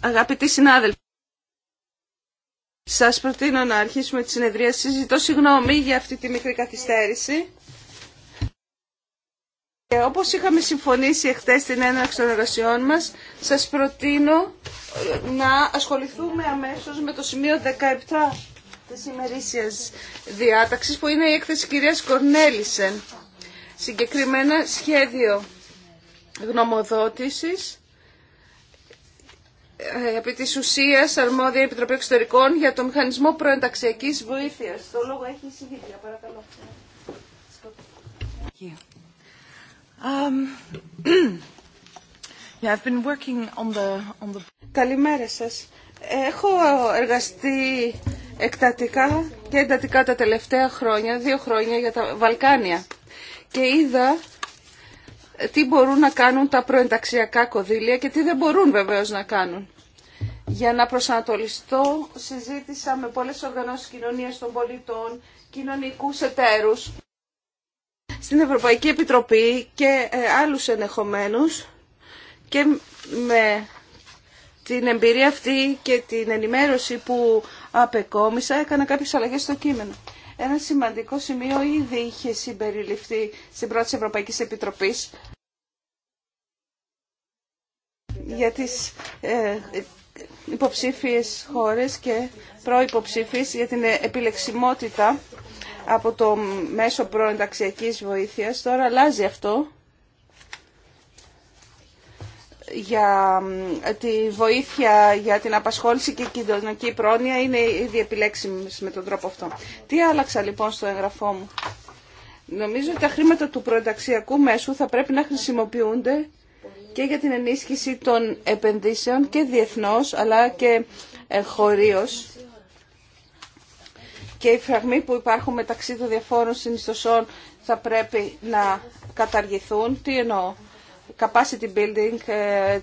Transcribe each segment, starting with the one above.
Αγαπητοί συνάδελφοι, σας προτείνω να αρχίσουμε τη συνεδρία. Συζητώ συγγνώμη για αυτή τη μικρή καθυστέρηση. Και όπως είχαμε συμφωνήσει εχθές στην έναρξη των εργασιών μας, σας προτείνω να ασχοληθούμε αμέσως με το σημείο 17 της ημερήσιας διάταξης, που είναι η έκθεση κυρίας Κορνέλησεν Συγκεκριμένα σχέδιο γνωμοδότησης ε, επί της ουσίας αρμόδια Επιτροπή Εξωτερικών για το Μηχανισμό Προενταξιακής Βοήθειας. Το λόγο έχει η συγκεκριά, παρακαλώ. Καλημέρα σας. Έχω εργαστεί εκτατικά και εντατικά τα τελευταία χρόνια, δύο χρόνια για τα Βαλκάνια και είδα τι μπορούν να κάνουν τα προενταξιακά κονδύλια και τι δεν μπορούν βεβαίως να κάνουν. Για να προσανατολιστώ, συζήτησα με πολλές οργανώσεις κοινωνίας των πολιτών, κοινωνικούς εταίρους, στην Ευρωπαϊκή Επιτροπή και ε, άλλους ενεχομένους και με την εμπειρία αυτή και την ενημέρωση που απεκόμισα έκανα κάποιες αλλαγές στο κείμενο ένα σημαντικό σημείο ήδη είχε συμπεριληφθεί στην πρώτη Ευρωπαϊκή Επιτροπή για τις ε, υποψήφιες χώρες και προϋποψήφιες για την επιλεξιμότητα από το μέσο προενταξιακής βοήθειας. Τώρα αλλάζει αυτό για τη βοήθεια για την απασχόληση και κοινωνική πρόνοια είναι ήδη επιλέξιμες με τον τρόπο αυτό. Τι άλλαξα λοιπόν στο εγγραφό μου. Νομίζω ότι τα χρήματα του προεταξιακού μέσου θα πρέπει να χρησιμοποιούνται και για την ενίσχυση των επενδύσεων και διεθνώς αλλά και ε, χωρίως και οι φραγμοί που υπάρχουν μεταξύ των διαφόρων συνιστοσών θα πρέπει να καταργηθούν. Τι εννοώ capacity building, ε,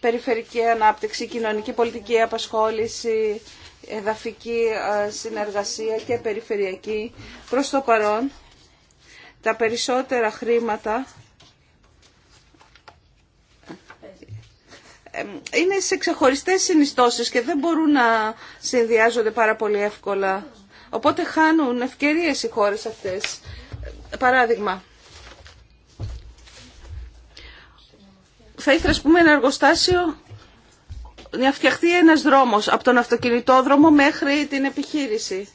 περιφερική ανάπτυξη, κοινωνική πολιτική απασχόληση, εδαφική ε, συνεργασία και περιφερειακή. Προς το παρόν, τα περισσότερα χρήματα ε, είναι σε ξεχωριστές συνιστώσεις και δεν μπορούν να συνδυάζονται πάρα πολύ εύκολα. Οπότε χάνουν ευκαιρίες οι χώρες αυτές. Παράδειγμα, θα ήθελα ας πούμε ένα εργοστάσιο να φτιαχτεί ένας δρόμος από τον αυτοκινητόδρομο μέχρι την επιχείρηση.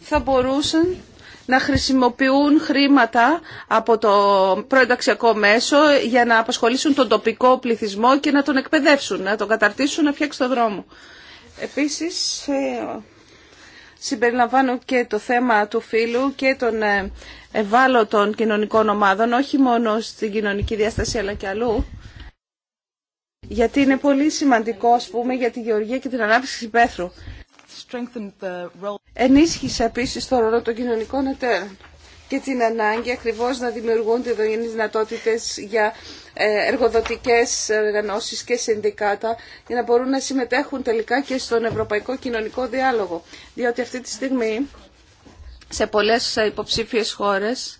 Θα μπορούσαν να χρησιμοποιούν χρήματα από το προενταξιακό μέσο για να απασχολήσουν τον τοπικό πληθυσμό και να τον εκπαιδεύσουν, να τον καταρτήσουν, να φτιάξει το δρόμο. Επίσης, ε, συμπεριλαμβάνω και το θέμα του φύλου και των ε, ευάλωτων κοινωνικών ομάδων, όχι μόνο στην κοινωνική διάσταση αλλά και αλλού. Γιατί είναι πολύ σημαντικό, ας πούμε, για τη γεωργία και την ανάπτυξη της Ενίσχυσε επίσης το ρόλο των κοινωνικών εταίρων και την ανάγκη ακριβώς να δημιουργούνται οι δυνατότητες για ε, εργοδοτικές οργανώσεις και συνδικάτα για να μπορούν να συμμετέχουν τελικά και στον Ευρωπαϊκό Κοινωνικό Διάλογο. Διότι αυτή τη στιγμή σε πολλές υποψήφιες χώρες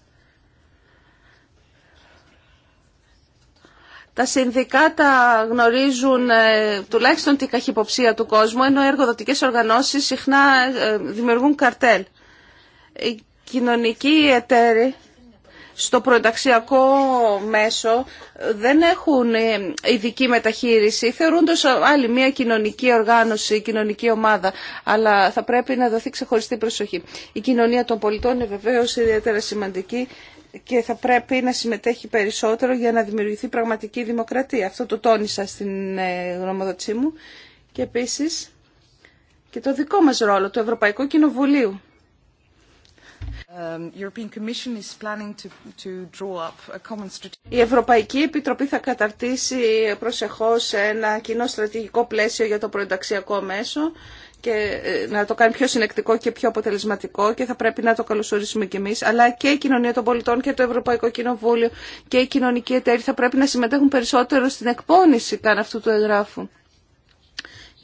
Τα συνδικάτα γνωρίζουν ε, τουλάχιστον την καχυποψία του κόσμου, ενώ οι εργοδοτικές οργανώσεις συχνά ε, δημιουργούν καρτέλ κοινωνικοί εταίροι στο πρωταξιακό μέσο δεν έχουν ειδική μεταχείριση. Θεωρούνται άλλη μια κοινωνική οργάνωση, κοινωνική ομάδα. Αλλά θα πρέπει να δοθεί ξεχωριστή προσοχή. Η κοινωνία των πολιτών είναι βεβαίως ιδιαίτερα σημαντική και θα πρέπει να συμμετέχει περισσότερο για να δημιουργηθεί πραγματική δημοκρατία. Αυτό το τόνισα στην ε, γνωμοδοτησή μου. Και επίσης και το δικό μας ρόλο του Ευρωπαϊκού Κοινοβουλίου Um, η Ευρωπαϊκή Επιτροπή θα καταρτήσει προσεχώς ένα κοινό στρατηγικό πλαίσιο για το προενταξιακό μέσο και ε, να το κάνει πιο συνεκτικό και πιο αποτελεσματικό και θα πρέπει να το καλωσορίσουμε κι εμείς, αλλά και η κοινωνία των πολιτών και το Ευρωπαϊκό Κοινοβούλιο και οι κοινωνικοί εταίροι θα πρέπει να συμμετέχουν περισσότερο στην εκπόνηση καν αυτού του εγγράφου.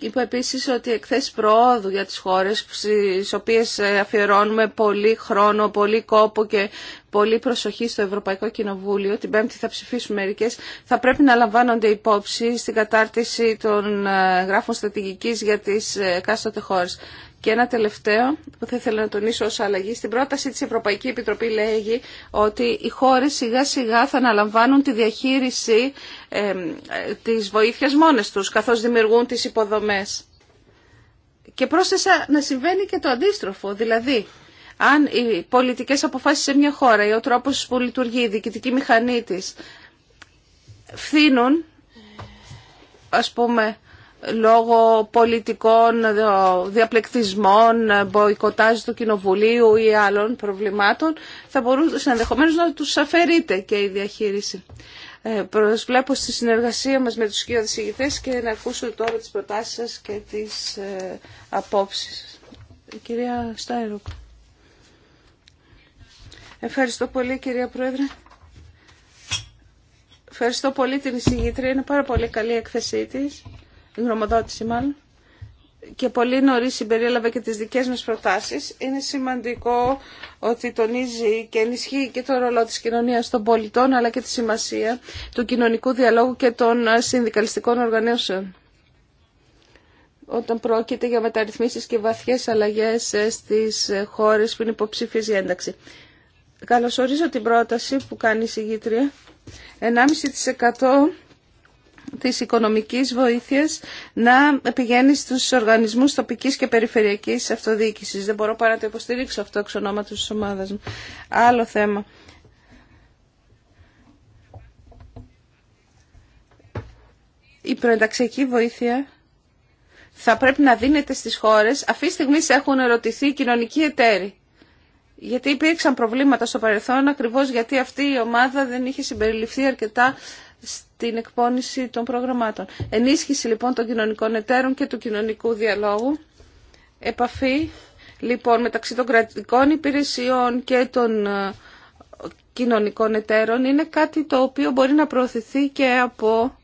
Είπα επίσης ότι εκθέσεις προόδου για τις χώρες στις οποίες ε, αφιερώνουμε πολύ χρόνο, πολύ κόπο και πολύ προσοχή στο Ευρωπαϊκό Κοινοβούλιο, την Πέμπτη θα ψηφίσουμε μερικές, θα πρέπει να λαμβάνονται υπόψη στην κατάρτιση των ε, γράφων στρατηγικής για τις ε, εκάστοτε χώρες. Και ένα τελευταίο που θα ήθελα να τονίσω ως αλλαγή. Στην πρόταση της Ευρωπαϊκή Επιτροπή λέγει ότι οι χώρες σιγά σιγά θα αναλαμβάνουν τη διαχείριση ε, της βοήθειας μόνες τους καθώς δημιουργούν τις υποδομές. Και πρόσθεσα να συμβαίνει και το αντίστροφο, δηλαδή αν οι πολιτικές αποφάσεις σε μια χώρα ή ο τρόπος που λειτουργεί η διοικητική μηχανή της φθήνουν, ας πούμε, λόγω πολιτικών διαπλεκτισμών, μποϊκοτάζ του Κοινοβουλίου ή άλλων προβλημάτων, θα μπορούσε ενδεχομένως να τους αφαιρείται και η διαχείριση. Ε, προσβλέπω στη συνεργασία μας με τους κοιοδησηγητές και να ακούσω τώρα τις προτάσεις σας και τις ε, απόψεις. κυρία Στάιρουκ. Ευχαριστώ πολύ κυρία Πρόεδρε. Ευχαριστώ πολύ την εισηγήτρια, είναι πάρα πολύ καλή η έκθεσή της γνωμοδότηση μάλλον, και πολύ νωρί συμπεριέλαβε και τι δικέ μα προτάσει. είναι σημαντικό ότι τονίζει και ενισχύει και το ρόλο της κοινωνίας των πολιτών, αλλά και τη σημασία του κοινωνικού διαλόγου και των συνδικαλιστικών οργανώσεων όταν πρόκειται για μεταρρυθμίσεις και βαθιές αλλαγές στις χώρες που είναι υποψήφιες για ένταξη. Καλωσορίζω την πρόταση που κάνει η συγγήτρια. 1,5% της οικονομικής βοήθειας να πηγαίνει στους οργανισμούς τοπικής και περιφερειακής αυτοδιοίκησης. Δεν μπορώ παρά να το υποστηρίξω αυτό εξ ονόματος της ομάδας μου. Άλλο θέμα. Η προενταξιακή βοήθεια θα πρέπει να δίνεται στις χώρες. Αυτή τη στιγμή έχουν ερωτηθεί οι κοινωνικοί εταίροι. Γιατί υπήρξαν προβλήματα στο παρελθόν ακριβώς γιατί αυτή η ομάδα δεν είχε συμπεριληφθεί αρκετά στην εκπόνηση των προγραμμάτων. Ενίσχυση λοιπόν των κοινωνικών εταίρων και του κοινωνικού διαλόγου. Επαφή λοιπόν μεταξύ των κρατικών υπηρεσιών και των ε, κοινωνικών εταίρων είναι κάτι το οποίο μπορεί να προωθηθεί και από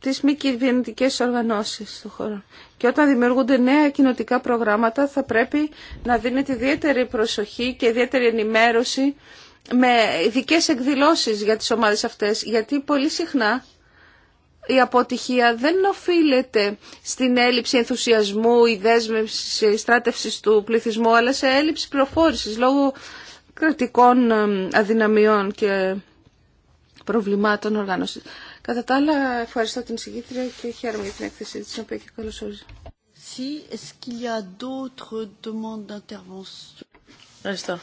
τις μη κυβερνητικέ οργανώσεις του χώρου. Και όταν δημιουργούνται νέα κοινωτικά προγράμματα θα πρέπει να δίνεται ιδιαίτερη προσοχή και ιδιαίτερη ενημέρωση με ειδικέ εκδηλώσεις για τις ομάδες αυτές, γιατί πολύ συχνά η αποτυχία δεν οφείλεται στην έλλειψη ενθουσιασμού, η δέσμευσης η στράτευση του πληθυσμού, αλλά σε έλλειψη προφόρησης λόγω κρατικών αδυναμιών και προβλημάτων οργάνωσης. Κατά τα άλλα, ευχαριστώ την συγκήτρια και χαίρομαι για την έκθεση της, οποία και καλώς Ευχαριστώ.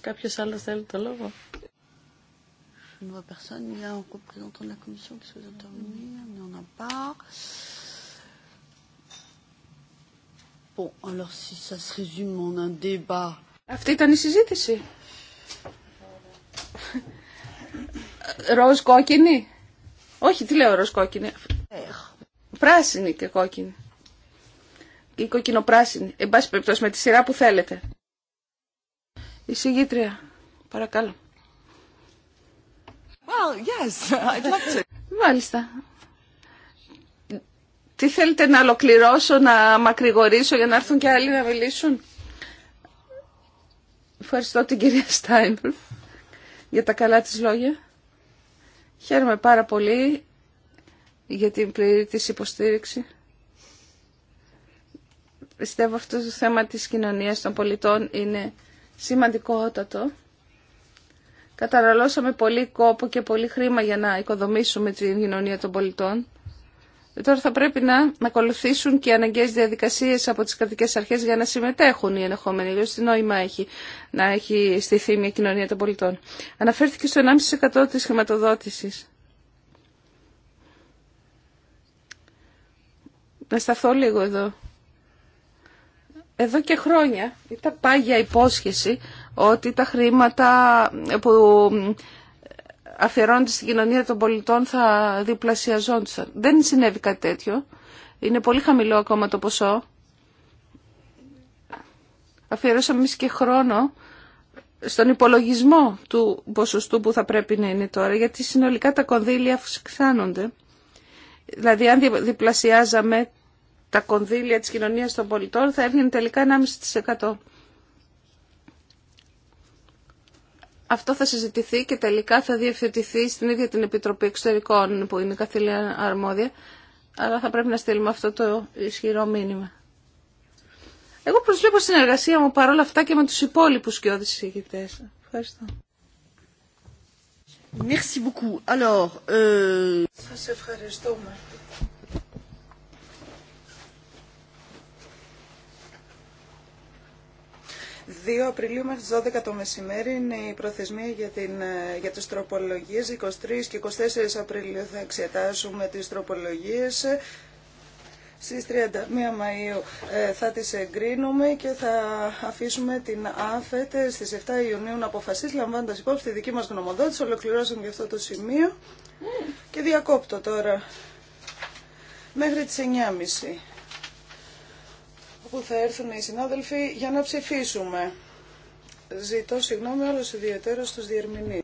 Κάποιος άλλος θέλει το λόγο. Αυτή ήταν η συζήτηση. Ροζ κόκκινη. Όχι, τι λέω ροζ κόκκινη. Πράσινη και κόκκινη. Η πράσινη. Εν πάση περιπτώσει με τη σειρά που θέλετε. Η συγγήτρια, παρακαλώ. Well, yes, I'd to. Μάλιστα. Τι θέλετε να ολοκληρώσω, να μακρηγορήσω για να έρθουν και άλλοι να μιλήσουν. Ευχαριστώ την κυρία Στάιμπλ για τα καλά της λόγια. Χαίρομαι πάρα πολύ για την πλήρη της υποστήριξη. Πιστεύω αυτό το θέμα της κοινωνίας των πολιτών είναι σημαντικότατο. Καταναλώσαμε πολύ κόπο και πολύ χρήμα για να οικοδομήσουμε την κοινωνία των πολιτών. Τώρα θα πρέπει να ακολουθήσουν και οι αναγκαίες διαδικασίες από τις κρατικέ αρχέ για να συμμετέχουν οι ενεχόμενοι. Λοιπόν, τι νόημα έχει να έχει στηθεί μια κοινωνία των πολιτών. Αναφέρθηκε στο 1,5% τη χρηματοδότηση. Να σταθώ λίγο εδώ. Εδώ και χρόνια ήταν πάγια υπόσχεση ότι τα χρήματα που αφιερώνονται στην κοινωνία των πολιτών θα διπλασιαζόντουσαν. Δεν συνέβη κάτι τέτοιο. Είναι πολύ χαμηλό ακόμα το ποσό. Αφιερώσαμε εμείς και χρόνο στον υπολογισμό του ποσοστού που θα πρέπει να είναι τώρα, γιατί συνολικά τα κονδύλια αυξάνονται. Δηλαδή, αν διπλασιάζαμε τα κονδύλια της κοινωνίας των πολιτών θα έβγαινε τελικά 1,5%. Αυτό θα συζητηθεί και τελικά θα διευθετηθεί στην ίδια την Επιτροπή Εξωτερικών που είναι καθήλια αρμόδια, αλλά θα πρέπει να στείλουμε αυτό το ισχυρό μήνυμα. Εγώ προσβλέπω συνεργασία μου παρόλα αυτά και με τους υπόλοιπους όδης Ευχαριστώ. 2 Απριλίου μέχρι τις 12 το μεσημέρι είναι η προθεσμία για, την, ε, για τις τροπολογίες. 23 και 24 Απριλίου θα εξετάσουμε τις τροπολογίες. Στις 31 Μαΐου ε, θα τις εγκρίνουμε και θα αφήσουμε την ΑΦΕΤ στις 7 Ιουνίου να αποφασίσει λαμβάνοντας υπόψη τη δική μας γνωμοδότηση. Ολοκληρώσαμε για αυτό το σημείο ναι. και διακόπτω τώρα μέχρι τις 9.30 που θα έρθουν οι συνάδελφοι για να ψηφίσουμε. Ζητώ συγγνώμη όλος ιδιαίτερος τους διερμηνείς.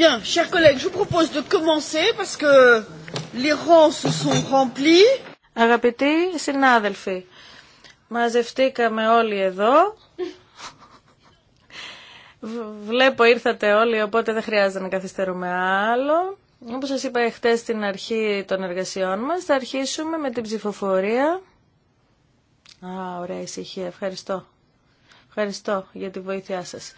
Bien, chers collègues, je vous propose de commencer parce que les rangs se sont remplis. Αγαπητοί συνάδελφοι, μαζευτήκαμε όλοι εδώ. Βλέπω ήρθατε όλοι, οπότε δεν χρειάζεται να καθυστερούμε άλλο. Όπως σας είπα χτες στην αρχή των εργασιών μας, θα αρχίσουμε με την ψηφοφορία. Α, ωραία ησυχία, ευχαριστώ. Ευχαριστώ για τη βοήθειά σας.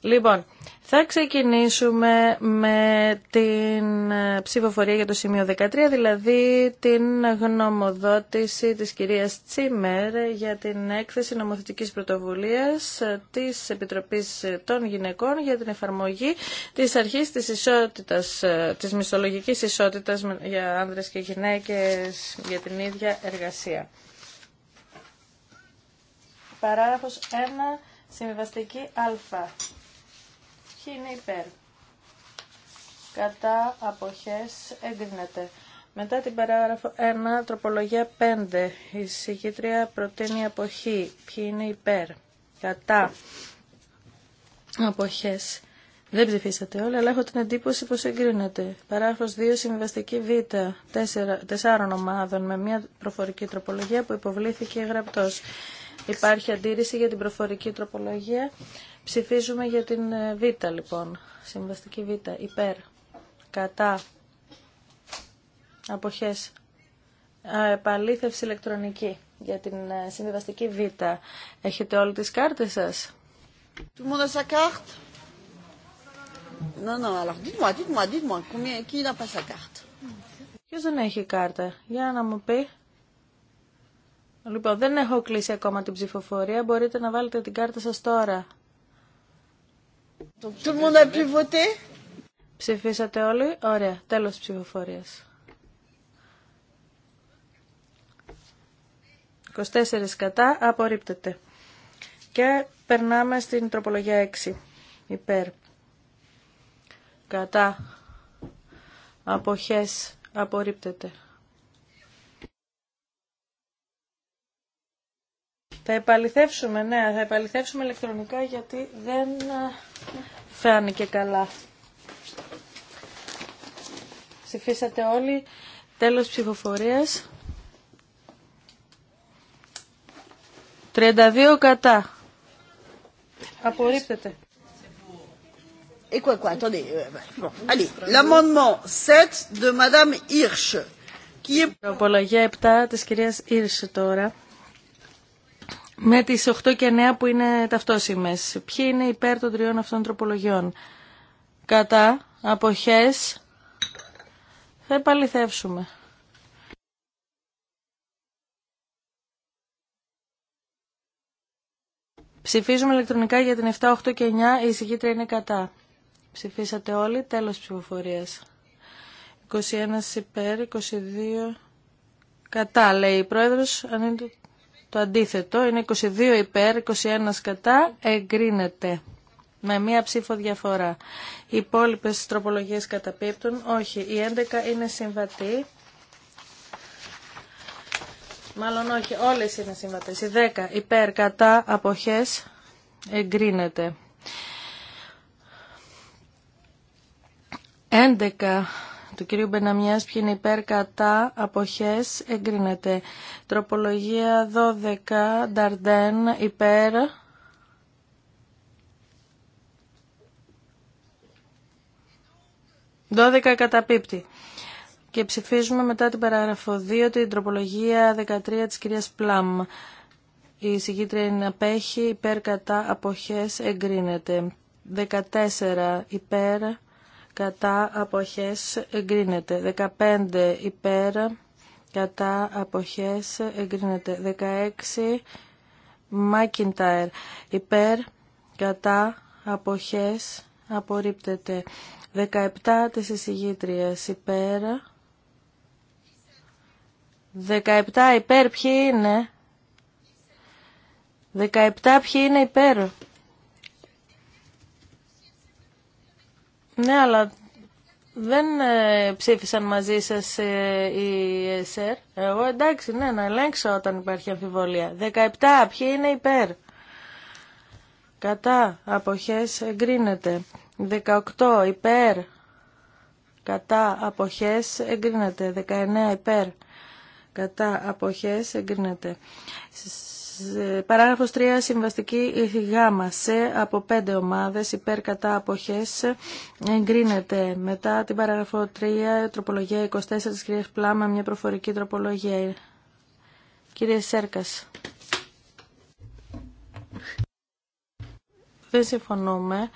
Λοιπόν, θα ξεκινήσουμε με την ε, ψηφοφορία για το σημείο 13, δηλαδή την γνωμοδότηση της κυρίας Τσίμερ για την έκθεση νομοθετικής πρωτοβουλίας ε, της Επιτροπής ε, των Γυναικών για την εφαρμογή της αρχής της, ισότητας, της μισθολογικής ισότητας για άνδρες και γυναίκες για την ίδια εργασία. Παράγραφος 1, συμβιβαστική α ποιοι είναι υπέρ. Κατά αποχές εγκρίνεται. Μετά την παράγραφο 1, τροπολογία 5. Η συγκήτρια προτείνει αποχή. Ποιοι είναι υπέρ. Κατά αποχές. Δεν ψηφίσατε όλα, αλλά έχω την εντύπωση πως εγκρίνεται. Παράγραφος 2, συμβαστική β, τέσσερα, τεσσάρων ομάδων με μια προφορική τροπολογία που υποβλήθηκε γραπτός. Υπάρχει αντίρρηση για την προφορική τροπολογία. Ψηφίζουμε για την ε, Β λοιπόν. Συμβαστική Β. Υπέρ. Κατά. Αποχές. Επαλήθευση ηλεκτρονική για την ε, συμβαστική Β. Έχετε όλες τις κάρτες σας. Tout le sa carte Non, non, alors dites-moi, dites-moi, dites-moi, qui n'a pas sa carte Ποιος δεν έχει κάρτα, για να μου πει. Λοιπόν, δεν έχω κλείσει ακόμα την ψηφοφορία. Μπορείτε να βάλετε την κάρτα σας τώρα. Tout le monde Ψηφίσατε όλοι. Ωραία. Τέλος της ψηφοφορίας. 24 κατά. Απορρίπτεται. Και περνάμε στην τροπολογία 6. Υπέρ. Κατά. Αποχές. Απορρίπτεται. Θα επαληθεύσουμε, ναι, θα επαληθεύσουμε ηλεκτρονικά γιατί δεν ε, φάνηκε καλά. Ψηφίσατε όλοι. Τέλος ψηφοφορίας. 32 κατά. Απορρίπτεται. Et quoi, quoi, attendez. Euh, bon, allez, l'amendement 7 de Madame Hirsch. Qui est... 7 της κυρίας Hirsch τώρα με τις 8 και 9 που είναι ταυτόσημες. Ποιοι είναι υπέρ των τριών αυτών τροπολογιών. Κατά, αποχές, θα επαληθεύσουμε. Ψηφίζουμε ηλεκτρονικά για την 7, 8 και 9. Η εισηγήτρια είναι κατά. Ψηφίσατε όλοι. Τέλος ψηφοφορίας. 21 υπέρ, 22 κατά, λέει η πρόεδρος. Αν είναι το αντίθετο είναι 22 υπέρ, 21 κατά, εγκρίνεται. Με μία ψήφο διαφορά. Οι υπόλοιπε τροπολογίες καταπίπτουν. Όχι, η 11 είναι συμβατή. Μάλλον όχι, όλες είναι συμβατές. Η 10 υπέρ, κατά, αποχές, εγκρίνεται. 11 του κυρίου Μπεναμιάς ποιοι είναι υπέρ κατά αποχές εγκρίνεται. Τροπολογία 12 Νταρντέν υπέρ Δώδεκα καταπίπτει. Και ψηφίζουμε μετά την παράγραφο 2 την τροπολογία 13 της κυρίας Πλάμ. Η συγκίτρια είναι απέχει, υπέρ κατά αποχές εγκρίνεται. 14 υπέρ κατά αποχές εγκρίνεται 15 υπέρ κατά αποχές εγκρίνεται 16 Μάκιντάερ υπέρ κατά αποχές απορρίπτεται 17 τις εισηγήτριες υπέρ 17 υπέρ ποιοι είναι 17 ποιοι είναι υπέρ Ναι, αλλά δεν ε, ψήφισαν μαζί σας ε, οι ΕΣΕΡ. Εγώ εντάξει, ναι, να ελέγξω όταν υπάρχει αμφιβολία. 17, ποιοι είναι υπέρ. Κατά, αποχές, εγκρίνεται. 18, υπέρ. Κατά, αποχές, εγκρίνεται. 19, υπέρ. Κατά, αποχές, εγκρίνεται. Παράγραφος 3. Συμβαστική γάμα σε από 5 ομάδες υπέρ κατά αποχές εγκρίνεται. Μετά την παράγραφο 3. Τροπολογία 24 της κυρίας Πλάμα. Μια προφορική τροπολογία. Κύριε Σέρκας. Δεν συμφωνούμε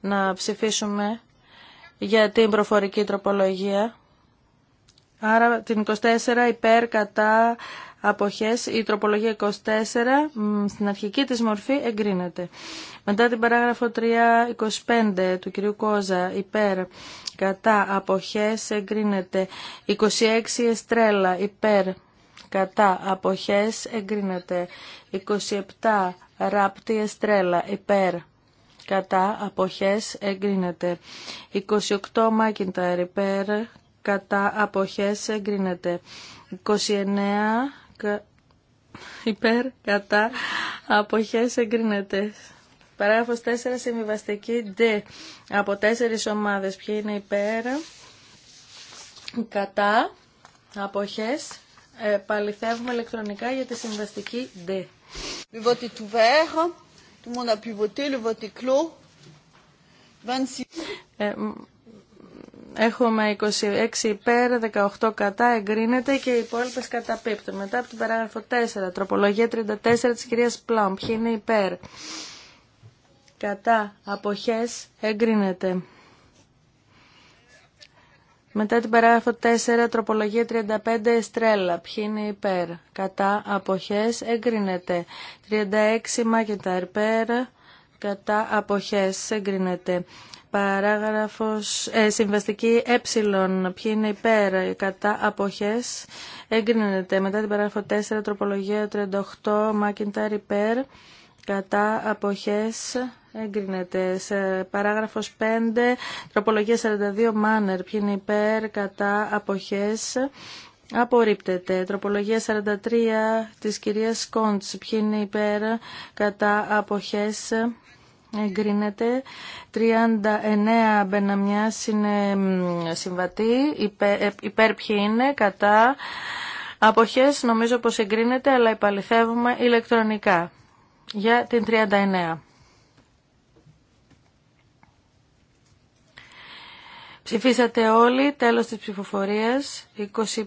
να ψηφίσουμε για την προφορική τροπολογία. Άρα την 24 υπέρ κατά αποχές. Η τροπολογία 24 στην αρχική της μορφή εγκρίνεται. Μετά την παράγραφο 3.25 του κυρίου Κόζα υπέρ κατά αποχές εγκρίνεται. 26 εστρέλα υπέρ κατά αποχές εγκρίνεται. 27 ράπτη εστρέλα υπέρ κατά αποχές εγκρίνεται. 28 μάκιντα υπέρ κατά αποχές εγκρίνεται. 29 κα... υπέρ, κατά, αποχές εγκρίνεται. Παράγραφος 4, συμβιβαστική D. Από τέσσερις ομάδες. Ποιοι είναι υπέρ, κατά, αποχές. Ε, παληθεύουμε ηλεκτρονικά για τη συμβαστική D. Le vote est ouvert. Tout le monde a pu voter. Le vote est clos. 26. Euh... Ε, Έχουμε 26 υπέρ, 18 κατά, εγκρίνεται και οι υπόλοιπε καταπίπτουν. Μετά από την παράγραφο 4, τροπολογία 34 της κυρίας Πλάμπ, ποιοι είναι υπέρ. Κατά, αποχές, εγκρίνεται. Μετά την παράγραφο 4, τροπολογία 35, Εστρέλα. Ποιοι είναι υπέρ. Κατά, αποχές, εγκρίνεται. 36, Μάκεταρ, υπέρ. Κατά, αποχές, εγκρίνεται. Παράγραφος ε, συμβαστική ε. Ποιοι είναι υπέρ κατά αποχές. Έγκρινεται μετά την παράγραφο 4 τροπολογία 38 Μάκινταρ υπέρ κατά αποχές. Έγκρινεται σε παράγραφος 5 τροπολογία 42 Μάνερ. Ποιοι είναι υπέρ κατά αποχές. Απορρίπτεται. Τροπολογία 43 της κυρίας Κόντς. Ποιοι είναι υπέρ κατά αποχές εγκρίνεται 39 μπεναμιάς είναι συμβατή ε, υπέρ, ποιοι είναι κατά αποχές νομίζω πως εγκρίνεται αλλά υπαλληθεύουμε ηλεκτρονικά για την 39 Ψηφίσατε όλοι, τέλος της ψηφοφορίας, 20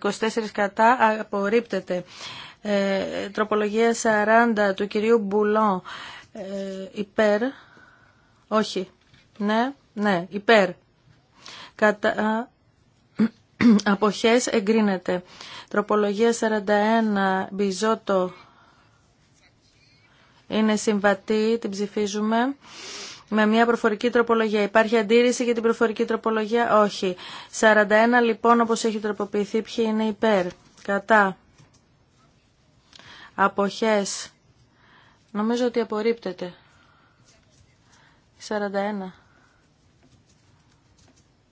24, κατά, απορρίπτεται. Ε, τροπολογία 40 του κυρίου Μπουλόν ε, υπέρ, όχι, ναι, ναι, υπέρ. Κατά αποχές εγκρίνεται. Τροπολογία 41, μπιζότο, είναι συμβατή, την ψηφίζουμε. Με μια προφορική τροπολογία. Υπάρχει αντίρρηση για την προφορική τροπολογία. Όχι. 41 λοιπόν όπως έχει τροποποιηθεί ποιοι είναι υπέρ. Κατά. Αποχές. Νομίζω ότι απορρίπτεται. 41.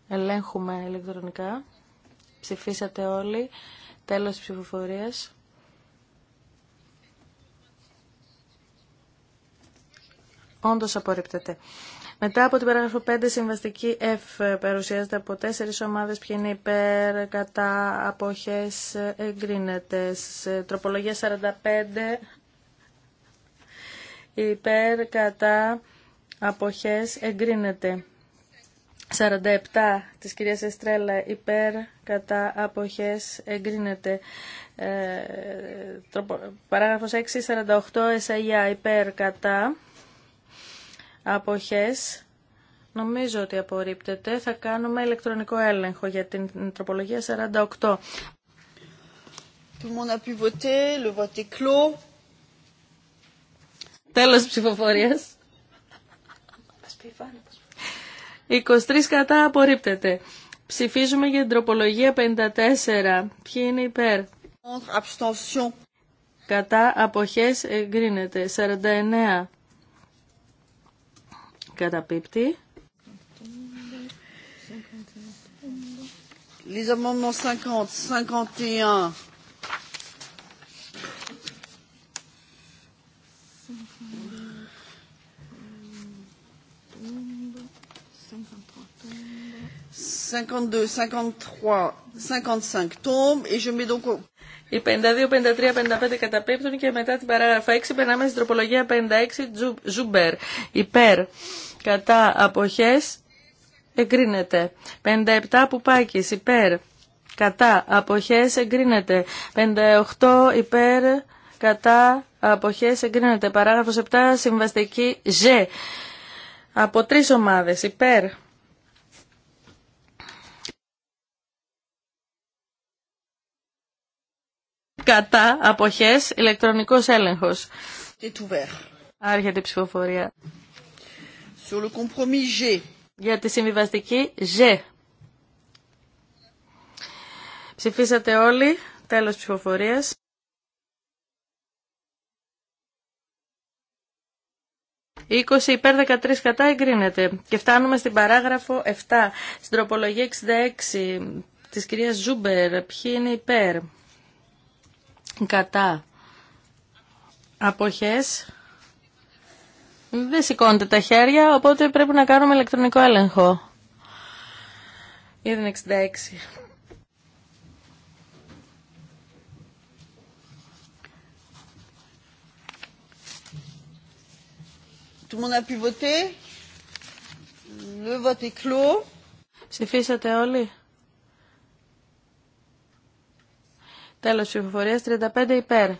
Ελέγχουμε ηλεκτρονικά. Ψηφίσατε όλοι. Τέλος της ψηφοφορίας. Όντως απορρίπτεται. Μετά από την παράγραφο 5, συμβαστική F παρουσιάζεται από τέσσερις ομάδες. Ποιοι είναι υπέρ, κατά, αποχές, εγκρίνεται. Τροπολογία 45, υπέρ κατά αποχές εγκρίνεται. 47 της κυρίας Εστρέλα υπέρ κατά αποχές εγκρίνεται. Ε, παράγραφος 6, 48 εσαγιά υπέρ κατά αποχές. Νομίζω ότι απορρίπτεται. Θα κάνουμε ηλεκτρονικό έλεγχο για την τροπολογία 48. Tout le monde a pu voter, le vote est clos. Τέλος της ψηφοφορίας. 23 κατά απορρίπτεται. Ψηφίζουμε για την τροπολογία 54. Ποιοι είναι υπέρ. Κατά αποχές εγκρίνεται. 49. Καταπίπτει. Les amendements 50, 51, 52, 53, 55 Οι 52, 53, 55 καταπίπτουν και μετά την παράγραφα 6 περνάμε στην τροπολογία 56 Ζουμπέρ. Υπέρ κατά αποχές εγκρίνεται. 57 Πουπάκης υπέρ κατά αποχές εγκρίνεται. 58 υπέρ κατά αποχές εγκρίνεται. Παράγραφος 7 συμβαστική Ζ. Από τρεις ομάδες υπέρ κατά, αποχές, ηλεκτρονικός έλεγχος. Άρχεται η ψηφοφορία. Για τη συμβιβαστική G. Ψηφίσατε όλοι. Τέλος ψηφοφορίας. «20 υπέρ 13 κατά εγκρίνεται». Και φτάνουμε στην παράγραφο 7, στην τροπολογία 66 της κυρίας Ζούμπερ. Ποιοι είναι υπέρ κατά αποχές δεν σηκώνεται τα χέρια οπότε πρέπει να κάνουμε ηλεκτρονικό έλεγχο για 66 Tout le monde Le vote est clos. Ψηφίσατε όλοι. Τέλος ψηφοφορία 35 υπέρ.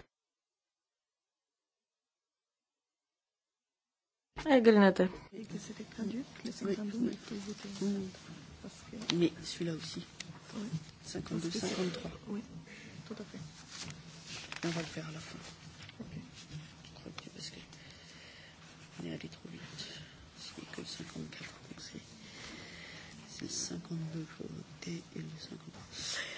Εγκρίνεται. Mais celui-là aussi. 52, 53. Oui, tout à fait. On va le faire à la fin. Okay. Je crois que parce que on est allé trop vite. C'est que le 54, donc c'est le 52 pour voter et le 53.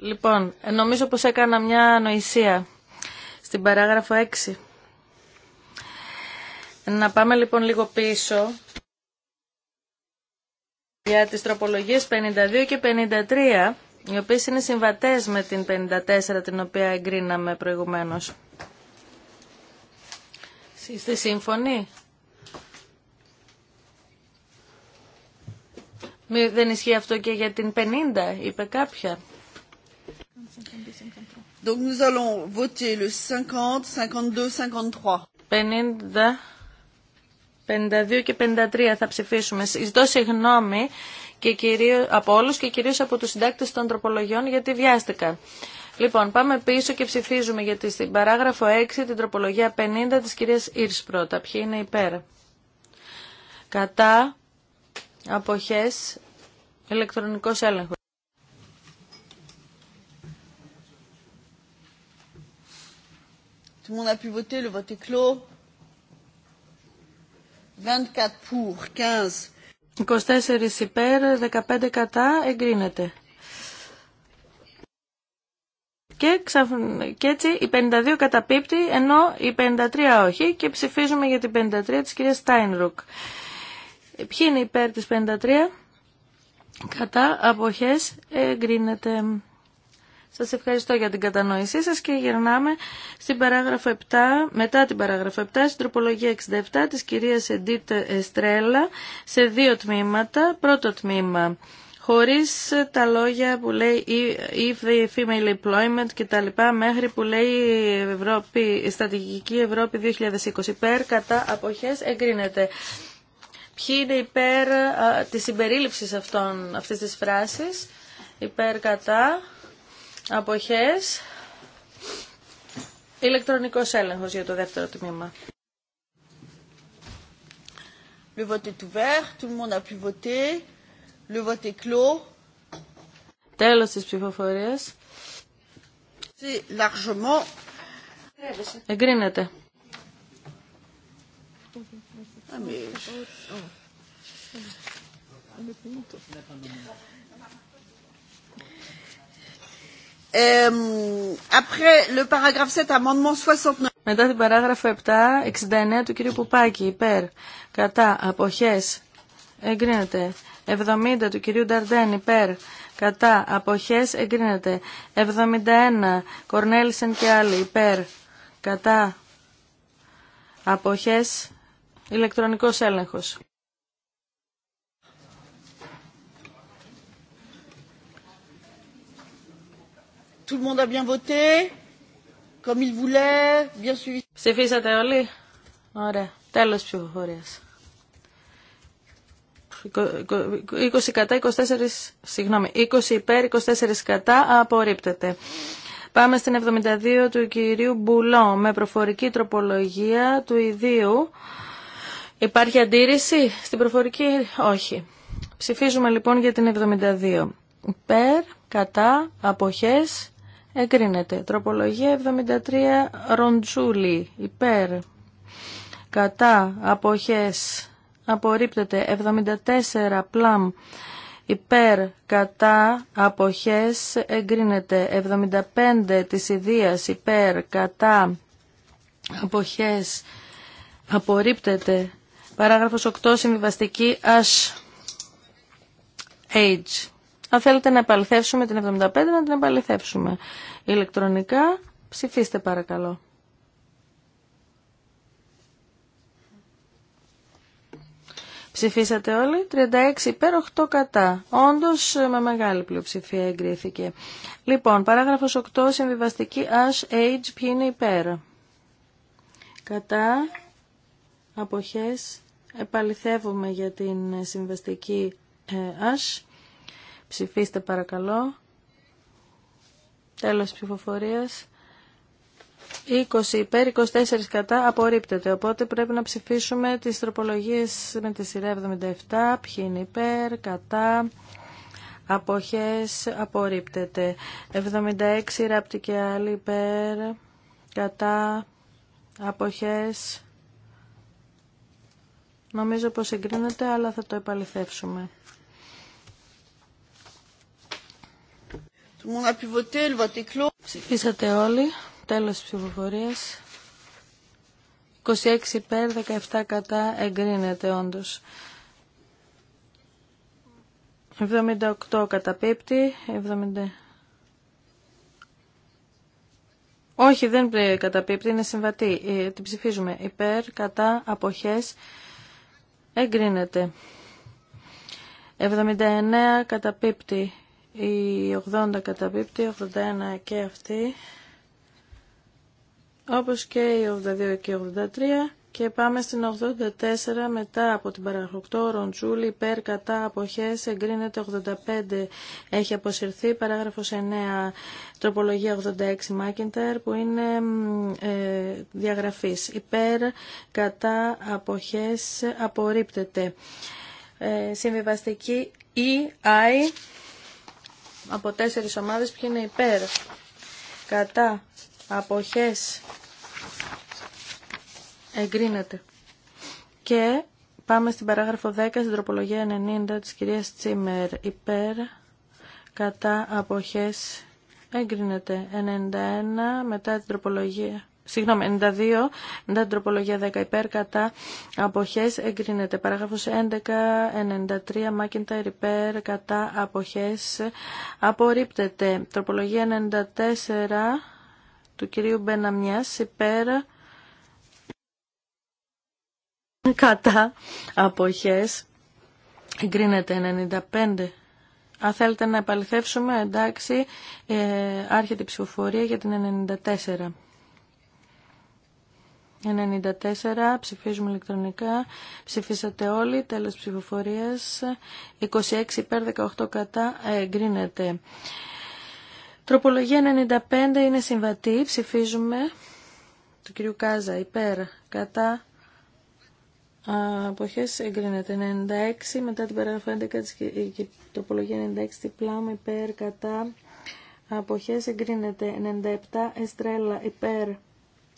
Λοιπόν, νομίζω πως έκανα μια ανοησία στην παράγραφο 6. Να πάμε λοιπόν λίγο πίσω για τις τροπολογίες 52 και 53, οι οποίες είναι συμβατές με την 54 την οποία εγκρίναμε προηγουμένως. Στη σύμφωνοι? Δεν ισχύει αυτό και για την 50, είπε κάποια. Donc nous allons voter le 50, 52, 53. 52 και 53 θα ψηφίσουμε. Ζητώ συγγνώμη και κυρίω, από όλους και κυρίως από τους συντάκτες των τροπολογιών γιατί βιάστηκα. Λοιπόν, πάμε πίσω και ψηφίζουμε γιατί στην παράγραφο 6 την τροπολογία 50 της κυρίας Ήρς πρώτα. Ποιοι είναι υπέρ. Κατά αποχές ηλεκτρονικός έλεγχος. Tout le monde a pu voter, 24 pour, 15. υπέρ, 15 κατά, εγκρίνεται. Και, και έτσι η 52 καταπίπτει, ενώ η 53 όχι και ψηφίζουμε για την 53 της κυρίας Στάινρουκ. Ποιοι είναι υπέρ της 53. Κατά αποχές εγκρίνεται. Σας ευχαριστώ για την κατανόησή σας και γυρνάμε στην παράγραφο 7, μετά την παράγραφο 7, στην τροπολογία 67 της κυρίας Εντίτ Εστρέλα σε δύο τμήματα. Πρώτο τμήμα, χωρίς τα λόγια που λέει if the female employment και τα λοιπά, μέχρι που λέει Ευρώπη, Στατηγική Ευρώπη 2020 υπέρ, κατά αποχές εγκρίνεται. Ποιοι είναι υπέρ α, της συμπερίληψης αυτών, αυτής της φράσης, υπέρ κατά, αποχές, ηλεκτρονικός έλεγχος για το δεύτερο τμήμα. Le vote est ouvert, tout le monde a pu voter. Le vote est clos. Τέλος της ψηφοφορίας. C'est largement... Εγκρίνεται. Μετά την παράγραφο 7, 69 του κύριου Πουπάκη, υπέρ, κατά, αποχές, εγκρίνεται. 70 του κυρίου Νταρντέν, υπέρ, κατά, αποχές, εγκρίνεται. 71, Κορνέλισεν και άλλοι, υπέρ, κατά, αποχές, Ηλεκτρονικός έλεγχος. Tout le monde a bien voté, comme il voulait, bien suivi. Ψηφίσατε όλοι. Ωραία. Τέλος ψηφοφορίας. 20 κατά, 24, συγγνώμη, 20 υπέρ, 24 κατά, απορρίπτεται. Πάμε στην 72 του κυρίου Μπουλό με προφορική τροπολογία του ιδίου Υπάρχει αντίρρηση στην προφορική. Όχι. Ψηφίζουμε λοιπόν για την 72. Υπέρ, κατά, αποχές, εγκρίνεται. Τροπολογία 73, ροντζούλη, υπέρ, κατά, αποχές, απορρίπτεται. 74, πλάμ, υπέρ, κατά, αποχές, εγκρίνεται. 75, της ιδίας, υπέρ, κατά, αποχές, απορρίπτεται. Παράγραφος 8, συμβιβαστική AS Age. Αν θέλετε να επαληθεύσουμε την 75, να την επαληθεύσουμε. Ηλεκτρονικά, ψηφίστε παρακαλώ. Ψηφίσατε όλοι, 36 υπέρ, 8 κατά. Όντως με μεγάλη πλειοψηφία εγκρίθηκε. Λοιπόν, παράγραφος 8, συμβιβαστική AS Age, ποιοι είναι υπέρ. Κατά, αποχές, Επαληθεύουμε για την συμβαστική ΑΣ. Ε, Ψηφίστε παρακαλώ. Τέλος ψηφοφορίας. 20 υπέρ, 24 κατά απορρίπτεται. Οπότε πρέπει να ψηφίσουμε τις τροπολογίες με τη σειρά 77. Ποιοι είναι υπέρ, κατά, αποχές, απορρίπτεται. 76 ράπτη και άλλοι υπέρ, κατά, αποχές, Νομίζω πως εγκρίνεται, αλλά θα το επαληθεύσουμε. Ψηφίσατε όλοι. Τέλος της ψηφοφορίας. 26 υπέρ, 17 κατά εγκρίνεται όντως. 78 καταπίπτει, 70... Όχι, δεν καταπίπτει, είναι συμβατή. Ε, την ψηφίζουμε υπέρ, κατά, αποχές, Εγκρίνεται. 79 καταπίπτει. Η 80 καταπίπτει, 81 και αυτή. Όπως και οι 82 και 83. Και πάμε στην 84 μετά από την παραγωγή Ροντζούλη, υπέρ κατά αποχέ. εγκρίνεται 85, έχει αποσυρθεί, παράγραφο 9, τροπολογία 86 Μάκενταρ που είναι ε, διαγραφής. Υπέρ κατά αποχέ. απορρίπτεται. Ε, συμβιβαστική EI από τέσσερις ομάδες, που είναι υπέρ κατά αποχές εγκρίνεται. Και πάμε στην παράγραφο 10, στην τροπολογία 90 της κυρίας Τσίμερ. Υπέρ, κατά, αποχές, εγκρίνεται. 91 μετά την τροπολογία... Συγγνώμη, 92, μετά την τροπολογία 10 υπέρ, κατά, αποχές, εγκρίνεται. Παράγραφος 11, 93, μάκιντα υπέρ, κατά, αποχές, απορρίπτεται. Τροπολογία 94 του κυρίου Μπέναμιας υπέρ, Κατά αποχές εγκρίνεται 95. Αν θέλετε να επαληθεύσουμε, εντάξει, ε, άρχεται η ψηφοφορία για την 94. 94, ψηφίζουμε ηλεκτρονικά, ψηφίσατε όλοι, τέλος ψηφοφορίας, 26 υπέρ 18 κατά, ε, εγκρίνεται. Τροπολογία 95 είναι συμβατή, ψηφίζουμε του κυρίου Κάζα υπέρ κατά Αποχέ εγκρίνεται 96 μετά την παράγραφο 11 τοπολογία 96 πλάμα υπέρ κατά. Αποχέ εγκρίνεται 97 εστρέλα υπέρ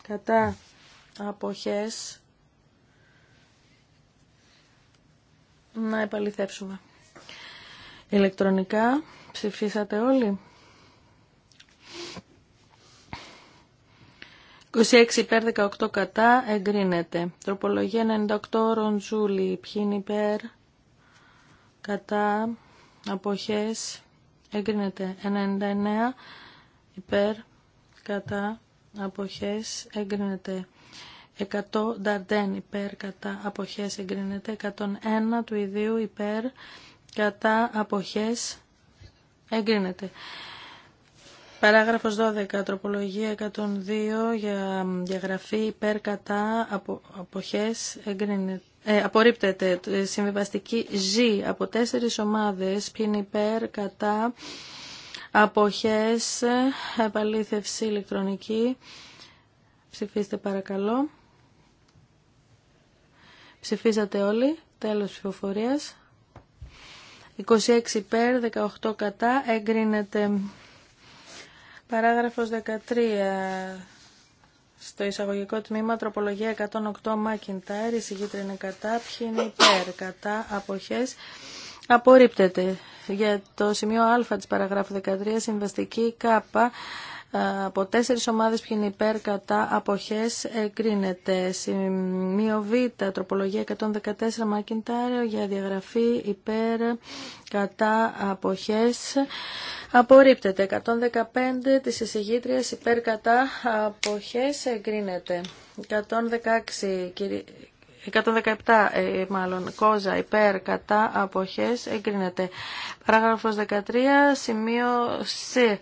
κατά. Αποχέ. να επαληθεύσουμε. Ηλεκτρονικά ψηφίσατε όλοι. 26 υπέρ 18 κατά εγκρίνεται. Τροπολογία 98 ροντζούλη. Ποιοι είναι υπέρ κατά αποχές εγκρίνεται. 99 υπέρ κατά αποχές εγκρίνεται. 100 νταρντέν υπέρ κατά αποχές εγκρίνεται. 101 του ιδίου υπέρ κατά αποχές εγκρίνεται. Παράγραφος 12. Τροπολογία 102 για διαγραφή υπέρ κατά απο, αποχές ε, απορρίπτεται ε, συμβιβαστική G από τέσσερις ομάδες πίνει είναι υπέρ, κατά, αποχές, επαλήθευση ηλεκτρονική. Ψηφίστε παρακαλώ. Ψηφίσατε όλοι. Τέλος ψηφοφορίας. 26 υπέρ, 18 κατά, εγκρίνεται. Παράγραφος 13. Στο εισαγωγικό τμήμα τροπολογία 108 Μάκιντάρ, η συγκίτρια είναι κατά, ποιοι είναι υπέρ, κατά, αποχές, απορρίπτεται. Για το σημείο α της παραγράφου 13, συμβαστική κάπα, από τέσσερις ομάδες που είναι υπέρ κατά αποχές εγκρίνεται. Σημείο Β, τροπολογία 114 Μακιντάριο για διαγραφή υπέρ κατά αποχές απορρίπτεται. 115 της εισηγήτριας υπέρ κατά αποχές εγκρίνεται. 116 117 ε, μάλλον κόζα υπέρ κατά αποχές εγκρίνεται. Παράγραφος 13 σημείο C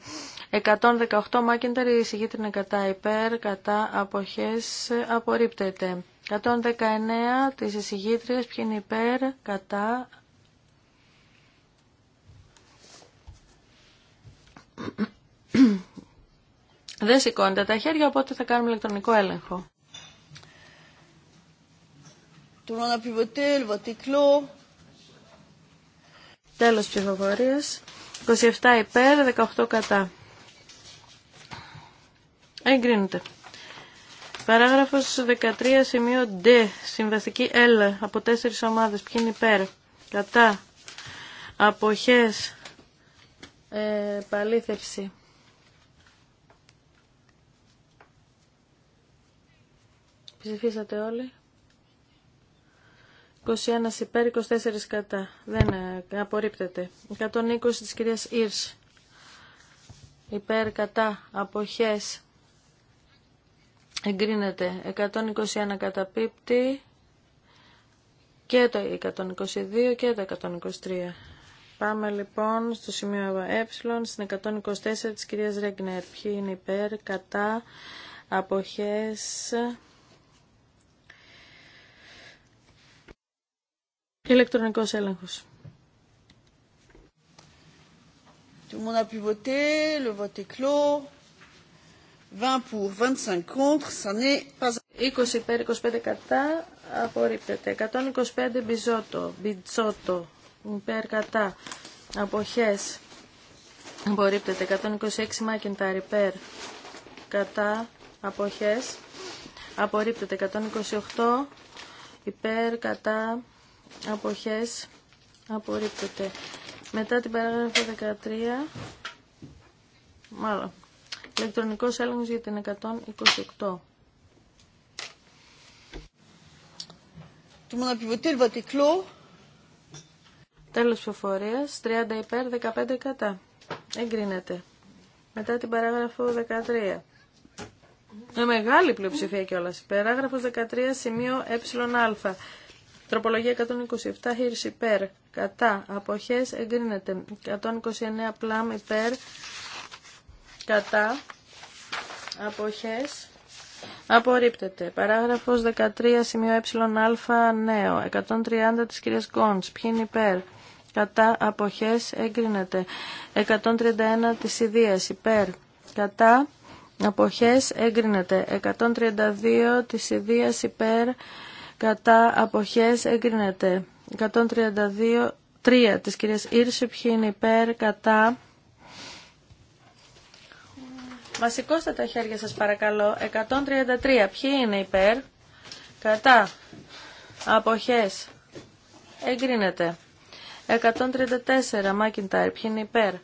118 Μάκεντερ, η εισηγήτρια κατά υπέρ, κατά αποχές απορρίπτεται. 119 της εισηγήτριας, ποιοι είναι υπέρ, κατά Δεν σηκώνεται τα χέρια, οπότε θα κάνουμε ηλεκτρονικό έλεγχο. Τέλο le Τέλος ψηφοφορίας. 27 υπέρ, 18 κατά. Εγκρίνεται. Παράγραφος 13 σημείο D. Συμβαστική L από τέσσερις ομάδες. Ποιοι είναι υπέρ. Κατά. Αποχές. Ε, παλήθευση. Ψηφίσατε όλοι. 21 υπέρ, 24 κατά. Δεν ε, απορρίπτεται. 120 της κυρίας Ήρς. Υπέρ, κατά, αποχές, εγκρίνεται 121 καταπίπτει και το 122 και το 123. Πάμε λοιπόν στο σημείο ε, στην 124 της κυρίας Ρέγκνερ. Ποιοι είναι υπέρ, κατά, αποχές... Ηλεκτρονικός έλεγχος. Tout le monde a pu voter, le vote est clos. 20 pour, 25 contre, ça υπέρ, 25 κατά, απορρίπτεται. 125 μπιζότο, μπιτσότο, υπέρ κατά, αποχές, απορρίπτεται. 126 μάκινταρ υπέρ, κατά, αποχές, απορρίπτεται. 128 υπέρ, κατά, αποχές, απορρίπτεται. Μετά την παράγραφο 13, μάλλον, Ηλεκτρονικός έλεγχος για την 128. Το μόνο monde Τέλος 30 υπέρ, 15 κατά. Εγκρίνεται. Μετά την παράγραφο 13. Με μεγάλη πλειοψηφία κιόλα. Παράγραφος 13, σημείο εα. Τροπολογία 127, χείριση υπέρ, κατά, αποχές, εγκρίνεται. 129, πλάμ υπέρ, κατά αποχές απορρίπτεται. Παράγραφος 13 σημείο ε, α νέο 130 της κυρίας Γκόντς. Ποιοι είναι υπέρ. Κατά αποχές εγκρίνεται. 131 της ιδίας υπέρ. Κατά αποχές εγκρίνεται. 132 της ιδίας υπέρ. Κατά αποχές εγκρίνεται. 132 3 της κυρίας Ήρση ποιοι υπέρ. Κατά Μα σηκώστε τα χέρια σας παρακαλώ. 133. Ποιοι είναι υπέρ. Κατά. Αποχές. Εγκρίνεται. 134. Μάκιντάρ. Ποιοι είναι υπέρ.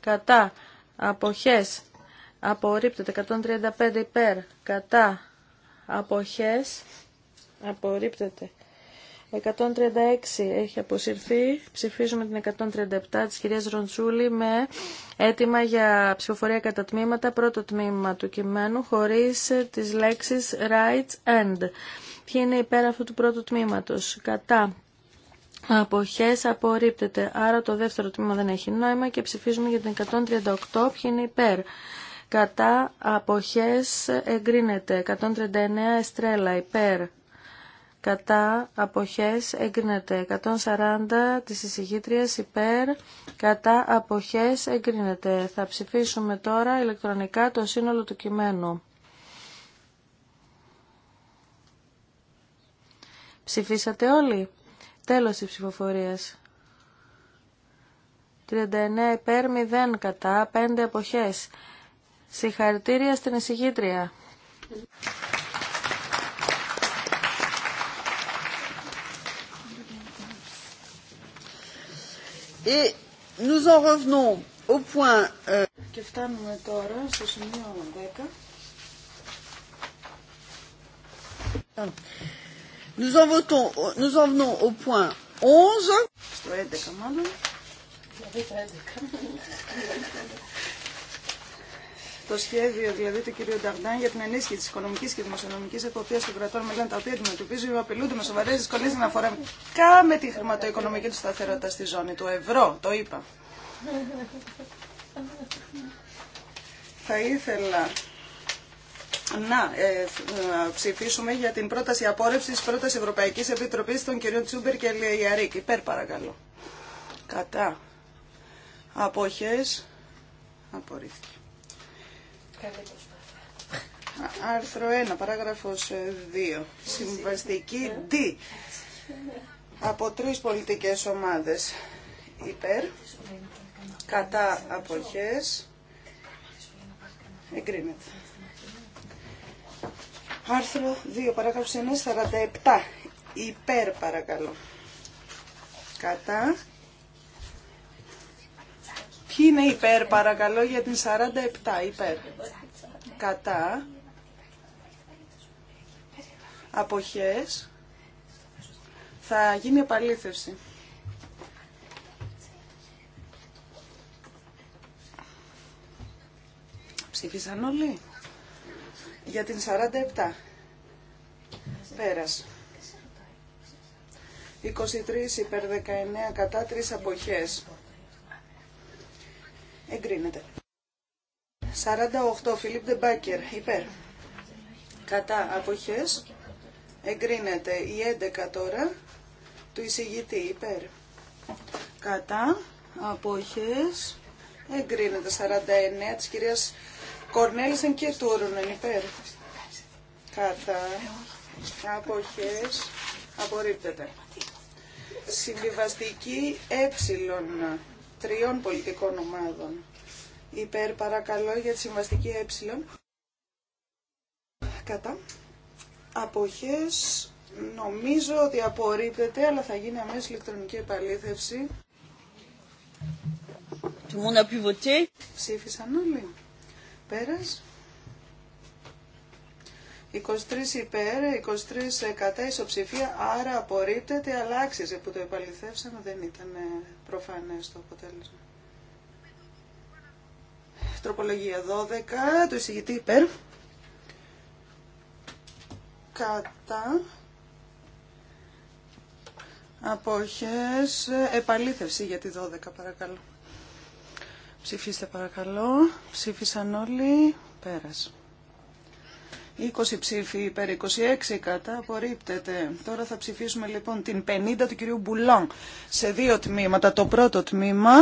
Κατά. Αποχές. Απορρίπτεται. 135 υπέρ. Κατά. Αποχές. Απορρίπτεται. 136 έχει αποσυρθεί. Ψηφίζουμε την 137 της κυρίας Ροντσούλη με αίτημα για ψηφοφορία κατά τμήματα, πρώτο τμήμα του κειμένου, χωρίς τις λέξεις rights and. Ποιοι είναι υπέρ αυτού του πρώτου τμήματος. Κατά. Αποχές απορρίπτεται. Άρα το δεύτερο τμήμα δεν έχει νόημα και ψηφίζουμε για την 138. Ποιοι είναι υπέρ. Κατά. Αποχές εγκρίνεται. 139 εστρέλα. Υπέρ κατά αποχές εγκρίνεται 140 της εισηγήτριας υπέρ κατά αποχές εγκρίνεται θα ψηφίσουμε τώρα ηλεκτρονικά το σύνολο του κειμένου ψηφίσατε όλοι τέλος της ψηφοφορίας 39 υπέρ 0 κατά 5 αποχές συγχαρητήρια στην εισηγήτρια Et nous en revenons au point... Και φτάνουμε τώρα στο σημείο 10. Nous en, votons, nous en venons au point 11. Στο 11 μάλλον το σχέδιο δηλαδή του κυρίου Νταγντάν για την ενίσχυση τη οικονομική και δημοσιονομική εποπτεία των κρατών μελών, τα οποία αντιμετωπίζουν ή απειλούνται με σοβαρέ δυσκολίε να αφορά καν με τη χρηματοοικονομική του σταθερότητα στη ζώνη του ευρώ. Το είπα. Θα ήθελα να ε, ε ψηφίσουμε για την πρόταση απόρρευση τη πρώτη Ευρωπαϊκή Επιτροπή των κυρίων Τσούμπερ και Λιαρίκ. Υπέρ παρακαλώ. Κατά. Αποχές. Απορρίφθηκε. Άρθρο 1, παράγραφος 2. Ε, Συμβαστική D. Από τρεις πολιτικές ομάδες. Υπέρ, κατά αποχές, εγκρίνεται. Άρθρο 2, παράγραφος 1, 47. Υπέρ παρακαλώ. Κατά Ποιοι είναι υπέρ, παρακαλώ, για την 47, υπέρ. Κατά. Αποχές. Θα γίνει επαλήθευση. Ψήφισαν όλοι. Για την 47. Πέρασε. 23 υπέρ 19 κατά 3 αποχές. Εγκρίνεται. 48. Φιλίπ Ντεμπάκερ. Υπέρ. Κατά αποχές. Εγκρίνεται. Η 11 τώρα του εισηγητή. Υπέρ. Κατά αποχές. Εγκρίνεται. 49 της κυρίας Κορνέλισεν και Τούρουνεν. Υπέρ. Κατά αποχές. Απορρίπτεται. Συμβιβαστική ε τριών πολιτικών ομάδων. Υπέρ παρακαλώ για τη συμβαστική ε. Κατά. Αποχές νομίζω ότι απορρίπτεται, αλλά θα γίνει αμέσως ηλεκτρονική επαλήθευση. Tout Ψήφισαν όλοι. Πέρας. 23 υπέρ, 23 κατά ισοψηφία, άρα απορρίπτεται, αλλά άξιζε που το επαληθεύσαμε, δεν ήταν ε, προφανές το αποτέλεσμα. Τροπολογία 12, το εισηγητή υπέρ, κατά, απόχες, ε, επαλήθευση για τη 12 παρακαλώ. Ψηφίστε παρακαλώ, ψήφισαν όλοι, πέρασε. 20 ψήφοι υπέρ, 26 κατά, απορρίπτεται. Τώρα θα ψηφίσουμε λοιπόν την 50 του κυρίου Μπουλόν σε δύο τμήματα. Το πρώτο τμήμα,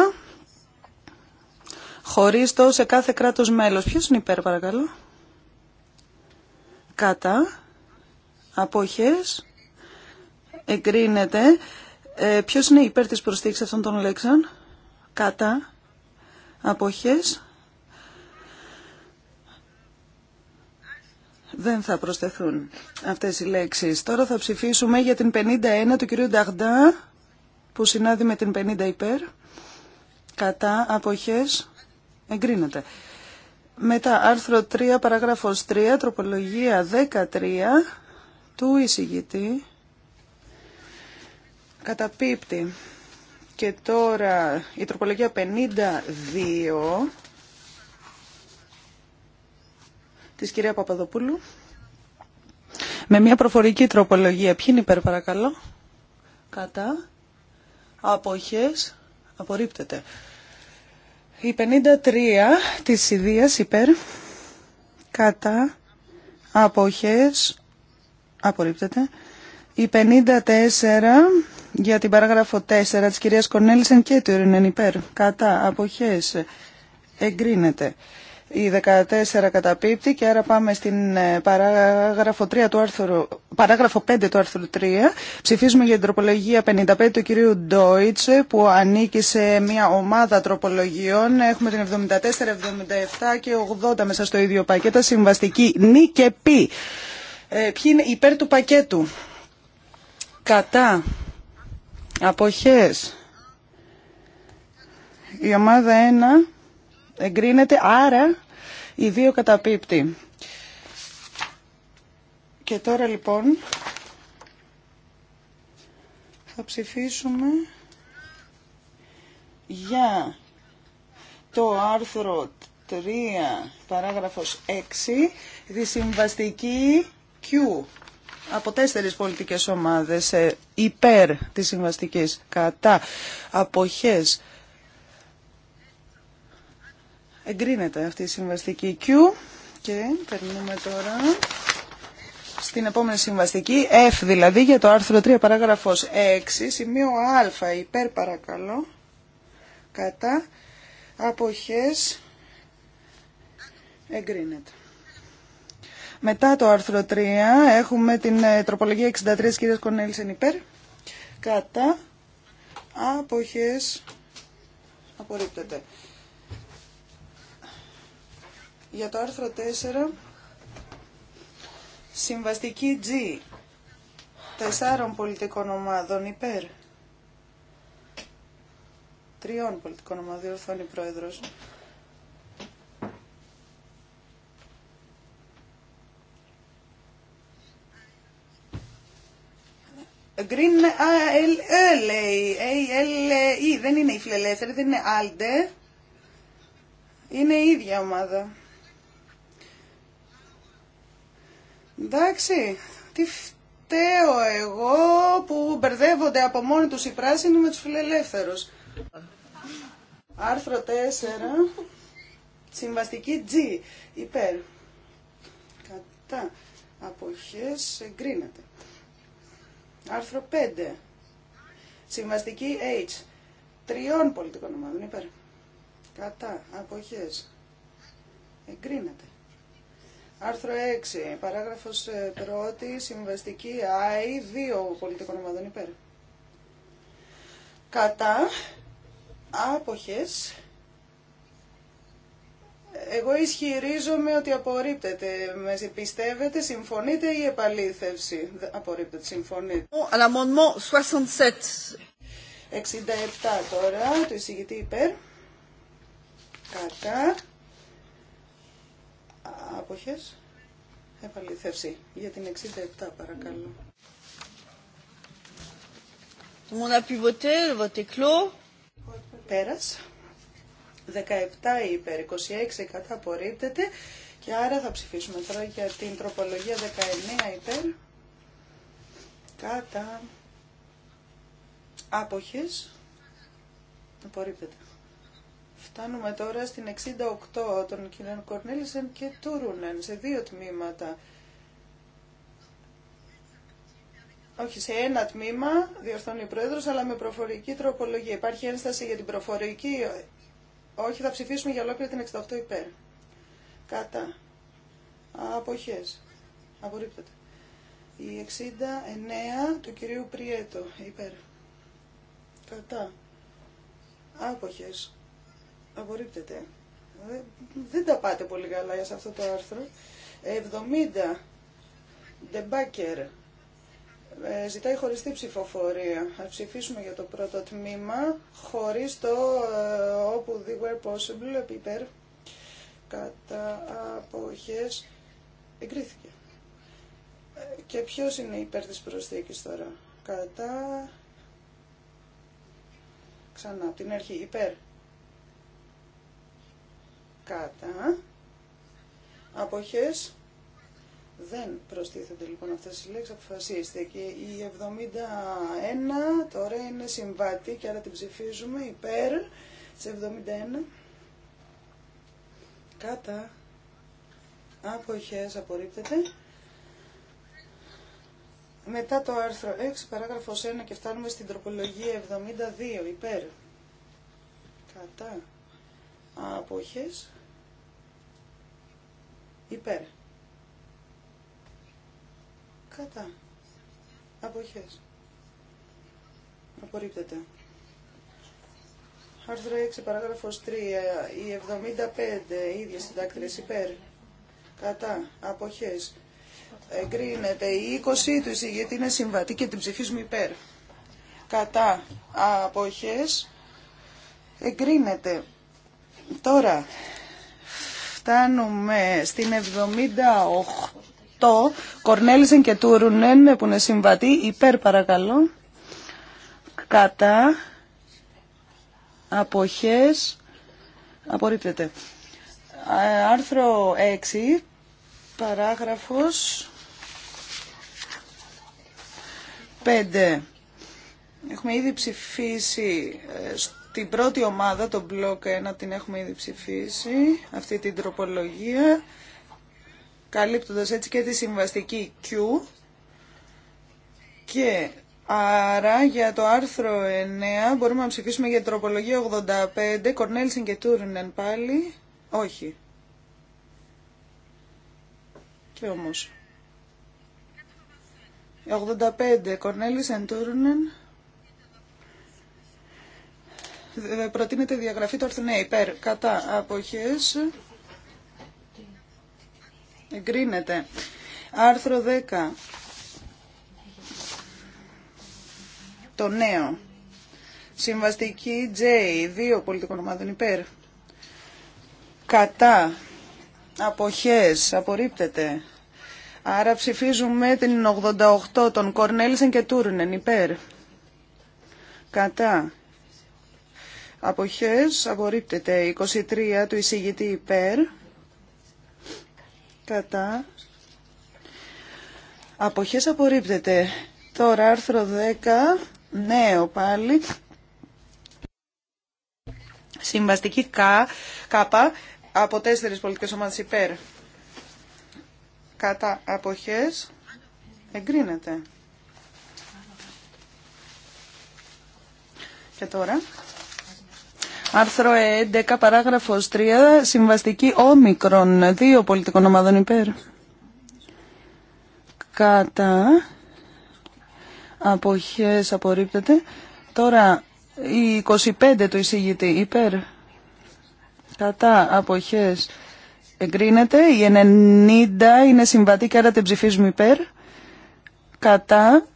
χωρίς το σε κάθε κράτος μέλος. Ποιος είναι υπέρ παρακαλώ. Κατά, απόχες, εγκρίνεται. Ε, ποιος είναι υπέρ της προστήξης αυτών των λέξεων. Κατά, απόχες, Δεν θα προσθεθούν αυτές οι λέξεις. Τώρα θα ψηφίσουμε για την 51 του κυρίου Νταγντά, που συνάδει με την 50 υπέρ. Κατά αποχές εγκρίνεται. Μετά άρθρο 3, παράγραφος 3, τροπολογία 13 του εισηγητή. Καταπίπτει. Και τώρα η τροπολογία 52 της κυρία Παπαδοπούλου με μια προφορική τροπολογία. Ποιοι είναι παρακαλώ. Κατά. Αποχές. Απορρίπτεται. Η 53 της ιδίας υπέρ. Κατά. Αποχές. Απορρίπτεται. Η 54 για την παράγραφο 4 της κυρίας Κορνέλησεν και του υπέρ. Κατά. Αποχές. Εγκρίνεται. Η 14 καταπίπτει και άρα πάμε στην ε, παράγραφο, 3 του άρθρου, παράγραφο 5 του άρθρου 3. Ψηφίζουμε για την τροπολογία 55 του κυρίου Ντόιτσε που ανήκει σε μια ομάδα τροπολογιών. Έχουμε την 74, 77 και 80 μέσα στο ίδιο πακέτο. Συμβαστική νη και πι. Ε, ποιοι είναι υπέρ του πακέτου. Κατά. Αποχές. Η ομάδα 1 εγκρίνεται, άρα οι δύο καταπίπτει. Και τώρα λοιπόν θα ψηφίσουμε για το άρθρο 3 παράγραφος 6 τη συμβαστική Q από τέσσερις πολιτικές ομάδες ε, υπέρ της συμβαστικής κατά αποχές Εγκρίνεται αυτή η συμβαστική Q και περνούμε τώρα στην επόμενη συμβαστική F δηλαδή για το άρθρο 3 παράγραφος 6 σημείο α υπέρ παρακαλώ κατά αποχές εγκρίνεται. Μετά το άρθρο 3 έχουμε την ε, τροπολογία 63 κυρίας Κονέλησεν υπέρ κατά αποχές απορρίπτεται. Για το άρθρο 4, συμβαστική G, τεσσάρων πολιτικών ομάδων υπέρ. Τριών πολιτικών ομάδων, διορθώνει πρόεδρος. Green a ε, λέει. e δεν είναι η φιλελεύθερη, δεν είναι ALDE. Είναι η ίδια ομάδα. Εντάξει, τι φταίω εγώ που μπερδεύονται από μόνοι τους οι πράσινοι με τους φιλελεύθερους. Άρθρο 4, συμβαστική G, υπέρ. Κατά αποχές εγκρίνεται. Άρθρο 5, συμβαστική H, τριών πολιτικών ομάδων, υπέρ. Κατά αποχές εγκρίνεται. Άρθρο 6, παράγραφος 1, ε, συμβαστική ΑΕ, δύο πολιτικών ομάδων υπέρ. Κατά άποχε. εγώ ισχυρίζομαι ότι απορρίπτεται. Με πιστεύετε, συμφωνείτε ή επαλήθευση. Απορρίπτεται, συμφωνείτε. L'amendement 67. 67 τώρα, Το εισηγητή υπέρ. Κατά Άποχες. Επαλήθευση. Για την 67 παρακαλώ. Μόνα a Πέρας. 17 υπέρ, 26 κατά απορρίπτεται και άρα θα ψηφίσουμε τώρα για την τροπολογία 19 υπέρ κατά άποχες απορρίπτεται. Φτάνουμε τώρα στην 68 των κυρίων Κορνέλισεν και Τούρουνεν σε δύο τμήματα. Όχι, σε ένα τμήμα, διορθώνει ο Πρόεδρος, αλλά με προφορική τροπολογία. Υπάρχει ένσταση για την προφορική. Όχι, θα ψηφίσουμε για ολόκληρη την 68 υπέρ. Κατά. Αποχές. Απορρίπτεται. Η 69 του κυρίου Πριέτο υπέρ. Κατά. Άποχες Απορρίπτεται. Δεν τα πάτε πολύ καλά σε αυτό το άρθρο. 70. Ντεμπάκερ. Ζητάει χωριστή ψηφοφορία. Θα ψηφίσουμε για το πρώτο τμήμα, χωρίς το ε, όπου they were possible, επίπερ, κατά αποχές, εγκρίθηκε. Ε, και ποιος είναι υπέρ της προσθήκης τώρα. Κατά, ξανά, από την αρχή, υπέρ κατά αποχές δεν προστίθενται λοιπόν αυτές οι λέξεις, αποφασίστε. Και η 71 τώρα είναι συμβατή και άρα την ψηφίζουμε υπέρ της 71. Κατά αποχές απορρίπτεται. Μετά το άρθρο 6, παράγραφος 1 και φτάνουμε στην τροπολογία 72 υπέρ. Κατά αποχές υπέρ κατά αποχές απορρίπτεται Άρθρο 6, παράγραφος 3, η 75, ίδια συντάκτρες υπέρ, κατά, αποχές, εγκρίνεται, η 20 του εισηγητή είναι συμβατή και την ψηφίζουμε υπέρ, κατά, αποχές, εγκρίνεται. Τώρα φτάνουμε στην 78. Κορνέλισεν και Τούρουνεν που είναι συμβατή. Υπέρ παρακαλώ. Κατά. Αποχές. Απορρίπτεται. Άρθρο 6. Παράγραφος 5. Έχουμε ήδη ψηφίσει ε, την πρώτη ομάδα, τον μπλοκ 1, την έχουμε ήδη ψηφίσει, αυτή την τροπολογία, καλύπτοντας έτσι και τη συμβαστική Q. Και άρα για το άρθρο 9 μπορούμε να ψηφίσουμε για την τροπολογία 85, Κορνέλσιν και Τούρνεν πάλι, όχι. Και όμως... 85, Κορνέλης τούρνεν, ε, προτείνεται διαγραφή του άρθρου. Ναι, υπέρ. Κατά. Αποχές. Εγκρίνεται. Άρθρο 10. Το νέο. Συμβαστική J. Δύο πολιτικών ομάδων υπέρ. Κατά. Αποχές. Απορρίπτεται. Άρα ψηφίζουμε την 88 των Κορνέλισεν και Τούρνεν υπέρ. Κατά. Αποχές απορρίπτεται 23 του εισηγητή υπέρ. Κατά. Αποχές απορρίπτεται. Τώρα άρθρο 10, νέο πάλι. Συμβαστική ΚΑ, ΚΑΠΑ, από τέσσερις πολιτικές ομάδες υπέρ. Κατά αποχές εγκρίνεται. Και τώρα Άρθρο 11, παράγραφος 3, συμβαστική όμικρον, δύο πολιτικών ομάδων υπέρ. Κατά αποχές απορρίπτεται. Τώρα η 25 του εισηγητή υπέρ. Κατά αποχές εγκρίνεται. Η 90 είναι συμβατή και άρα την ψηφίζουμε υπέρ. Κατά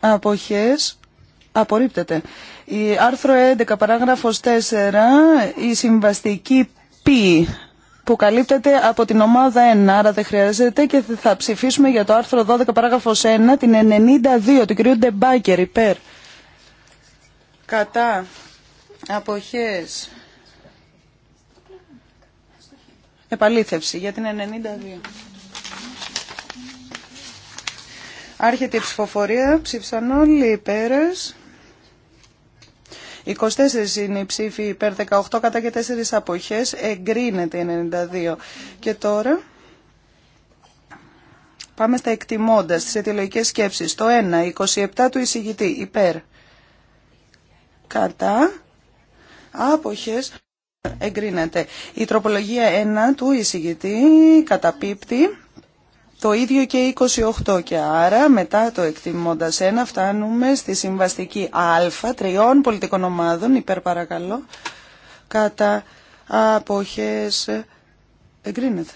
αποχές απορρίπτεται. Η άρθρο 11 παράγραφος 4 η συμβαστική π που καλύπτεται από την ομάδα 1, άρα δεν χρειάζεται και θα ψηφίσουμε για το άρθρο 12 παράγραφος 1 την 92 του κυρίου Ντεμπάκερ υπέρ. Κατά. Αποχές. Επαλήθευση για την 92. Άρχεται η ψηφοφορία, ψήφισαν όλοι οι πέρες. 24 είναι οι ψήφοι υπέρ 18 κατά και 4 αποχές. Εγκρίνεται 92. Και τώρα... Πάμε στα εκτιμώντα, στι αιτιολογικέ σκέψεις. Το 1, 27 του εισηγητή, υπέρ. Κατά. Άποχες. Εγκρίνεται. Η τροπολογία 1 του εισηγητή καταπίπτει. Το ίδιο και 28 και άρα μετά το εκτιμώντας 1 φτάνουμε στη συμβαστική α τριών πολιτικών ομάδων υπέρ παρακαλώ κατά αποχές εγκρίνεται.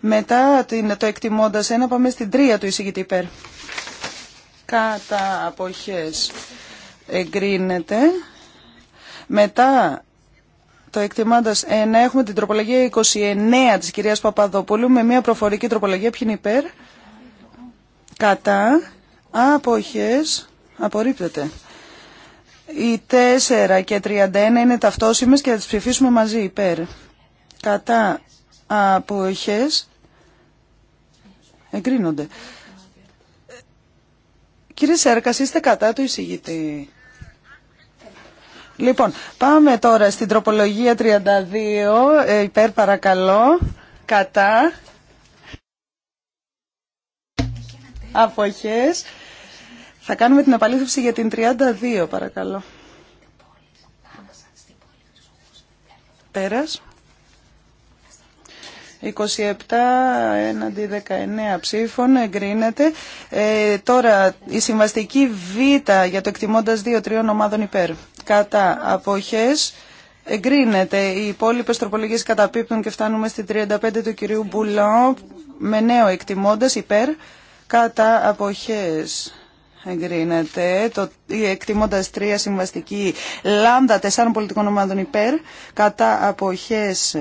Μετά το εκτιμώντας 1 πάμε στην τρία του εισηγητή υπέρ. Κατά αποχές εγκρίνεται. Μετά το Ε, 1 έχουμε την τροπολογία 29 της κυρίας Παπαδοπούλου με μια προφορική τροπολογία. Ποιοι είναι υπέρ. Κατά. Αποχές. Απορρίπτεται. Οι 4 και 31 είναι ταυτόσιμε και θα τις ψηφίσουμε μαζί υπέρ. Κατά. απόχε. Εγκρίνονται. Κύριε Σέρκα, είστε κατά του εισηγητή. Λοιπόν, πάμε τώρα στην τροπολογία 32, ε, υπέρ παρακαλώ, κατά, αποχές. Θα κάνουμε την απαλήθευση για την 32, παρακαλώ. Πέρας. 27 έναντι 19 ψήφων εγκρίνεται. Ε, τώρα η συμβαστική Β για το εκτιμώντας 2-3 ομάδων υπέρ κατά αποχές εγκρίνεται. Οι υπόλοιπε τροπολογίες καταπίπτουν και φτάνουμε στη 35 του κυρίου Μπουλόν με νέο εκτιμώντα υπέρ κατά αποχές εγκρίνεται. Το, εκτιμώντας 3 συμβαστική λάμδα τεσσάρων πολιτικών ομάδων υπέρ κατά αποχές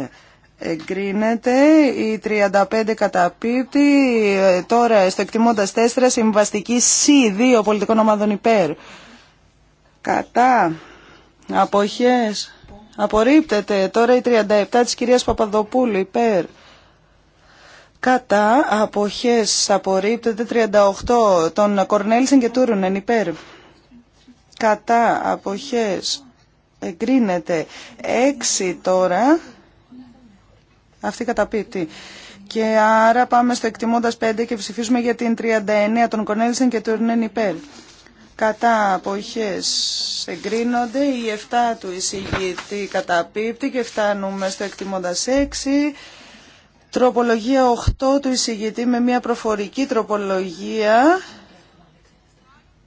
εγκρίνεται. Η 35 καταπίπτει. Ε, τώρα στο εκτιμώντας 4 συμβαστική C2 πολιτικών ομάδων υπέρ. Κατά Αποχές. Απορρίπτεται. Τώρα η 37 της κυρίας Παπαδοπούλου υπέρ. Κατά αποχές απορρίπτεται 38 των Κορνέλσεν και Τούρουνεν υπέρ. Κατά αποχές εγκρίνεται 6 τώρα. Αυτή καταπίπτει. Και άρα πάμε στο εκτιμώντας 5 και ψηφίσουμε για την 39 των Κορνέλσεν και Τούρουνεν υπέρ κατά αποχές εγκρίνονται, η 7 του εισηγητή καταπίπτει και φτάνουμε στο εκτιμώντας 6. Τροπολογία 8 του εισηγητή με μια προφορική τροπολογία.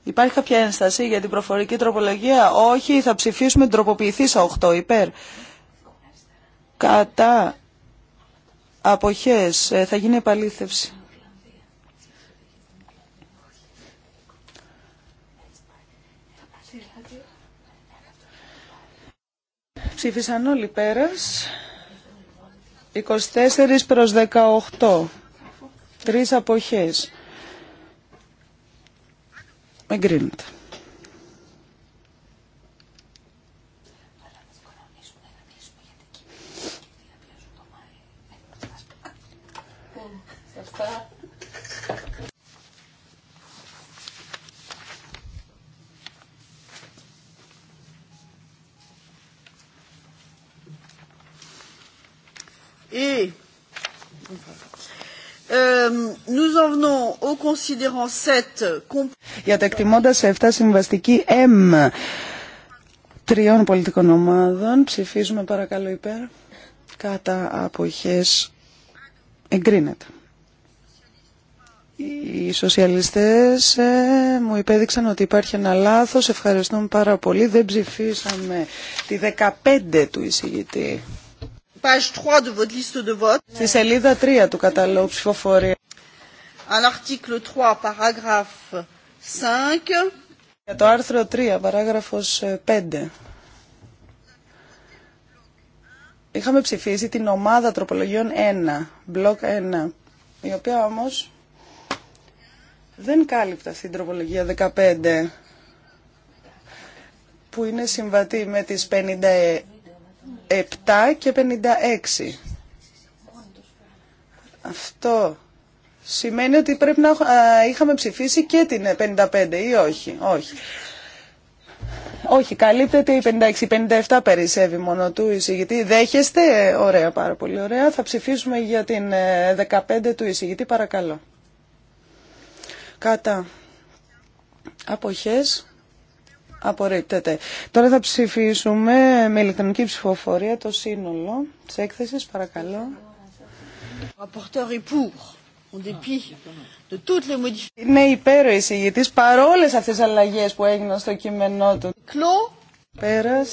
Υπάρχει κάποια ένσταση για την προφορική τροπολογία. Όχι, θα ψηφίσουμε τροποποιηθήσα 8 υπέρ. Κατά αποχές ε, θα γίνει επαλήθευση. Ψήφισαν όλοι πέρας. 24 προς 18. Τρεις αποχές. Εγκρίνεται. Et για τα εκτιμώντα 7 συμβαστική M τριών πολιτικών ομάδων ψηφίζουμε παρακαλώ υπέρ κατά αποχέ. εγκρίνεται. Οι σοσιαλιστές ε, μου υπέδειξαν ότι υπάρχει ένα λάθος. Ευχαριστούμε πάρα πολύ. Δεν ψηφίσαμε τη 15 του εισηγητή page 3 de votre liste de vote. Στη σελίδα 3 του καταλόγου ψηφοφορία. l'article 3, paragraphe 5. Για το άρθρο 3, παράγραφος 5. Ε, Είχαμε ψηφίσει την ομάδα τροπολογιών 1, μπλοκ 1, η οποία όμως δεν κάλυπτα στην τροπολογία 15 που είναι συμβατή με τις 50 7 και 56. Αυτό σημαίνει ότι πρέπει να είχαμε ψηφίσει και την 55 ή όχι. Όχι. Όχι, καλύπτεται η 56-57 περισσεύει μόνο του εισηγητή. Δέχεστε, ωραία, πάρα πολύ ωραία. Θα ψηφίσουμε για την 15 ε, του εισηγητή, παρακαλώ. Κατά αποχές Απορρίπτεται. Τώρα θα ψηφίσουμε με ηλεκτρονική ψηφοφορία το σύνολο τη Έκθεση, Παρακαλώ. Είναι υπέρο ο παρόλε παρόλες αυτές τις αλλαγές που έγιναν στο κείμενό του. Κλό. Πέρα.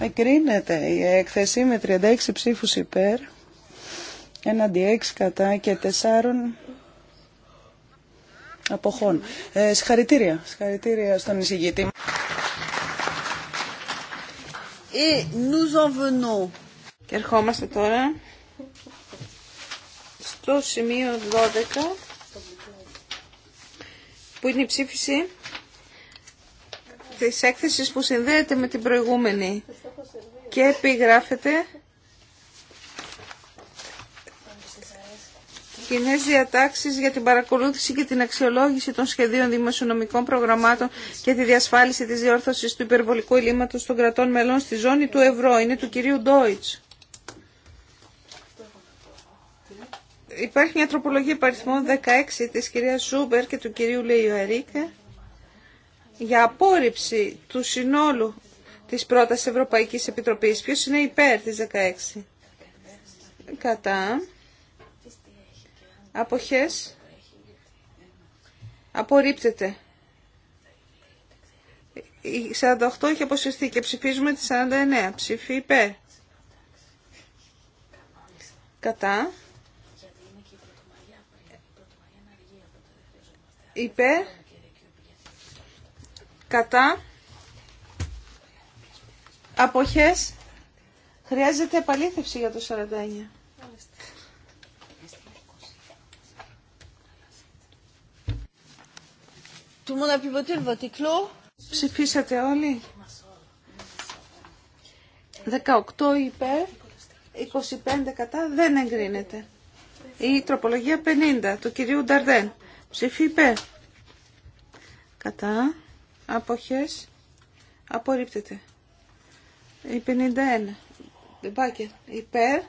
Εγκρίνεται η έκθεση με 36 ψήφου υπέρ, έναντι 6 κατά και 4 αποχών. Ε, συγχαρητήρια. Συγχαρητήρια στον εισηγητή. Et ε, nous en Και ερχόμαστε τώρα στο σημείο 12 που είναι η ψήφιση της έκθεσης που συνδέεται με την προηγούμενη και επιγράφεται κοινέ διατάξει για την παρακολούθηση και την αξιολόγηση των σχεδίων δημοσιονομικών προγραμμάτων και τη διασφάλιση της διόρθωση του υπερβολικού ελλείμματο των κρατών μελών στη ζώνη του ευρώ. Είναι του κυρίου Ντόιτς. Υπάρχει μια τροπολογία παριθμών 16 της κυρίας Σούμπερ και του κυρίου Λεϊουαρίκε για απόρριψη του συνόλου της πρότασης Ευρωπαϊκής Επιτροπής. Ποιος είναι υπέρ της 16. Κατά. Αποχές. Απορρίπτεται. Η 48 έχει αποσυρθεί και ψηφίζουμε τη 49. Ψήφι υπέρ. Κατά. Υπέρ. Κατά. Αποχές. Χρειάζεται επαλήθευση για το 49. Tout le monde a pu voter, le vote est clos. Ψηφίσατε όλοι. 18 υπέρ, 25 κατά, δεν εγκρίνεται. Η τροπολογία 50 του κυρίου Νταρδέν. Ψήφι υπέρ. Κατά. Αποχές. Απορρίπτεται. Η 51. Μπάκερ. Υπέρ.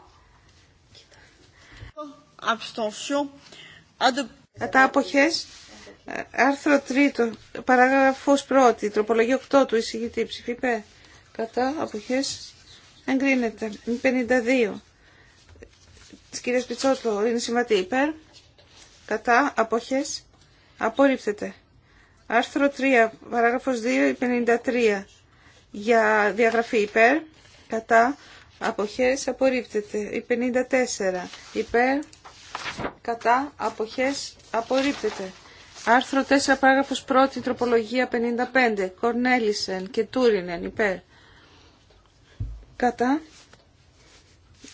Κατά αποχές. Άρθρο 3, παράγραφο 1, τροπολογία 8 του εισηγητή ψηφίπε. Κατά αποχές εγκρίνεται. 52. Τη κυρία Πιτσότο είναι συμβατή υπέρ. Κατά απόχέ, απορρίπτεται. Άρθρο 3, παράγραφος 2, 53. Για διαγραφή υπέρ. Κατά αποχές απορρίπτεται. Η 54. Υπέρ. Κατά αποχές απορρίπτεται. Άρθρο 4, παράγραφος 1, τροπολογία 55. Κορνέλισεν και Τούρινεν υπέρ. Κατά.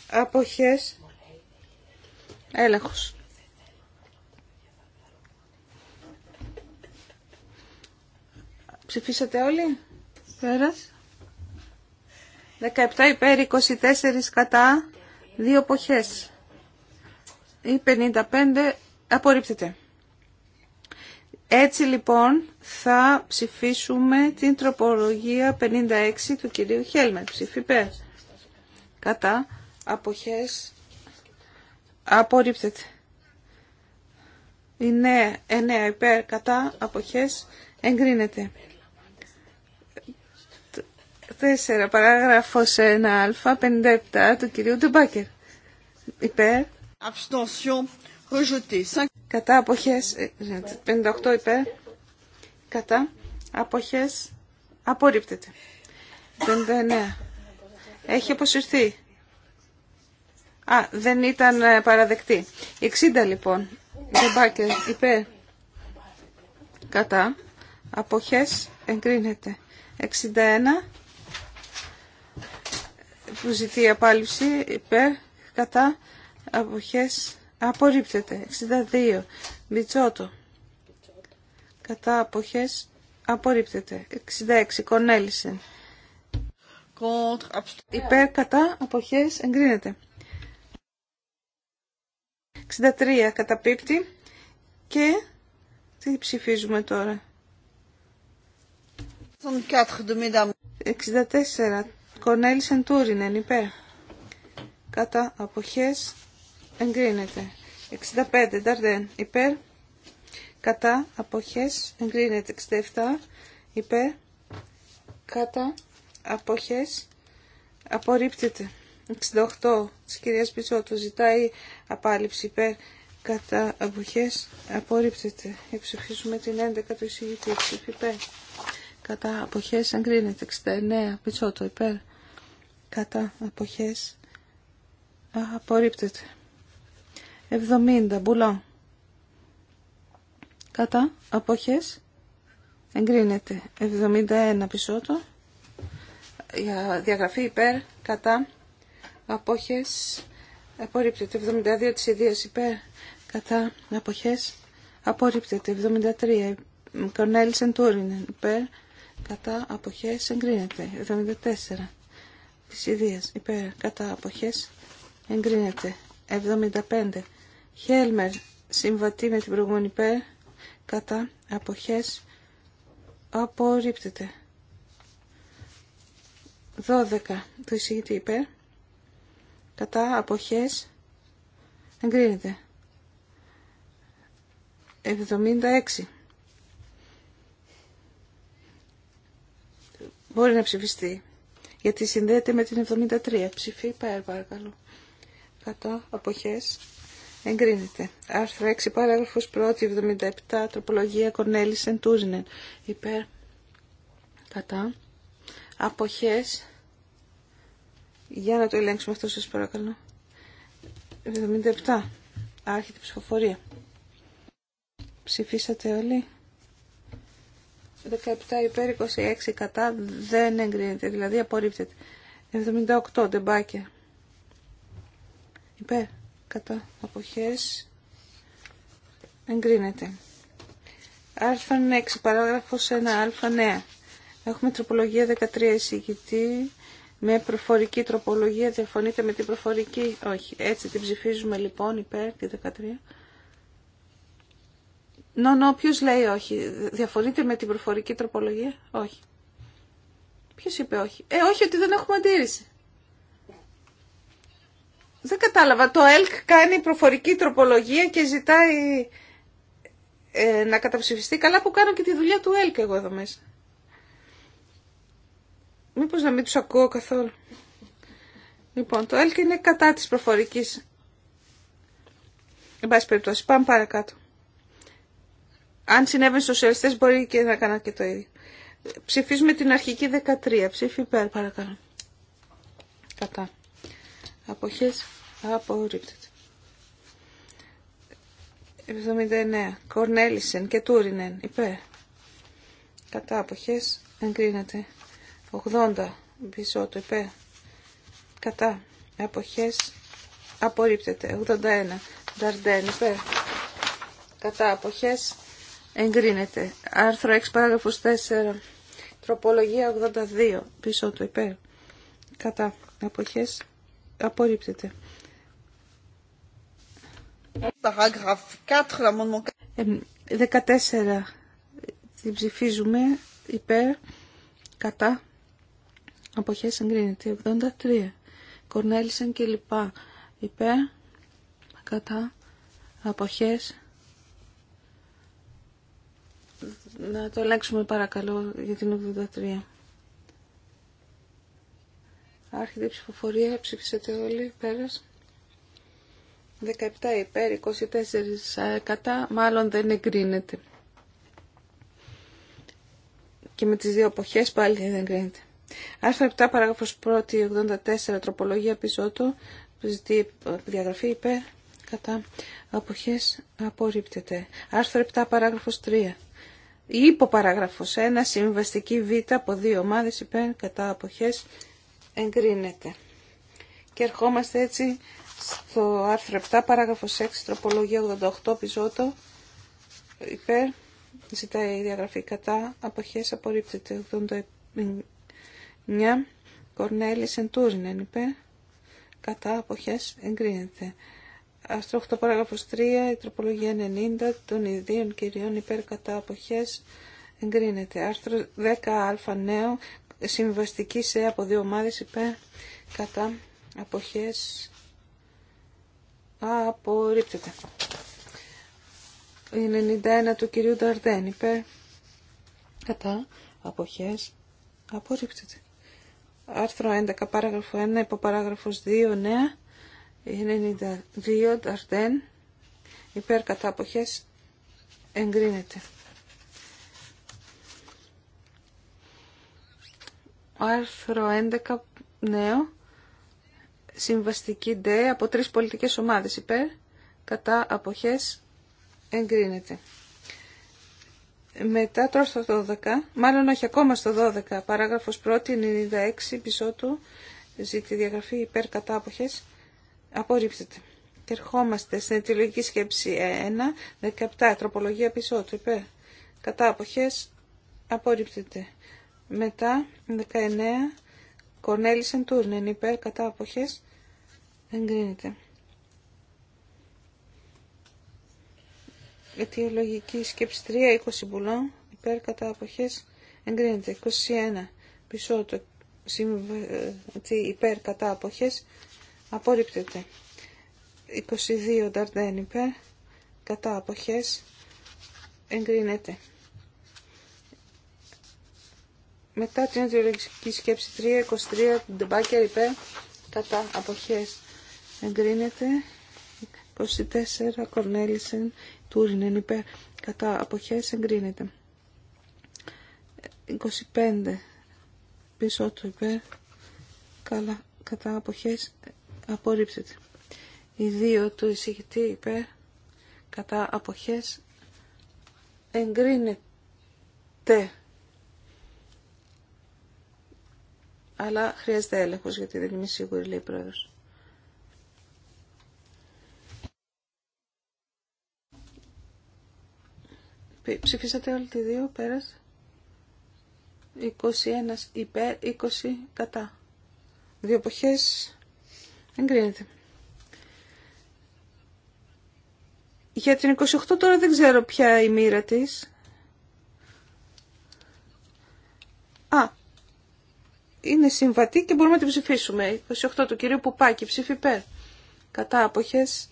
Αποχές. Έλεγχος. Ψηφίσατε όλοι. Πέρας. 17 υπέρ, 24 κατά, δύο εποχές. Ή 55 απορρίπτεται. Έτσι λοιπόν θα ψηφίσουμε την τροπολογία 56 του κυρίου Χέλμετ. Ψήφι Κατά αποχές απορρίπτεται. Είναι 9 υπέρ κατά αποχές εγκρίνεται. 4 παράγραφος 1α 57 του κυρίου Ντεμπάκερ. Υπέρ. Abstention Κατά αποχές, 58 ε, υπέρ. Κατά αποχές, απορρίπτεται. 59. Έχει αποσυρθεί. Α, δεν ήταν ε, παραδεκτή. 60 λοιπόν. Δεμπάκερ υπέρ. Κατά. Αποχές εγκρίνεται. 61. Που ζητεί απάλληψη υπέρ. Κατά. Αποχές Απορρίπτεται. 62. Μπιτσότο. Κατά αποχές. Απορρίπτεται. 66. Κονέλησεν. Υπέρ κατά αποχές εγκρίνεται. 63 καταπίπτει και τι ψηφίζουμε τώρα. 64 Κονέλισεν Τούρινεν υπέρ. Κατά αποχές εγκρίνεται. 65 Νταρδέν υπέρ κατά αποχές εγκρίνεται. 67 υπέρ κατά αποχές απορρίπτεται. 68 της κυρίας το ζητάει απάλληψη υπέρ κατά αποχές απορρίπτεται. Ψηφίζουμε την 11 του εισηγητή υπέρ. Κατά αποχές εγκρίνεται. 69 Μπιζότου υπέρ κατά αποχές απορρίπτεται. 70 μπουλά κατά αποχές εγκρίνεται 71 πισότο για διαγραφή υπέρ κατά αποχές απορρίπτεται 72 της ιδίας υπέρ κατά αποχές απορρίπτεται 73 Κορνέλ Σεντούρινεν υπέρ κατά αποχές εγκρίνεται 74 της ιδίας υπέρ κατά αποχές εγκρίνεται 75 Χέλμερ, συμβατή με την προηγούμενη πέ, κατά αποχές απορρίπτεται. 12 Το εισηγητή υπέρ, κατά αποχές εγκρίνεται. 76. Μπορεί να ψηφιστεί, γιατί συνδέεται με την 73. Ψηφί υπέρ, παρακαλώ. Κατά αποχές Εγκρίνεται. Άρθρο 6, παράγραφος 1, 77, τροπολογία Κορνέλη Σεντούζινεν. Υπέρ. Κατά. Αποχές. Για να το ελέγξουμε αυτό σας παρακαλώ. 77. Άρχεται η ψηφοφορία. Ψηφίσατε όλοι. 17 υπέρ 26 κατά δεν εγκρίνεται, δηλαδή απορρίπτεται. 78 ντεμπάκερ. Υπέρ κατά αποχές εγκρίνεται. Α6, ναι, παράγραφος 1α9. Ναι. Έχουμε τροπολογία 13 εισηγητή με προφορική τροπολογία. Διαφωνείτε με την προφορική. Όχι. Έτσι την ψηφίζουμε λοιπόν υπέρ τη 13. Νο, νο, ποιος λέει όχι. Διαφωνείτε με την προφορική τροπολογία. Όχι. Ποιος είπε όχι. Ε, όχι ότι δεν έχουμε αντίρρηση. Δεν κατάλαβα. Το ΕΛΚ κάνει προφορική τροπολογία και ζητάει ε, να καταψηφιστεί. Καλά που κάνω και τη δουλειά του ΕΛΚ εγώ εδώ μέσα. Μήπως να μην τους ακούω καθόλου. Λοιπόν, το ΕΛΚ είναι κατά της προφορικής. Εν πάση περιπτώσει, πάμε παρακάτω. Αν συνέβαινε στους σοσιαλιστές μπορεί και να κάνω και το ίδιο. Ψηφίζουμε την αρχική 13. Ψήφι υπέρ παρακαλώ. Κατά αποχές απορρίπτεται. 79. Κορνέλισεν και Τούρινεν υπέρ. Κατά αποχές εγκρίνεται. 80. το υπέρ. Κατά αποχές απορρίπτεται. 81. Δαρντέν υπέρ. Κατά αποχές εγκρίνεται. Άρθρο 6 παράγραφος 4. Τροπολογία 82. Πίσω του υπέρ. Κατά αποχές Απορρίπτεται. Παράγραφ 4, 14. Την ψηφίζουμε υπέρ, κατά, αποχές εγκρίνεται. 83. Κορνέλισεν και λοιπά. Υπέρ, κατά, αποχές. Να το ελέγξουμε παρακαλώ για την 83. Άρχεται η ψηφοφορία, Ψήφισετε όλοι, πέρας. 17 υπέρ, 24 ε, κατά, μάλλον δεν εγκρίνεται. Και με τις δύο εποχές πάλι δεν εγκρίνεται. Άρθρο 7, παράγραφος 1η, 84, τροπολογία πιζότο, ζητεί διαγραφή υπέρ, κατά, αποχές απορρίπτεται. Άρθρο 7, παράγραφος 3. Υποπαράγραφος 1, 84 τροπολογια πιζοτο ζητει διαγραφη υπερ κατα εποχες απορριπτεται αρθρο 7 παραγραφος 3 υποπαραγραφος 1 συμβαστικη β από δύο ομάδες υπέρ κατά αποχές εγκρίνεται. Και ερχόμαστε έτσι στο άρθρο 7, παράγραφος 6, τροπολογία 88, πιζότο, υπέρ, ζητάει η διαγραφή κατά, αποχές απορρίπτεται, 89, Κορνέλη υπέρ, κατά, αποχές εγκρίνεται. Άρθρο 8 παράγραφος 3, η τροπολογία 90 των ιδίων κυριών υπέρ κατά αποχές εγκρίνεται. Άρθρο 10α νέο, Συμβαστική σε από δύο ομάδες υπέρ κατά αποχές απορρίπτεται. 91 του κυρίου Νταρδέν υπέρ κατά αποχές απορρίπτεται. Άρθρο 11 παράγραφο 1 υπό παράγραφος 2 νέα ναι. 92 Νταρδέν υπέρ κατά αποχές εγκρίνεται. άρθρο 11 νέο, συμβαστική D από τρεις πολιτικές ομάδες υπέρ, κατά αποχές εγκρίνεται. Μετά τώρα στο 12, μάλλον όχι ακόμα στο 12, παράγραφος 1, 96, πισώ του, ζήτη διαγραφή υπέρ κατά αποχές, απορρίπτεται. Και ερχόμαστε στην αιτιολογική σκέψη 1, 17, τροπολογία πισώ του, υπέρ, κατά αποχές, απορρίπτεται. Μετά 19 Κορνέλισεν Τούρνεν υπέρ κατά αποχές εγκρίνεται. Αιτιολογική σκέψη 3, 20 μπουλών, υπέρ κατά αποχές, εγκρίνεται. 21, πισω το υπέρ κατά αποχές, απορρίπτεται. 22, νταρδέν υπέρ, κατά αποχές, εγκρίνεται. Μετά την ιδεολογική σκέψη 3, 23, ντεμπάκερ είπε κατά αποχές εγκρίνεται. 24, κορνέλισεν, τούρινεν υπέρ, κατά αποχές εγκρίνεται. 25, πίσω του υπέρ, καλά, κατά αποχές απορρίψεται. Οι δύο του εισηγητή είπε κατά αποχές εγκρίνεται. αλλά χρειάζεται έλεγχος γιατί δεν είμαι σίγουρη, λέει η πρόεδρος. Ψηφίσατε όλοι τη δύο, πέρασε. 21 υπέρ, 20 κατά. Δύο εποχές δεν κρίνεται. Για την 28 τώρα δεν ξέρω ποια η μοίρα της. είναι συμβατή και μπορούμε να την ψηφίσουμε. 28 του κυρίου Πουπάκη, ψήφι υπέρ. Κατά αποχές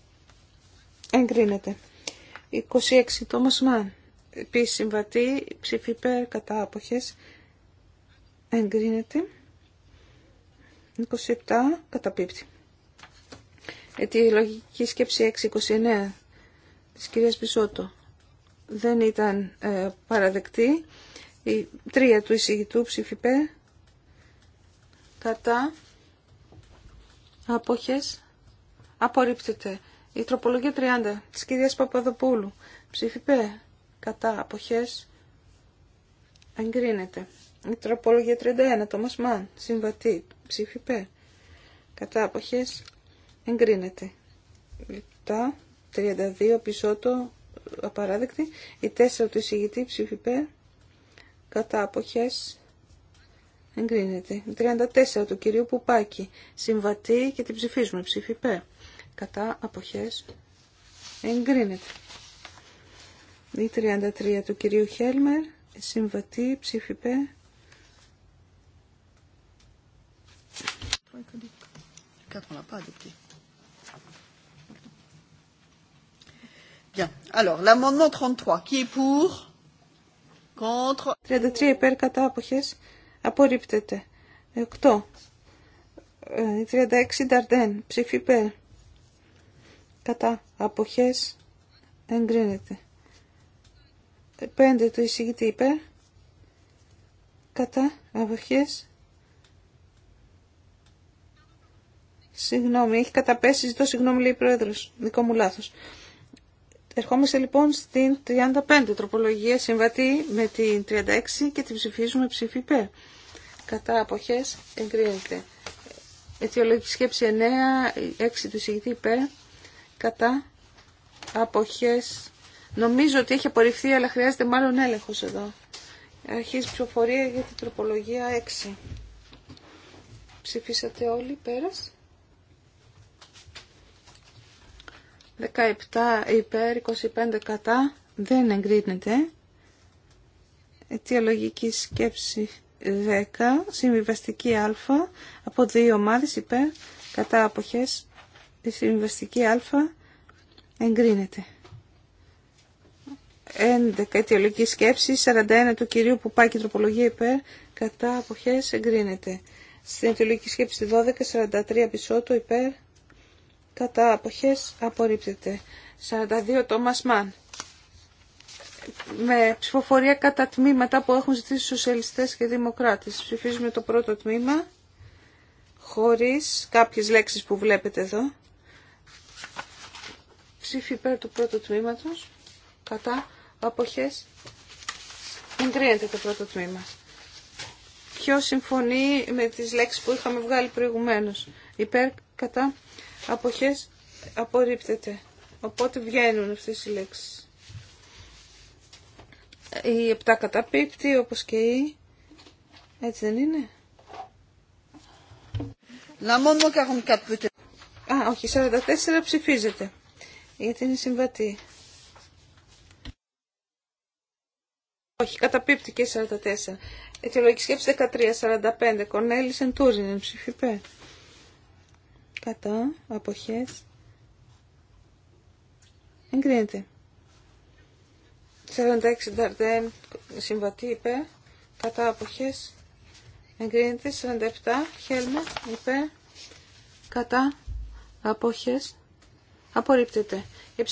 εγκρίνεται. 26 τόμα. Μαν, επίσης συμβατή, ψήφι υπέρ, κατά αποχές εγκρίνεται. 27 καταπίπτει. Ε, λογικη σκέψη σκέψη 6-29 της κυρίας Πισότο δεν ήταν ε, παραδεκτή. Η τρία του εισηγητού ψηφιπέ κατά αποχές απορρίπτεται. Η τροπολογία 30 της κυρίας Παπαδοπούλου ψηφιπέ κατά αποχές εγκρίνεται. Η τροπολογία 31 Το Μασμάν. συμβατή ψηφιπέ κατά αποχές εγκρίνεται. Τα 32 το απαράδεκτη. Η 4 του εισηγητή ψηφιπέ κατά αποχές Εγκρίνεται. 34 του κυρίου Πουπάκη. Συμβατή και την ψηφίζουμε. Ψήφι Κατά αποχές. Εγκρίνεται. Η 33 του κυρίου Χέλμερ. Συμβατή. Ψήφι Π. Bien. Alors, l'amendement 33, qui est pour Contre 33 υπέρ κατά αποχές Απορρίπτεται. 8. 36 Νταρδέν, Ψήφι υπέρ. Κατά. Αποχές. Εγκρίνεται. 5 Το εισηγητή υπέρ. Κατά. Αποχές. Συγγνώμη. Έχει καταπέσει. Ζητώ συγγνώμη λέει η πρόεδρος. Δικό μου λάθος. Ερχόμαστε λοιπόν στην 35 τροπολογία συμβατή με την 36 και την ψηφίζουμε ψήφι π. Κατά αποχές εγκρίνεται. Αιτιολογική σκέψη 9, 6 του συγητή π. Κατά αποχές. Νομίζω ότι έχει απορριφθεί αλλά χρειάζεται μάλλον έλεγχος εδώ. Αρχίζει ψηφοφορία για την τροπολογία 6. Ψηφίσατε όλοι πέρας. 17 υπέρ, 25 κατά, δεν εγκρίνεται. Αιτιολογική σκέψη 10, συμβιβαστική α, από δύο ομάδες υπέρ, κατά αποχές, η συμβιβαστική α εγκρίνεται. 11 αιτιολογική σκέψη, 41 του κυρίου που πάει και τροπολογία υπέρ, κατά αποχές εγκρίνεται. Στην αιτιολογική σκέψη 12, 43 πισότο υπέρ, κατά αποχές απορρίπτεται. 42 Τόμας Μαν. Με ψηφοφορία κατά τμήματα που έχουν ζητήσει σοσιαλιστές και δημοκράτες. Ψηφίζουμε το πρώτο τμήμα χωρίς κάποιες λέξεις που βλέπετε εδώ. Ψήφι υπέρ του πρώτου τμήματος, κατά αποχές. Εγκρίνεται το πρώτο τμήμα. Ποιο συμφωνεί με τις λέξεις που είχαμε βγάλει προηγουμένως. Υπέρ, κατά αποχές απορρίπτεται. Οπότε βγαίνουν αυτές οι λέξεις. Ε, η επτά καταπίπτει όπως και η... Έτσι δεν είναι. Α, όχι, 44 ψηφίζεται. Γιατί είναι συμβατή. Όχι, καταπίπτει και 44. Αιτιολογική σκέψη 13, 45. Κονέλη ψηφιπέ κατά αποχές εγκρίνεται 46 Νταρντέν συμβατή κατά αποχές εγκρίνεται 47 Χέλμε είπε. κατά αποχές απορρίπτεται και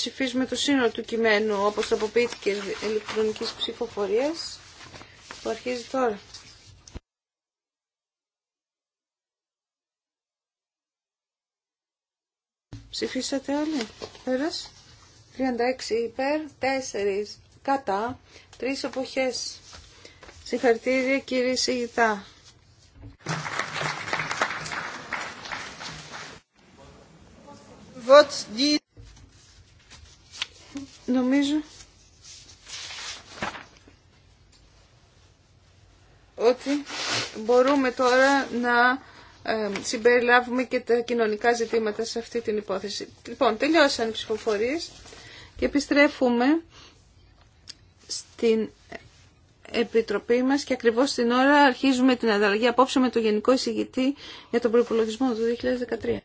το σύνολο του κειμένου όπως αποποιήθηκε ηλεκτρονικής ψηφοφορίας που αρχίζει τώρα Ψηφίσατε όλοι. Πέρας. 36 υπέρ, 4 κατά, 3 εποχές. Συγχαρητήρια κύριε Σιγητά. Νομίζω ότι μπορούμε τώρα να συμπεριλάβουμε και τα κοινωνικά ζητήματα σε αυτή την υπόθεση. Λοιπόν, τελειώσαν οι ψηφοφορίες και επιστρέφουμε στην Επιτροπή μας και ακριβώς την ώρα αρχίζουμε την ανταλλαγή απόψε με το Γενικό Εισηγητή για τον Προπολογισμό του 2013.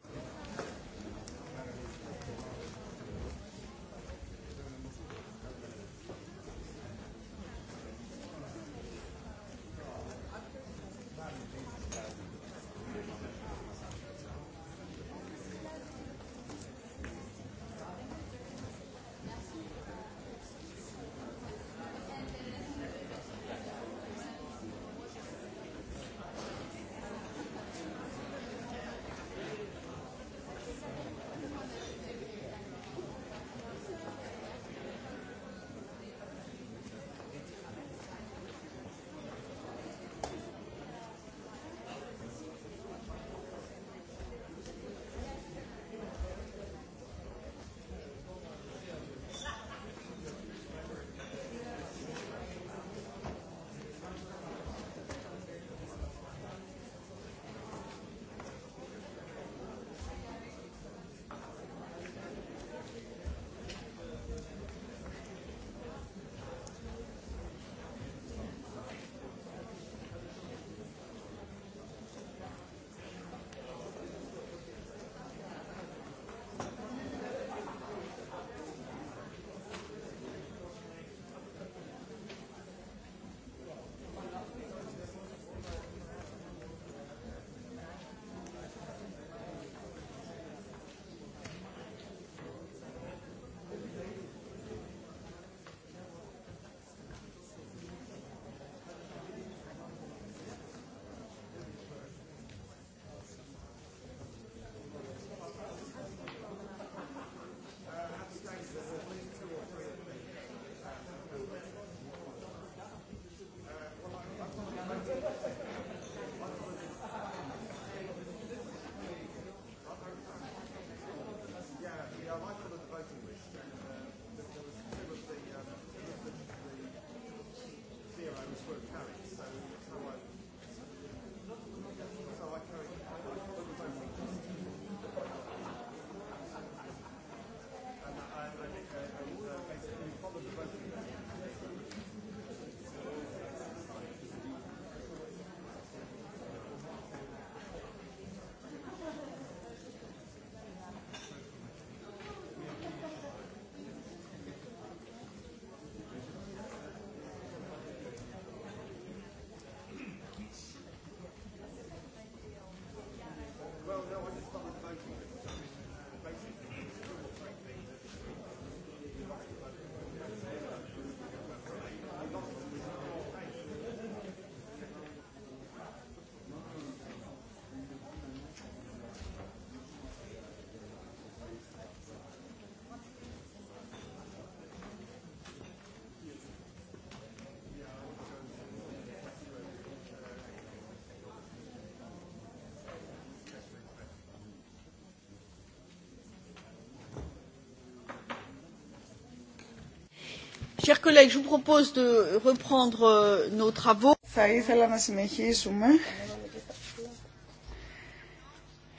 Θα ήθελα να συνεχίσουμε.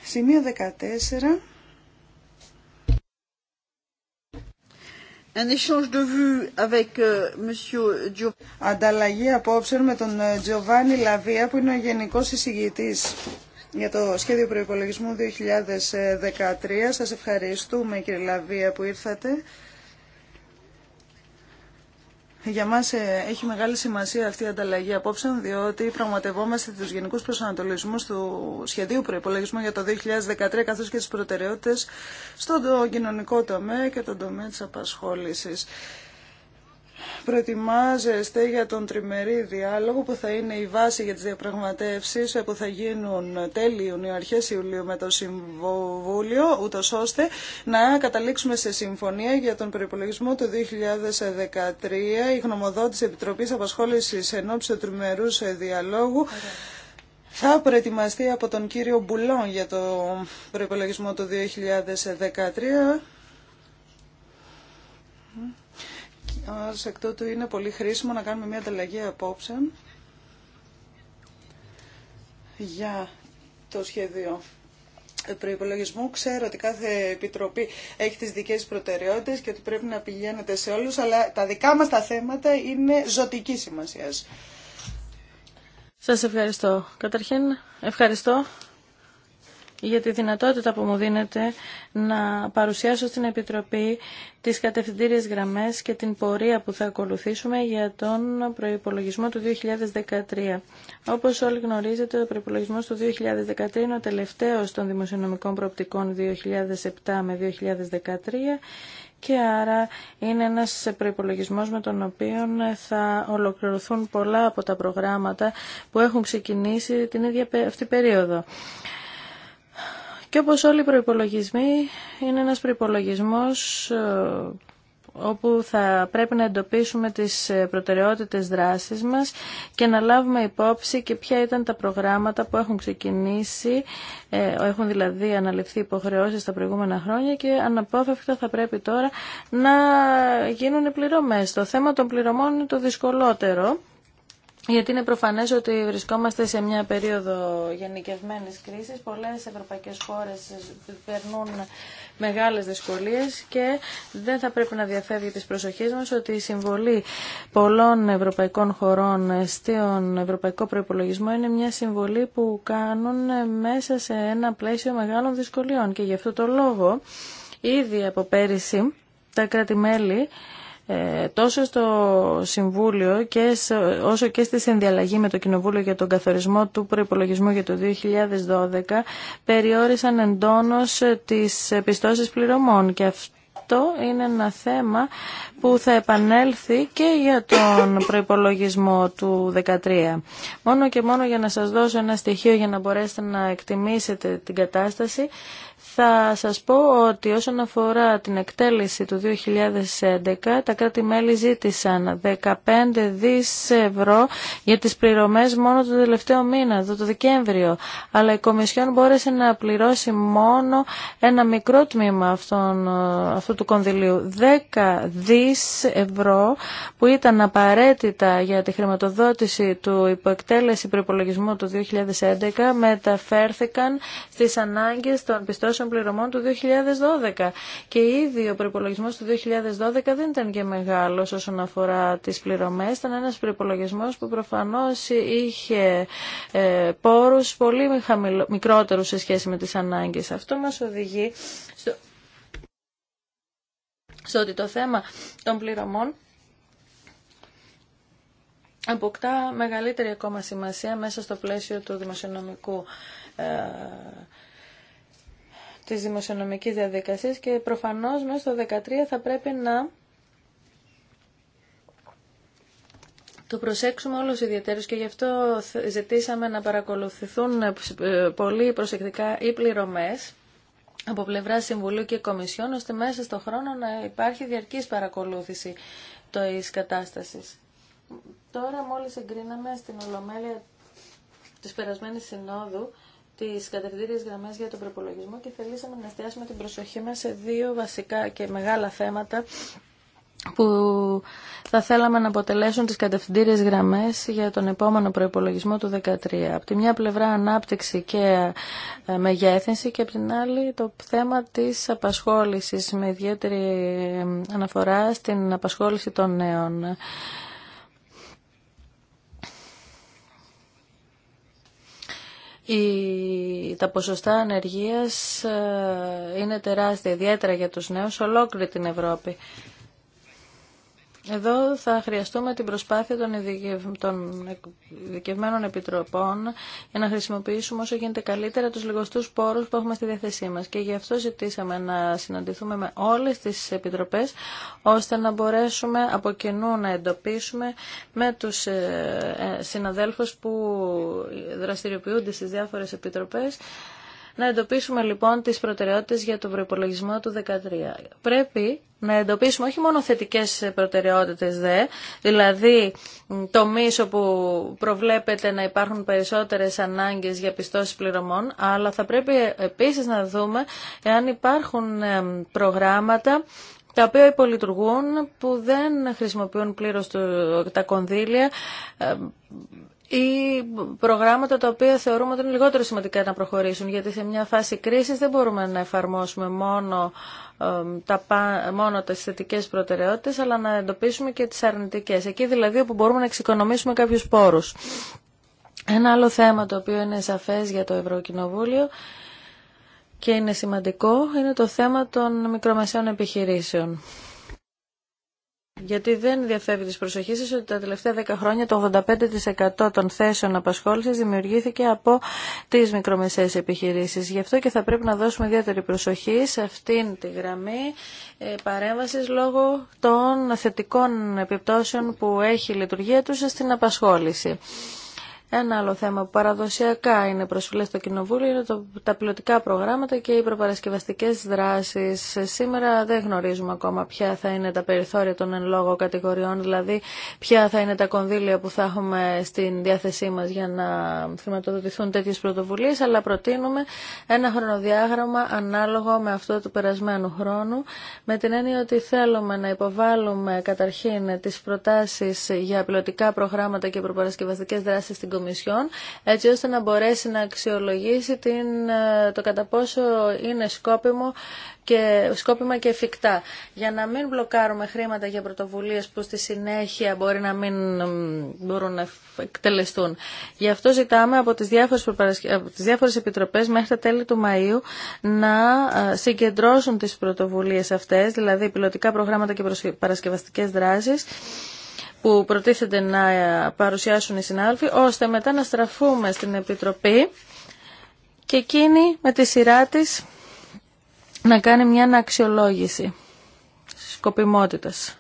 Σημείο 14. Euh, Ανταλλαγή απόψεων με τον Τζοβάνι ε, Λαβία που είναι ο Γενικός Εισηγητής για το Σχέδιο Προϋπολογισμού 2013. Σας ευχαριστούμε κύριε Λαβία που ήρθατε. Για μας ε, έχει μεγάλη σημασία αυτή η ανταλλαγή απόψεων, διότι πραγματευόμαστε του γενικούς προσανατολισμούς του σχεδίου προπολογισμού για το 2013, καθώ και τις προτεραιότητες στον κοινωνικό τομέα και τον τομέα της απασχόλησης προετοιμάζεστε για τον τριμερή διάλογο που θα είναι η βάση για τις διαπραγματεύσεις ε, που θα γίνουν τέλη Ιουνίου, αρχές Ιουλίου με το Συμβούλιο, ούτω ώστε να καταλήξουμε σε συμφωνία για τον προπολογισμό του 2013. Η γνωμοδότηση Επιτροπής Απασχόλησης Ενόψης του σε Διαλόγου θα προετοιμαστεί από τον κύριο Μπουλόν για το προπολογισμό του 2013 Ως εκ τούτου είναι πολύ χρήσιμο να κάνουμε μια ανταλλαγή απόψε για το σχέδιο προϋπολογισμού. Ξέρω ότι κάθε επιτροπή έχει τις δικές προτεραιότητες και ότι πρέπει να πηγαίνετε σε όλους, αλλά τα δικά μας τα θέματα είναι ζωτική σημασίας. Σας ευχαριστώ. Καταρχήν ευχαριστώ για τη δυνατότητα που μου δίνεται να παρουσιάσω στην Επιτροπή τις κατευθυντήριες γραμμές και την πορεία που θα ακολουθήσουμε για τον προϋπολογισμό του 2013. Όπως όλοι γνωρίζετε, ο προϋπολογισμός του 2013 είναι ο τελευταίος των δημοσιονομικών προοπτικών 2007 με 2013 και άρα είναι ένας προϋπολογισμός με τον οποίο θα ολοκληρωθούν πολλά από τα προγράμματα που έχουν ξεκινήσει την ίδια αυτή περίοδο. Και όπως όλοι οι προϋπολογισμοί, είναι ένας προϋπολογισμός ε, όπου θα πρέπει να εντοπίσουμε τις ε, προτεραιότητες δράσης μας και να λάβουμε υπόψη και ποια ήταν τα προγράμματα που έχουν ξεκινήσει, ε, έχουν δηλαδή αναλυφθεί υποχρεώσεις τα προηγούμενα χρόνια και αναπόφευκτα θα πρέπει τώρα να γίνουν οι πληρωμές. Το θέμα των πληρωμών είναι το δυσκολότερο γιατί είναι προφανές ότι βρισκόμαστε σε μια περίοδο γενικευμένης κρίσης. Πολλές ευρωπαϊκές χώρες περνούν μεγάλες δυσκολίες και δεν θα πρέπει να διαφεύγει της προσοχής μας ότι η συμβολή πολλών ευρωπαϊκών χωρών στον ευρωπαϊκό προϋπολογισμό είναι μια συμβολή που κάνουν μέσα σε ένα πλαίσιο μεγάλων δυσκολιών και γι' αυτό το λόγο ήδη από πέρυσι τα κράτη-μέλη ε, τόσο στο Συμβούλιο και όσο και στη συνδιαλλαγή με το Κοινοβούλιο για τον καθορισμό του προϋπολογισμού για το 2012 περιόρισαν εντόνως τις πιστώσεις πληρωμών και αυτό είναι ένα θέμα που θα επανέλθει και για τον προϋπολογισμό του 2013. Μόνο και μόνο για να σας δώσω ένα στοιχείο για να μπορέσετε να εκτιμήσετε την κατάσταση, θα σας πω ότι όσον αφορά την εκτέλεση του 2011, τα κράτη-μέλη ζήτησαν 15 δις ευρώ για τις πληρωμές μόνο το τελευταίο μήνα, το, το Δεκέμβριο. Αλλά η Κομισιόν μπόρεσε να πληρώσει μόνο ένα μικρό τμήμα αυτών, αυτού του κονδυλίου. 10 δις ευρώ που ήταν απαραίτητα για τη χρηματοδότηση του υποεκτέλεση προπολογισμού του 2011 μεταφέρθηκαν στις ανάγκες των πιστώσεων των πληρωμών του 2012. Και ήδη ο προπολογισμό του 2012 δεν ήταν και μεγάλο όσον αφορά τι πληρωμέ. Ήταν ένα προπολογισμό που προφανώ είχε ε, πόρου πολύ μικρότερου σε σχέση με τι ανάγκε. Αυτό μα οδηγεί στο... στο ότι το θέμα των πληρωμών αποκτά μεγαλύτερη ακόμα σημασία μέσα στο πλαίσιο του δημοσιονομικού ε, της δημοσιονομικής διαδικασίας και προφανώς μέσα στο 2013 θα πρέπει να το προσέξουμε όλους ιδιαίτερους και γι' αυτό ζητήσαμε να παρακολουθηθούν ε, ε, πολύ προσεκτικά οι πληρωμές από πλευρά Συμβουλίου και Κομισιόν, ώστε μέσα στον χρόνο να υπάρχει διαρκής παρακολούθηση της κατάστασης. Τώρα μόλις εγκρίναμε στην Ολομέλεια της περασμένης συνόδου τι κατευθυντήριε γραμμέ για τον προπολογισμό και θελήσαμε να εστιάσουμε την προσοχή μα σε δύο βασικά και μεγάλα θέματα που θα θέλαμε να αποτελέσουν τις κατευθυντήριε γραμμές για τον επόμενο προπολογισμό του 2013. Από τη μια πλευρά ανάπτυξη και ε, μεγέθυνση και από την άλλη το θέμα της απασχόλησης με ιδιαίτερη ε, αναφορά στην απασχόληση των νέων. η, τα ποσοστά ανεργίας ε, είναι τεράστια, ιδιαίτερα για τους νέους, ολόκληρη την Ευρώπη. Εδώ θα χρειαστούμε την προσπάθεια των ειδικευμένων επιτροπών για να χρησιμοποιήσουμε όσο γίνεται καλύτερα τους λιγοστούς πόρους που έχουμε στη διαθέσή μας. Και γι' αυτό ζητήσαμε να συναντηθούμε με όλες τις επιτροπές, ώστε να μπορέσουμε από κοινού να εντοπίσουμε με τους ε, ε, συναδέλφους που δραστηριοποιούνται στις διάφορες επιτροπές να εντοπίσουμε λοιπόν τις προτεραιότητες για το προπολογισμό του 2013. Πρέπει να εντοπίσουμε όχι μόνο θετικές προτεραιότητες δε, δηλαδή μίσο που προβλέπεται να υπάρχουν περισσότερες ανάγκες για πιστώσεις πληρωμών, αλλά θα πρέπει ε, επίσης να δούμε εάν υπάρχουν προγράμματα τα οποία υπολειτουργούν, που δεν χρησιμοποιούν πλήρως τα κονδύλια, ή προγράμματα τα οποία θεωρούμε ότι είναι λιγότερο σημαντικά να προχωρήσουν, γιατί σε μια φάση κρίσης δεν μπορούμε να εφαρμόσουμε μόνο, τα, μόνο τις θετικές προτεραιότητες, αλλά να εντοπίσουμε και τις αρνητικές. Εκεί δηλαδή όπου μπορούμε να εξοικονομήσουμε κάποιους πόρους. Ένα άλλο θέμα το οποίο είναι σαφές για το Ευρωκοινοβούλιο και είναι σημαντικό είναι το θέμα των μικρομεσαίων επιχειρήσεων. Γιατί δεν διαφεύγει τη προσοχή σα ότι τα τελευταία 10 χρόνια το 85% των θέσεων απασχόληση δημιουργήθηκε από τι μικρομεσαίε επιχειρήσει. Γι' αυτό και θα πρέπει να δώσουμε ιδιαίτερη προσοχή σε αυτήν τη γραμμή ε, παρέμβαση λόγω των θετικών επιπτώσεων που έχει η λειτουργία του στην απασχόληση. Ένα άλλο θέμα που παραδοσιακά είναι προσφυλές στο Κοινοβούλιο είναι το, τα πιλωτικά προγράμματα και οι προπαρασκευαστικές δράσεις. Σήμερα δεν γνωρίζουμε ακόμα ποια θα είναι τα περιθώρια των εν λόγω κατηγοριών, δηλαδή ποια θα είναι τα κονδύλια που θα έχουμε στην διάθεσή μας για να χρηματοδοτηθούν τέτοιες πρωτοβουλίες, αλλά προτείνουμε ένα χρονοδιάγραμμα ανάλογο με αυτό του περασμένου χρόνου, με την έννοια ότι θέλουμε να υποβάλουμε καταρχήν τις προτάσεις για πιλωτικά προγράμματα και προπαρασκευαστικές δράσεις στην έτσι ώστε να μπορέσει να αξιολογήσει την, ε, το κατά πόσο είναι σκόπιμο και, σκόπιμα και εφικτά. Για να μην μπλοκάρουμε χρήματα για πρωτοβουλίες που στη συνέχεια μπορεί να μην μπορούν να εκτελεστούν. Γι' αυτό ζητάμε από τις διάφορες, από τις διάφορες επιτροπές μέχρι τα τέλη του Μαΐου να ε, συγκεντρώσουν τις πρωτοβουλίες αυτές, δηλαδή πιλωτικά προγράμματα και παρασκευαστικές δράσεις, που προτίθεται να παρουσιάσουν οι συνάδελφοι, ώστε μετά να στραφούμε στην Επιτροπή και εκείνη με τη σειρά της να κάνει μια αξιολόγηση σκοπιμότητας.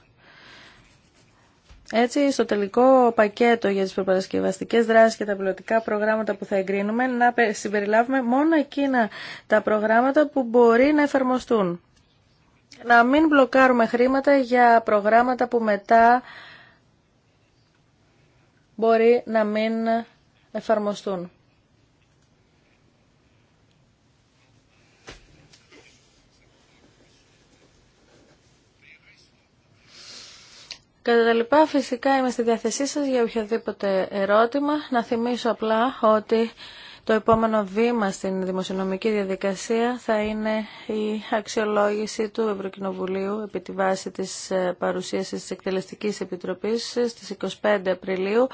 Έτσι, στο τελικό πακέτο για τις προπαρασκευαστικές δράσεις και τα πιλωτικά προγράμματα που θα εγκρίνουμε, να συμπεριλάβουμε μόνο εκείνα τα προγράμματα που μπορεί να εφαρμοστούν. Να μην μπλοκάρουμε χρήματα για προγράμματα που μετά μπορεί να μην εφαρμοστούν. Κατά τα λοιπά, φυσικά είμαι στη διάθεσή σας για οποιοδήποτε ερώτημα. Να θυμίσω απλά ότι το επόμενο βήμα στην δημοσιονομική διαδικασία θα είναι η αξιολόγηση του Ευρωκοινοβουλίου επί τη βάση της ε, παρουσίασης της Εκτελεστικής Επιτροπής στις 25 Απριλίου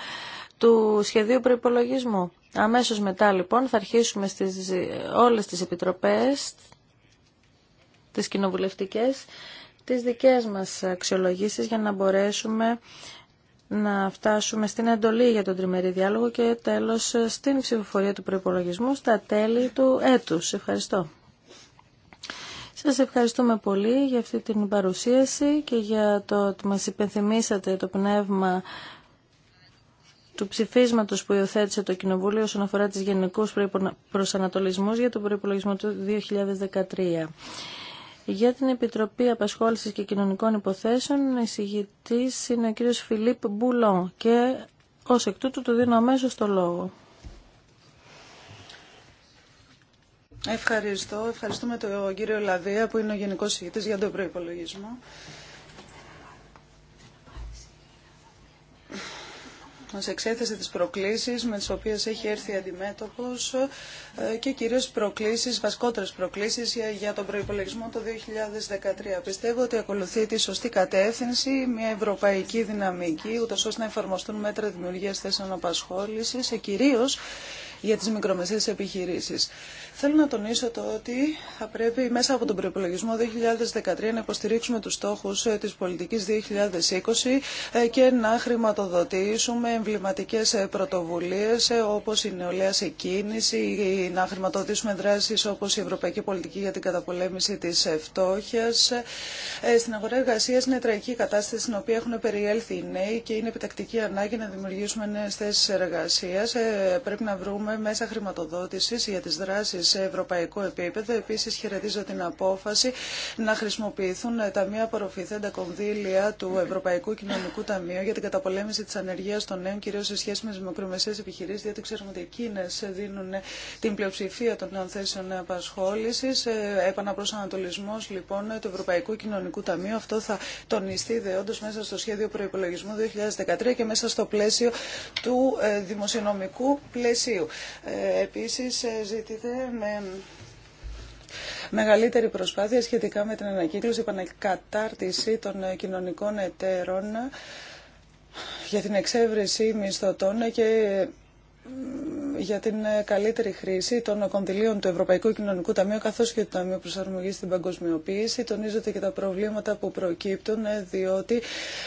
του σχεδίου προϋπολογισμού. Αμέσως μετά λοιπόν θα αρχίσουμε στις όλες τις επιτροπές, τις κοινοβουλευτικές, τις δικές μας αξιολογήσεις για να μπορέσουμε να φτάσουμε στην εντολή για τον τριμερή διάλογο και τέλος στην ψηφοφορία του προϋπολογισμού στα τέλη του έτους. Ευχαριστώ. Σας ευχαριστούμε πολύ για αυτή την παρουσίαση και για το ότι μας υπενθυμίσατε το πνεύμα του ψηφίσματος που υιοθέτησε το Κοινοβούλιο όσον αφορά τις γενικούς προσανατολισμούς για τον προϋπολογισμό του 2013. Για την Επιτροπή Απασχόλησης και Κοινωνικών Υποθέσεων, εισηγητής είναι ο κύριος Φιλίπ Μπουλόν και ως εκ τούτου του δίνω αμέσως το λόγο. Ευχαριστώ. Ευχαριστούμε τον κύριο Λαδία που είναι ο Γενικός Συγητής για τον προϋπολογισμό. Μας εξέθεσε τις προκλήσεις με τις οποίες έχει έρθει αντιμέτωπος ε, και κυρίως προκλήσεις, βασικότερες προκλήσεις για τον προϋπολογισμό το 2013. Πιστεύω ότι ακολουθεί τη σωστή κατεύθυνση, μια ευρωπαϊκή δυναμική, ούτως ώστε να εφαρμοστούν μέτρα δημιουργίας θέσεων απασχόλησης, ε, κυρίως για τις μικρομεσαίες επιχειρήσεις. Θέλω να τονίσω το ότι θα πρέπει μέσα από τον προπολογισμό 2013 να υποστηρίξουμε τους στόχους ε, της πολιτικής 2020 ε, και να χρηματοδοτήσουμε εμβληματικές ε, πρωτοβουλίες όπως η νεολαία σε κίνηση, να χρηματοδοτήσουμε δράσεις όπως η Ευρωπαϊκή Πολιτική για την καταπολέμηση της φτώχειας. Στην αγορά εργασίας είναι τραγική κατάσταση στην οποία έχουν περιέλθει οι νέοι και είναι επιτακτική ανάγκη να δημιουργήσουμε νέες θέσεις εργασίας. Πρέπει να βρούμε μέσα χρηματοδότησης για τις δράσεις σε ευρωπαϊκό επίπεδο. Επίση, χαιρετίζω την απόφαση να χρησιμοποιηθούν τα μία απορροφηθέντα κονδύλια του Ευρωπαϊκού Κοινωνικού Ταμείου για την καταπολέμηση τη ανεργία των νέων, κυρίω σε σχέση με τι μικρομεσαίε επιχειρήσει, διότι ξέρουμε ότι εκείνε δίνουν την πλειοψηφία των νέων θέσεων απασχόλησης. Ε, Επαναπροσανατολισμό λοιπόν του Ευρωπαϊκού Κοινωνικού Ταμείου. Αυτό θα τονιστεί δεόντω μέσα στο σχέδιο προπολογισμού 2013 και μέσα στο πλαίσιο του ε, δημοσιονομικού πλαισίου. Ε, Επίση, ζητείτε με μεγαλύτερη προσπάθεια σχετικά με την ανακύκλωση, επανακατάρτιση των κοινωνικών εταίρων για την εξέβρεση μισθωτών και για την ε, καλύτερη χρήση των κονδυλίων του Ευρωπαϊκού Κοινωνικού Ταμείου καθώς και του Ταμείου Προσαρμογής στην Παγκοσμιοποίηση. Τονίζονται και τα προβλήματα που προκύπτουν ε, διότι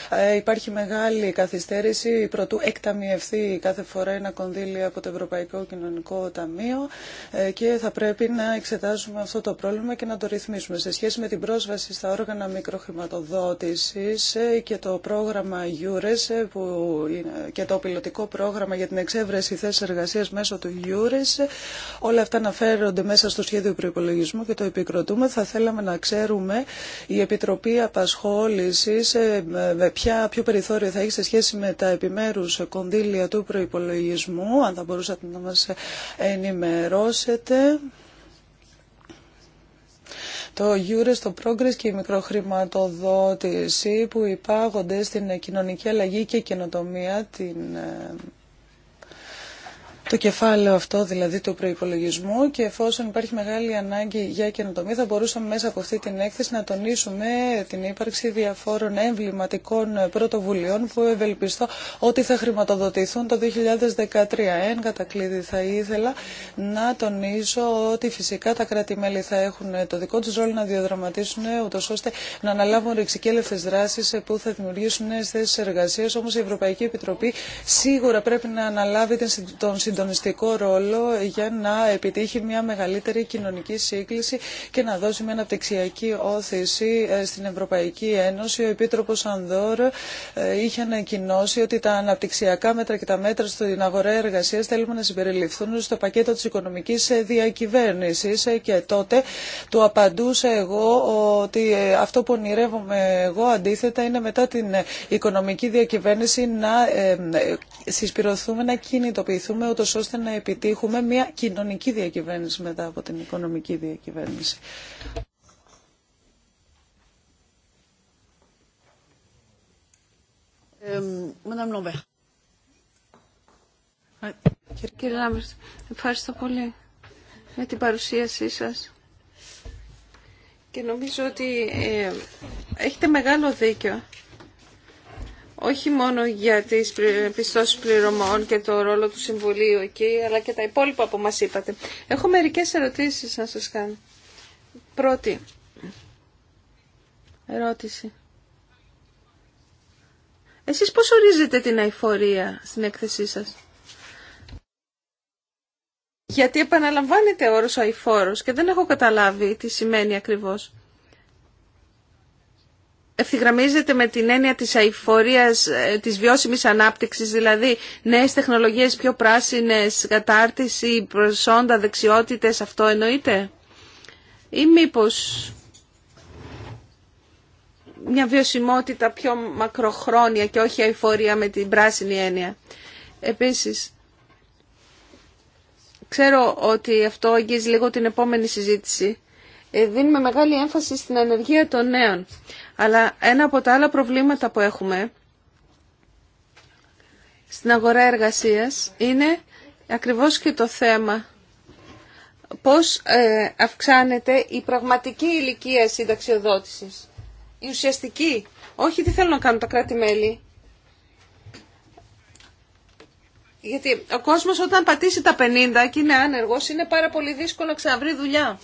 ε, υπάρχει μεγάλη καθυστέρηση προτού εκταμιευθεί κάθε φορά ένα κονδύλι από το Ευρωπαϊκό Κοινωνικό Ταμείο και θα πρέπει να εξετάσουμε αυτό το πρόβλημα και να το ρυθμίσουμε. Σε σχέση με την πρόσβαση στα όργανα μικροχρηματοδότησης και το πρόγραμμα EURES και το πιλωτικό πρόγραμμα για την εξέβρεση θέσει εργασία μέσω του Γιούρις. Όλα αυτά αναφέρονται μέσα στο σχέδιο προπολογισμού και το επικροτούμε. Θα θέλαμε να ξέρουμε η Επιτροπή Απασχόληση ε, ε, ποια, ποιο περιθώριο θα έχει σε σχέση με τα επιμέρου κονδύλια του προπολογισμού, αν θα μπορούσατε να μα ενημερώσετε το Eures, το Progress και η μικροχρηματοδότηση που υπάγονται στην κοινωνική αλλαγή και καινοτομία, την ε, το κεφάλαιο αυτό δηλαδή του προϋπολογισμού και εφόσον υπάρχει μεγάλη ανάγκη για καινοτομία θα μπορούσαμε μέσα από αυτή την έκθεση να τονίσουμε την ύπαρξη διαφόρων εμβληματικών πρωτοβουλειών που ευελπιστώ ότι θα χρηματοδοτηθούν το 2013. Εν κατακλείδη θα ήθελα να τονίσω ότι φυσικά τα κράτη-μέλη θα έχουν το δικό τους ρόλο να διαδραματίσουν ούτως ώστε να αναλάβουν ρηξικέλευτες δράσεις που θα δημιουργήσουν θέσει θέσεις εργασίας. η Ευρωπαϊκή Επιτροπή σίγουρα πρέπει να αναλάβει τον συντονισμό συντονιστικό ρόλο για να επιτύχει μια μεγαλύτερη κοινωνική σύγκληση και να δώσει μια αναπτυξιακή όθηση ε, στην Ευρωπαϊκή Ένωση. Ο επίτροπο Ανδόρ ε, είχε ανακοινώσει ότι τα αναπτυξιακά μέτρα και τα μέτρα στην αγορά εργασία θέλουμε να συμπεριληφθούν στο πακέτο τη οικονομική ε, διακυβέρνηση και τότε του απαντούσα εγώ ότι αυτό που ονειρεύομαι εγώ αντίθετα είναι μετά την οικονομική διακυβέρνηση να συσπηρωθούμε, να κινητοποιηθούμε ώστε να επιτύχουμε μια κοινωνική διακυβέρνηση μετά από την οικονομική διακυβέρνηση. Ε, ε, κύριε Λάμπερτ, ευχαριστώ πολύ με την παρουσίασή σας. Και νομίζω ότι ε, έχετε μεγάλο δίκιο όχι μόνο για τις πιστώσεις πληρωμών και το ρόλο του Συμβουλίου εκεί, αλλά και τα υπόλοιπα που μας είπατε. Έχω μερικές ερωτήσεις να σας κάνω. Πρώτη ερώτηση. Εσείς πώς ορίζετε την αηφορία στην έκθεσή σας. Γιατί επαναλαμβάνεται ο όρος αηφόρος και δεν έχω καταλάβει τι σημαίνει ακριβώς ευθυγραμμίζεται με την έννοια της αηφορίας, ε, της βιώσιμης ανάπτυξης, δηλαδή νέες τεχνολογίες πιο πράσινες, κατάρτιση, προσόντα, δεξιότητες, αυτό εννοείται. Ή μήπως μια βιωσιμότητα πιο μακροχρόνια και όχι αηφορία με την πράσινη έννοια. Επίσης, ξέρω ότι αυτό αγγίζει λίγο την επόμενη συζήτηση. Ε, δίνουμε μεγάλη έμφαση στην ανεργία των νέων. Αλλά ένα από τα άλλα προβλήματα που έχουμε στην αγορά εργασίας είναι ακριβώς και το θέμα πώς ε, αυξάνεται η πραγματική ηλικία συνταξιοδότησης. Η ουσιαστική. Όχι τι θέλουν να κάνουν τα κράτη-μέλη. Γιατί ο κόσμος όταν πατήσει τα 50 και είναι άνεργος είναι πάρα πολύ δύσκολο να ξαναβρει δουλειά.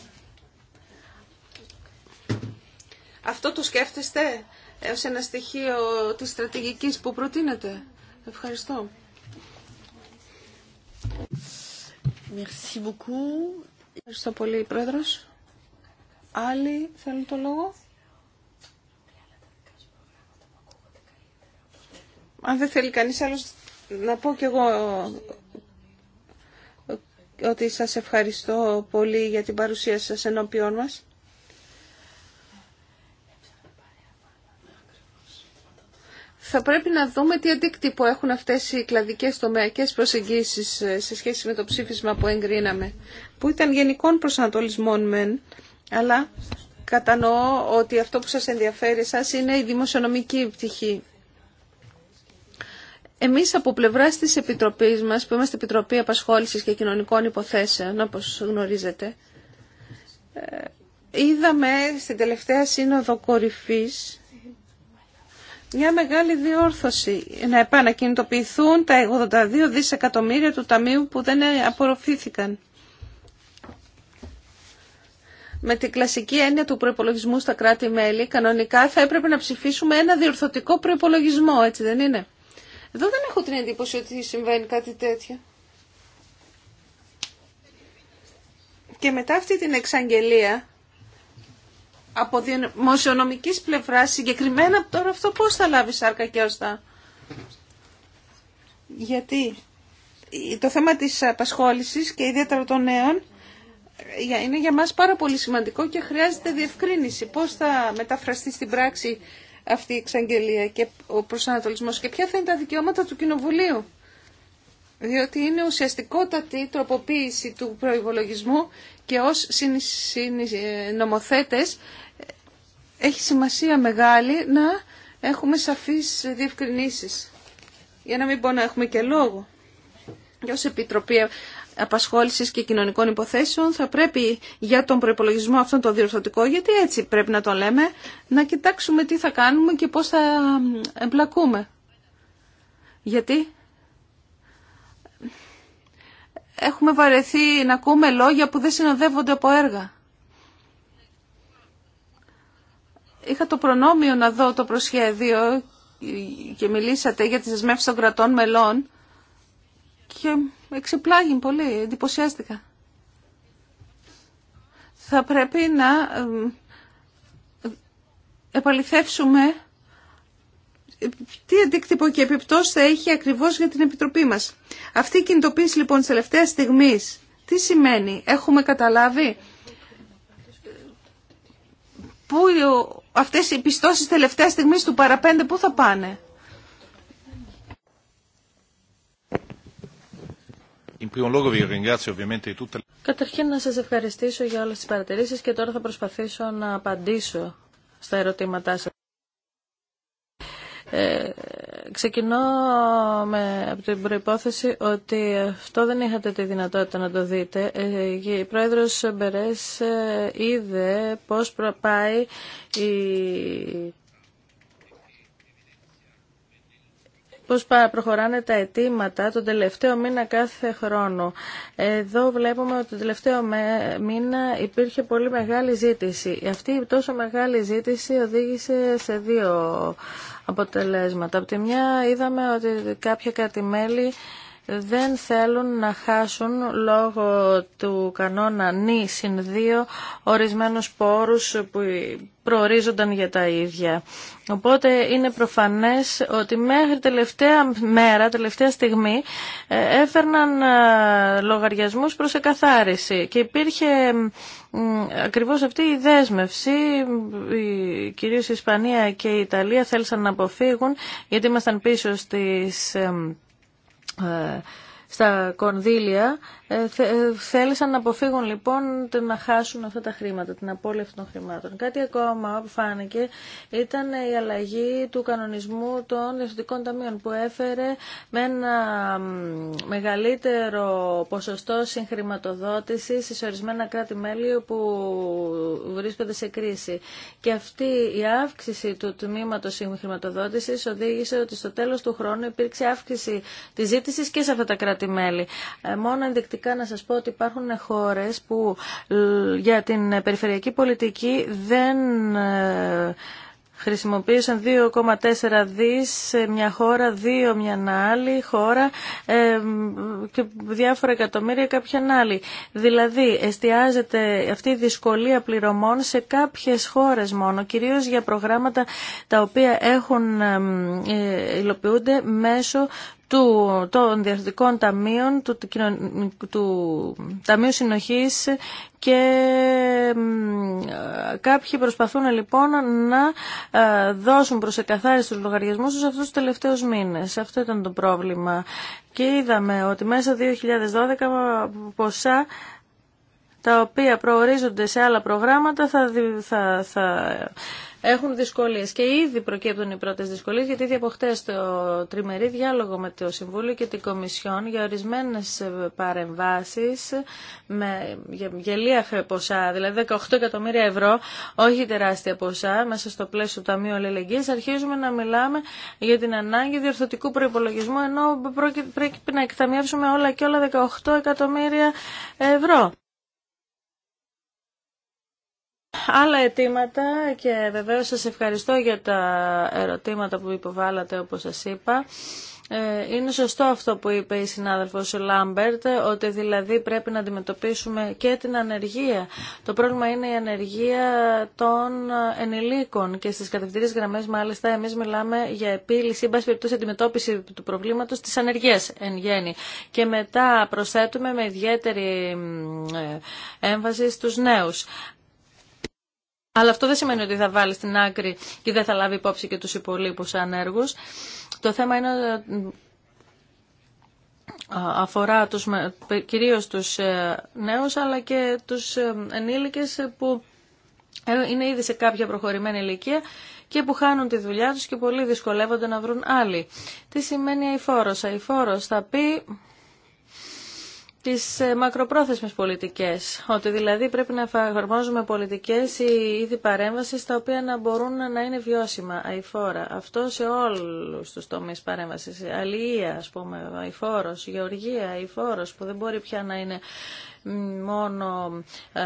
Αυτό το σκέφτεστε ως ένα στοιχείο της στρατηγικής που προτείνετε. Ευχαριστώ. Ευχαριστώ πολύ, Πρόεδρος. Άλλοι θέλουν το λόγο. Αν δεν θέλει κανείς άλλος, να πω κι εγώ ότι σας ευχαριστώ πολύ για την παρουσία σας ενώπιόν μας. θα πρέπει να δούμε τι αντίκτυπο έχουν αυτές οι κλαδικές τομεακές προσεγγίσεις ε, σε σχέση με το ψήφισμα που εγκρίναμε, που ήταν γενικών προσανατολισμών μεν, αλλά κατανοώ ότι αυτό που σας ενδιαφέρει σας είναι η δημοσιονομική πτυχή. Εμείς από πλευράς της Επιτροπής μας, που είμαστε Επιτροπή Απασχόλησης και Κοινωνικών Υποθέσεων, όπως γνωρίζετε, ε, είδαμε στην τελευταία σύνοδο κορυφής μια μεγάλη διόρθωση να επανακινητοποιηθούν τα 82 δισεκατομμύρια του Ταμείου που δεν απορροφήθηκαν. Με την κλασική έννοια του προπολογισμού στα κράτη-μέλη, κανονικά θα έπρεπε να ψηφίσουμε ένα διορθωτικό προπολογισμό, έτσι δεν είναι. Εδώ δεν έχω την εντύπωση ότι συμβαίνει κάτι τέτοιο. Και μετά αυτή την εξαγγελία από δημοσιονομική πλευρά συγκεκριμένα τώρα αυτό πώς θα λάβει σάρκα και όστα Γιατί το θέμα της απασχόλησης και ιδιαίτερα των νέων είναι για μας πάρα πολύ σημαντικό και χρειάζεται διευκρίνηση. Πώς θα μεταφραστεί στην πράξη αυτή η εξαγγελία και ο προσανατολισμός και ποια θα είναι τα δικαιώματα του Κοινοβουλίου. Διότι είναι ουσιαστικότατη η τροποποίηση του προϋπολογισμού και ως συνομοθέτες έχει σημασία μεγάλη να έχουμε σαφείς διευκρινήσεις. Για να μην πω να έχουμε και λόγο. Και ως Επιτροπή Απασχόλησης και Κοινωνικών Υποθέσεων θα πρέπει για τον προϋπολογισμό αυτόν τον διορθωτικό, γιατί έτσι πρέπει να το λέμε, να κοιτάξουμε τι θα κάνουμε και πώς θα εμπλακούμε. Γιατί έχουμε βαρεθεί να ακούμε λόγια που δεν συνοδεύονται από έργα. Είχα το προνόμιο να δω το προσχέδιο και μιλήσατε για τις δεσμεύσεις των κρατών μελών και εξεπλάγει πολύ, εντυπωσιάστηκα. Θα πρέπει να επαληθεύσουμε τι αντίκτυπο και επιπτώσεις θα έχει ακριβώς για την Επιτροπή μας. Αυτή η κινητοποίηση λοιπόν της τελευταίας στιγμής, τι σημαίνει, έχουμε καταλάβει πού αυτές οι πιστώσεις τελευταία στιγμής του παραπέντε πού θα πάνε. Καταρχήν να σας ευχαριστήσω για όλες τις παρατηρήσεις και τώρα θα προσπαθήσω να απαντήσω στα ερωτήματά σας. Ε, ξεκινώ με, από την προϋπόθεση ότι αυτό δεν είχατε τη δυνατότητα να το δείτε. Ε, η πρόεδρος Μπερές ε, είδε πώς πάει η πώς προχωράνε τα αιτήματα τον τελευταίο μήνα κάθε χρόνο. Εδώ βλέπουμε ότι τον τελευταίο μήνα υπήρχε πολύ μεγάλη ζήτηση. Αυτή η τόσο μεγάλη ζήτηση οδήγησε σε δύο αποτελέσματα. Από τη μια είδαμε ότι κάποια κρατημέλη δεν θέλουν να χάσουν λόγω του κανόνα νη συν δύο ορισμένους πόρους που προορίζονταν για τα ίδια. Οπότε είναι προφανές ότι μέχρι τελευταία μέρα, τελευταία στιγμή ε, έφερναν ε, λογαριασμούς προς εκαθάριση και υπήρχε ακριβώς αυτή η δέσμευση, κυρίως η Ισπανία και η Ιταλία θέλησαν να αποφύγουν γιατί ήμασταν πίσω στις ε, ε, στα κονδύλια ε, ε, θέλησαν να αποφύγουν λοιπόν να χάσουν αυτά τα χρήματα, την απόλυτη των χρημάτων. Κάτι ακόμα που φάνηκε ήταν η αλλαγή του κανονισμού των διευθυντικών ταμείων που έφερε με ένα μεγαλύτερο ποσοστό συγχρηματοδότηση σε ορισμένα κράτη-μέλη που βρίσκονται σε κρίση. Και αυτή η αύξηση του τμήματος συγχρηματοδότηση οδήγησε ότι στο τέλο του χρόνου υπήρξε αύξηση τη ζήτηση και σε αυτά τα κράτη-μέλη. Ε, πρακτικά να σας πω ότι υπάρχουν χώρες που για την περιφερειακή πολιτική δεν ε, χρησιμοποίησαν 2,4 δις σε μια χώρα, δύο μια άλλη χώρα ε, και διάφορα εκατομμύρια κάποια άλλη. Δηλαδή εστιάζεται αυτή η δυσκολία πληρωμών σε κάποιες χώρες μόνο, κυρίως για προγράμματα τα οποία έχουν ε, υλοποιούνται μέσω του, των διαρθρωτικών ταμείων, του, του, του Ταμείου Συνοχής και κάποιοι προσπαθούν λοιπόν να ε, δώσουν προς εκαθάριση τους λογαριασμούς τους αυτούς τους τελευταίους μήνες. Αυτό ήταν το πρόβλημα. Και είδαμε ότι μέσα 2012 ποσά τα οποία προορίζονται σε άλλα προγράμματα θα, θα, θα έχουν δυσκολίες και ήδη προκύπτουν οι πρώτες δυσκολίες γιατί ήδη από χτες το τριμερή διάλογο με το Συμβούλιο και την Κομισιόν για ορισμένες παρεμβάσεις με γελία ποσά, δηλαδή 18 εκατομμύρια ευρώ, όχι τεράστια ποσά, μέσα στο πλαίσιο του Ταμείου Αλληλεγγύης αρχίζουμε να μιλάμε για την ανάγκη διορθωτικού προϋπολογισμού ενώ πρέπει να εκταμιεύσουμε όλα και όλα 18 εκατομμύρια ευρώ άλλα αιτήματα και βεβαίως σας ευχαριστώ για τα ερωτήματα που υποβάλατε όπως σας είπα. Ε, είναι σωστό αυτό που είπε η συνάδελφος Λάμπερτ, ότι δηλαδή πρέπει να αντιμετωπίσουμε και την ανεργία. Το πρόβλημα είναι η ανεργία των ενηλίκων και στις κατευθυντήριες γραμμές μάλιστα εμείς μιλάμε για επίλυση, μπας περιπτώσει αντιμετώπιση του προβλήματος της ανεργίας εν γέννη. Και μετά προσθέτουμε με ιδιαίτερη ε, έμφαση στους νέους. Αλλά αυτό δεν σημαίνει ότι θα βάλει στην άκρη και δεν θα λάβει υπόψη και τους υπολείπους ανέργους. Το θέμα είναι ε, αφορά τους, κυρίως τους ε, νέους αλλά και τους ε, ενήλικες που είναι ήδη σε κάποια προχωρημένη ηλικία και που χάνουν τη δουλειά τους και πολύ δυσκολεύονται να βρουν άλλοι. Τι σημαίνει Η φόρος θα πει τις ε, μακροπρόθεσμες πολιτικές. Ότι δηλαδή πρέπει να εφαρμόζουμε πολιτικές ή είδη παρέμβασης τα οποία να μπορούν να είναι βιώσιμα, αηφόρα. Αυτό σε όλους τους τομείς παρέμβασης. Αλληλεία, ας πούμε, αηφόρος, γεωργία, αηφόρος, που δεν μπορεί πια να είναι μόνο... Ε,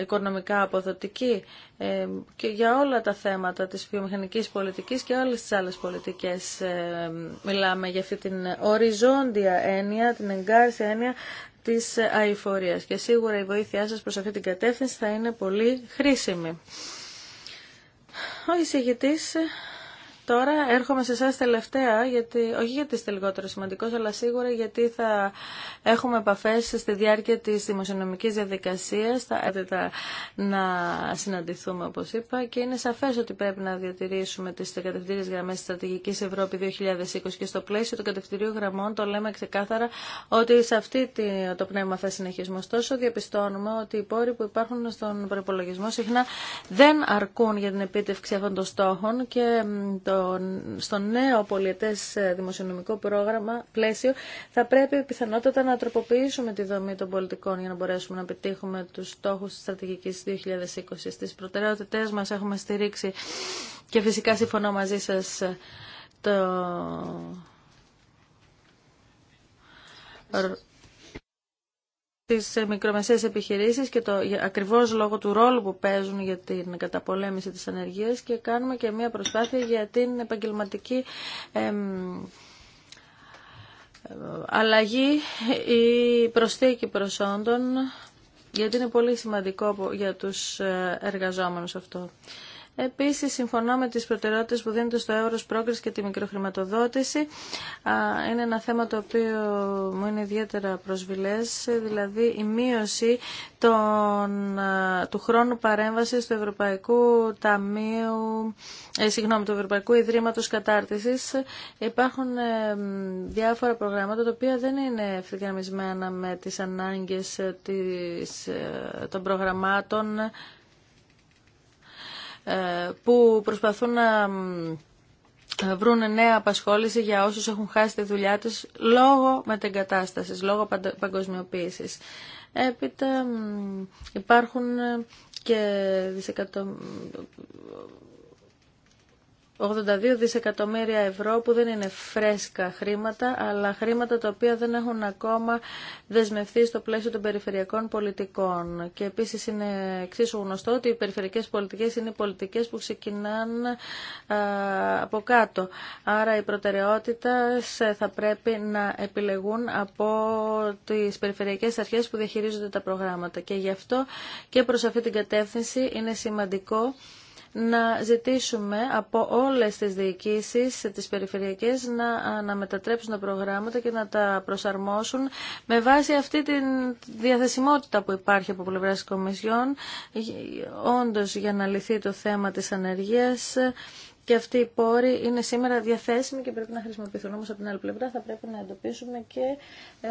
οικονομικά αποδοτική ε, και για όλα τα θέματα της βιομηχανικής πολιτικής και όλες τις άλλες πολιτικές ε, μιλάμε για αυτή την οριζόντια έννοια, την εγκάρσια έννοια της αηφορίας και σίγουρα η βοήθειά σας προς αυτή την κατεύθυνση θα είναι πολύ χρήσιμη. Ο εισηγητής τώρα έρχομαι σε εσά τελευταία, γιατί, όχι γιατί είστε λιγότερο σημαντικό, αλλά σίγουρα γιατί θα έχουμε επαφέ στη διάρκεια τη δημοσιονομική διαδικασία. Θα έρθετε να συναντηθούμε, όπω είπα, και είναι σαφέ ότι πρέπει να διατηρήσουμε τι κατευθυντήριε γραμμέ τη Στρατηγική Ευρώπη 2020 και στο πλαίσιο των κατευθυντήριων γραμμών το λέμε ξεκάθαρα ότι σε αυτή το πνεύμα θα συνεχίσουμε. Ωστόσο, διαπιστώνουμε ότι οι πόροι που υπάρχουν στον προπολογισμό συχνά δεν αρκούν για την επίτευξη αυτών των στόχων και το στο, νέο πολιετές ε, δημοσιονομικό πρόγραμμα πλαίσιο θα πρέπει πιθανότατα να τροποποιήσουμε τη δομή των πολιτικών για να μπορέσουμε να πετύχουμε τους στόχους της στρατηγικής 2020. Στις προτεραιότητές μας έχουμε στηρίξει και φυσικά συμφωνώ μαζί σας ε, το τις ε, μικρομεσαίες επιχειρήσεις και το, ακριβώς λόγω του ρόλου που παίζουν για την καταπολέμηση της ανεργίας και κάνουμε και μια προσπάθεια για την επαγγελματική αλλαγή ή προσθήκη προσόντων γιατί είναι πολύ σημαντικό για τους ε, εργαζόμενους αυτό. Επίση, συμφωνώ με τι προτεραιότητε που δίνονται στο Progress και τη μικροχρηματοδότηση. Είναι ένα θέμα το οποίο μου είναι ιδιαίτερα προσβηλέ, δηλαδή η μείωση του χρόνου παρέμβαση του Ευρωπαϊκού Ταμείου, ε, του Ευρωπαϊκού Ιδρύματο Κατάρτιση. Υπάρχουν ε, διάφορα προγράμματα τα οποία δεν είναι ευθυγραμμισμένα με τι ανάγκε ε, ε, των προγραμμάτων ε, που προσπαθούν να βρουν νέα απασχόληση για όσους έχουν χάσει τη δουλειά τους λόγω μετεγκατάστασης, λόγω παγκοσμιοποίησης. Έπειτα υπάρχουν και δισεκατομμύρια 82 δισεκατομμύρια ευρώ που δεν είναι φρέσκα χρήματα, αλλά χρήματα τα οποία δεν έχουν ακόμα δεσμευθεί στο πλαίσιο των περιφερειακών πολιτικών. Και επίσης είναι εξίσου γνωστό ότι οι περιφερειακές πολιτικές είναι πολιτικές που ξεκινάνε από κάτω. Άρα οι προτεραιότητε ε, θα πρέπει να επιλεγούν από τις περιφερειακές αρχές που διαχειρίζονται τα προγράμματα. Και γι' αυτό και προς αυτή την κατεύθυνση είναι σημαντικό να ζητήσουμε από όλες τις διοικήσεις, τις περιφερειακές, να, να μετατρέψουν τα προγράμματα και να τα προσαρμόσουν με βάση αυτή τη διαθεσιμότητα που υπάρχει από πλευρά της Κομισιόν, όντως για να λυθεί το θέμα της ανεργίας, και αυτοί οι πόροι είναι σήμερα διαθέσιμοι και πρέπει να χρησιμοποιηθούν. Όμως από την άλλη πλευρά θα πρέπει να εντοπίσουμε και ε,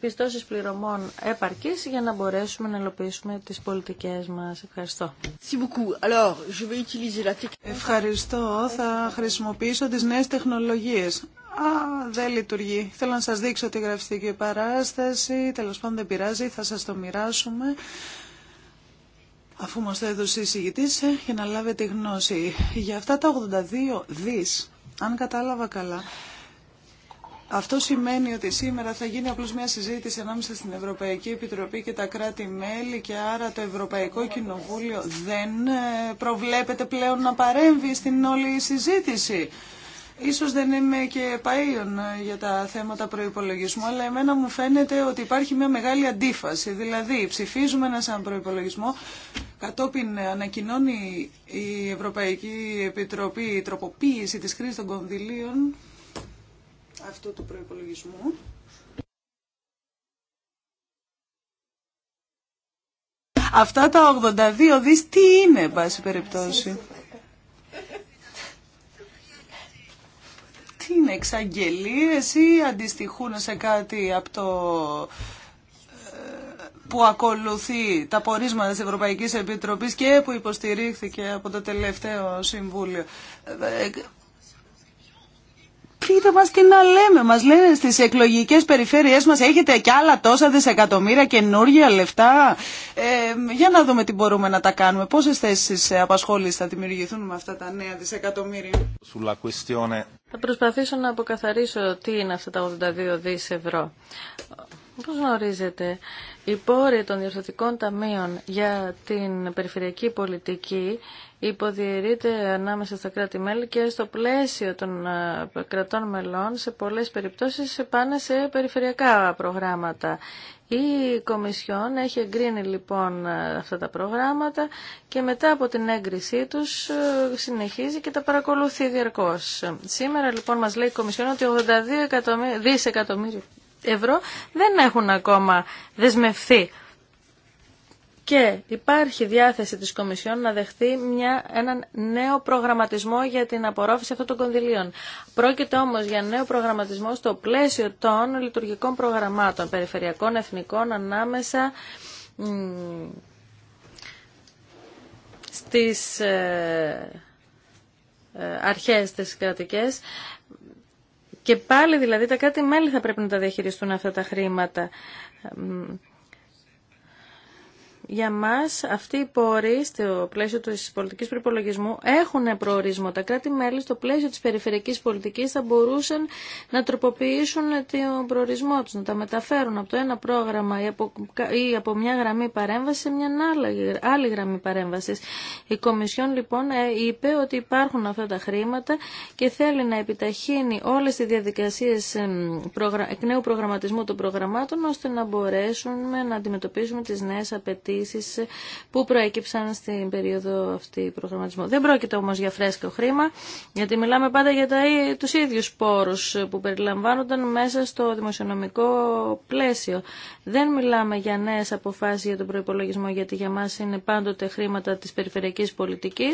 πιστώσεις πληρωμών επαρκής για να μπορέσουμε να ελοπίσουμε τις πολιτικές μας. Ευχαριστώ. Ευχαριστώ. Θα χρησιμοποιήσω τις νέες τεχνολογίες. Α, δεν λειτουργεί. Θέλω να σας δείξω τη γραφιστική παράσταση. Τέλος πάντων δεν πειράζει. Θα σας το μοιράσουμε αφού μας το έδωσε η συγητής, ε, για να λάβετε γνώση. Για αυτά τα 82 δις, αν κατάλαβα καλά, αυτό σημαίνει ότι σήμερα θα γίνει απλώς μια συζήτηση ανάμεσα στην Ευρωπαϊκή Επιτροπή και τα κράτη-μέλη και άρα το Ευρωπαϊκό Κοινοβούλιο δεν ε, προβλέπεται πλέον να παρέμβει στην όλη συζήτηση. Ίσως δεν είμαι και παίων ε, για τα θέματα προϋπολογισμού, αλλά εμένα μου φαίνεται ότι υπάρχει μια μεγάλη αντίφαση. Δηλαδή, ψηφίζουμε ένα σαν προϋπολογισμό, κατόπιν ανακοινώνει η Ευρωπαϊκή Επιτροπή η τροποποίηση της χρήσης των κονδυλίων αυτού του προϋπολογισμού. Αυτά τα 82 δις τι είναι, εν πάση περιπτώσει. είναι εξαγγελίες ή αντιστοιχούν σε κάτι από το ε, που ακολουθεί τα πορίσματα της Ευρωπαϊκής Επιτροπής και που υποστηρίχθηκε από το τελευταίο Συμβούλιο. Ε, ε, πείτε μας τι να λέμε. Μας λένε στις εκλογικές περιφέρειές μας έχετε κι άλλα τόσα δισεκατομμύρια καινούργια λεφτά. για να δούμε τι μπορούμε να τα κάνουμε. Πόσες θέσεις απασχόλησης θα δημιουργηθούν με αυτά τα νέα δισεκατομμύρια. Θα προσπαθήσω να αποκαθαρίσω τι είναι αυτά τα 82 δις ευρώ. Όπως γνωρίζετε, οι πόροι των διορθωτικών ταμείων για την περιφερειακή πολιτική υποδιαιρείται ανάμεσα στα κράτη-μέλη και στο πλαίσιο των ε, κρατών μελών σε πολλές περιπτώσεις πάνε σε περιφερειακά προγράμματα. Η Κομισιόν έχει εγκρίνει λοιπόν αυτά τα προγράμματα και μετά από την έγκρισή τους ε, συνεχίζει και τα παρακολουθεί διαρκώς. Σήμερα λοιπόν μας λέει η Κομισιόν ότι 82 δισεκατομμύρια ευρώ δεν έχουν ακόμα δεσμευθεί και υπάρχει διάθεση της Κομισιόν να δεχθεί μια, έναν νέο προγραμματισμό για την απορρόφηση αυτών των κονδυλίων. Πρόκειται όμως για νέο προγραμματισμό στο πλαίσιο των λειτουργικών προγραμμάτων περιφερειακών, εθνικών, ανάμεσα στις ε, ε, αρχές της κρατικές και πάλι δηλαδή τα κάτι μελη θα πρέπει να τα διαχειριστούν αυτά τα χρήματα για μας αυτοί οι πόροι στο πλαίσιο της πολιτικής προπολογισμού έχουν προορισμό. Τα κράτη-μέλη στο πλαίσιο της περιφερειακής πολιτικής θα μπορούσαν να τροποποιήσουν τον προορισμό τους, να τα μεταφέρουν από το ένα πρόγραμμα ή από, μια γραμμή παρέμβαση σε μια άλλη, άλλη γραμμή παρέμβασης. Η Κομισιόν λοιπόν ε, είπε ότι υπάρχουν αυτά τα χρήματα και θέλει να επιταχύνει όλες τις διαδικασίες εκ νέου προγραμματισμού των προγραμμάτων ώστε να μπορέσουμε να αντιμετωπίσουμε τις νέε απαιτήσει επιχειρήσει που προέκυψαν στην περίοδο αυτή προγραμματισμού. Δεν πρόκειται όμω για φρέσκο χρήμα, γιατί μιλάμε πάντα για του ίδιου πόρου που περιλαμβάνονταν μέσα στο δημοσιονομικό πλαίσιο. Δεν μιλάμε για νέε αποφάσει για τον προπολογισμό, γιατί για μα είναι πάντοτε χρήματα τη περιφερειακή πολιτική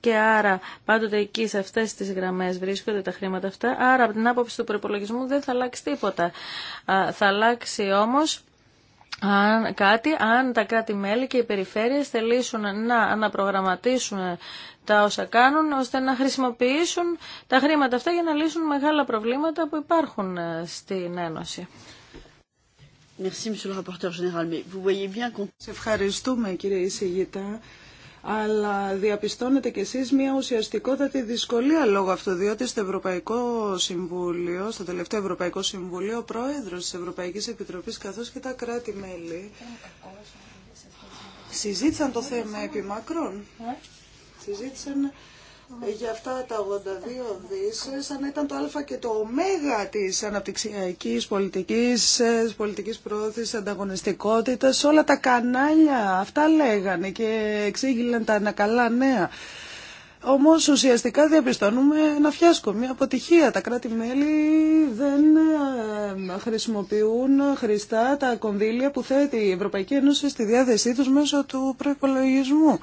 και άρα πάντοτε εκεί σε αυτέ τι γραμμέ βρίσκονται τα χρήματα αυτά. Άρα από την άποψη του προπολογισμού δεν θα αλλάξει τίποτα. θα αλλάξει όμως αν, κάτι αν τα κράτη-μέλη και οι περιφέρειες θελήσουν να αναπρογραμματίσουν τα όσα κάνουν ώστε να χρησιμοποιήσουν τα χρήματα αυτά για να λύσουν μεγάλα προβλήματα που υπάρχουν ε, στην Ένωση. Σε ευχαριστούμε κύριε Ισηγητά αλλά διαπιστώνετε κι εσείς μια ουσιαστικότατη δυσκολία λόγω αυτού, διότι στο Ευρωπαϊκό Συμβούλιο, στο τελευταίο Ευρωπαϊκό Συμβούλιο, ο πρόεδρος της Ευρωπαϊκής Επιτροπής καθώς και τα κράτη-μέλη συζήτησαν το θέμα επί μακρόν. Ε? Συζήτησαν για αυτά τα 82 δις σαν ήταν το α και το ω της αναπτυξιακής πολιτικής, πολιτικής πρόθεσης, ανταγωνιστικότητας, όλα τα κανάλια αυτά λέγανε και εξήγηλαν τα ανακαλά νέα. Όμως ουσιαστικά διαπιστώνουμε ένα φιάσκο, μια αποτυχία. Τα κράτη-μέλη δεν ε, χρησιμοποιούν χρηστά τα κονδύλια που θέτει η Ευρωπαϊκή Ένωση στη διάθεσή τους μέσω του προϋπολογισμού.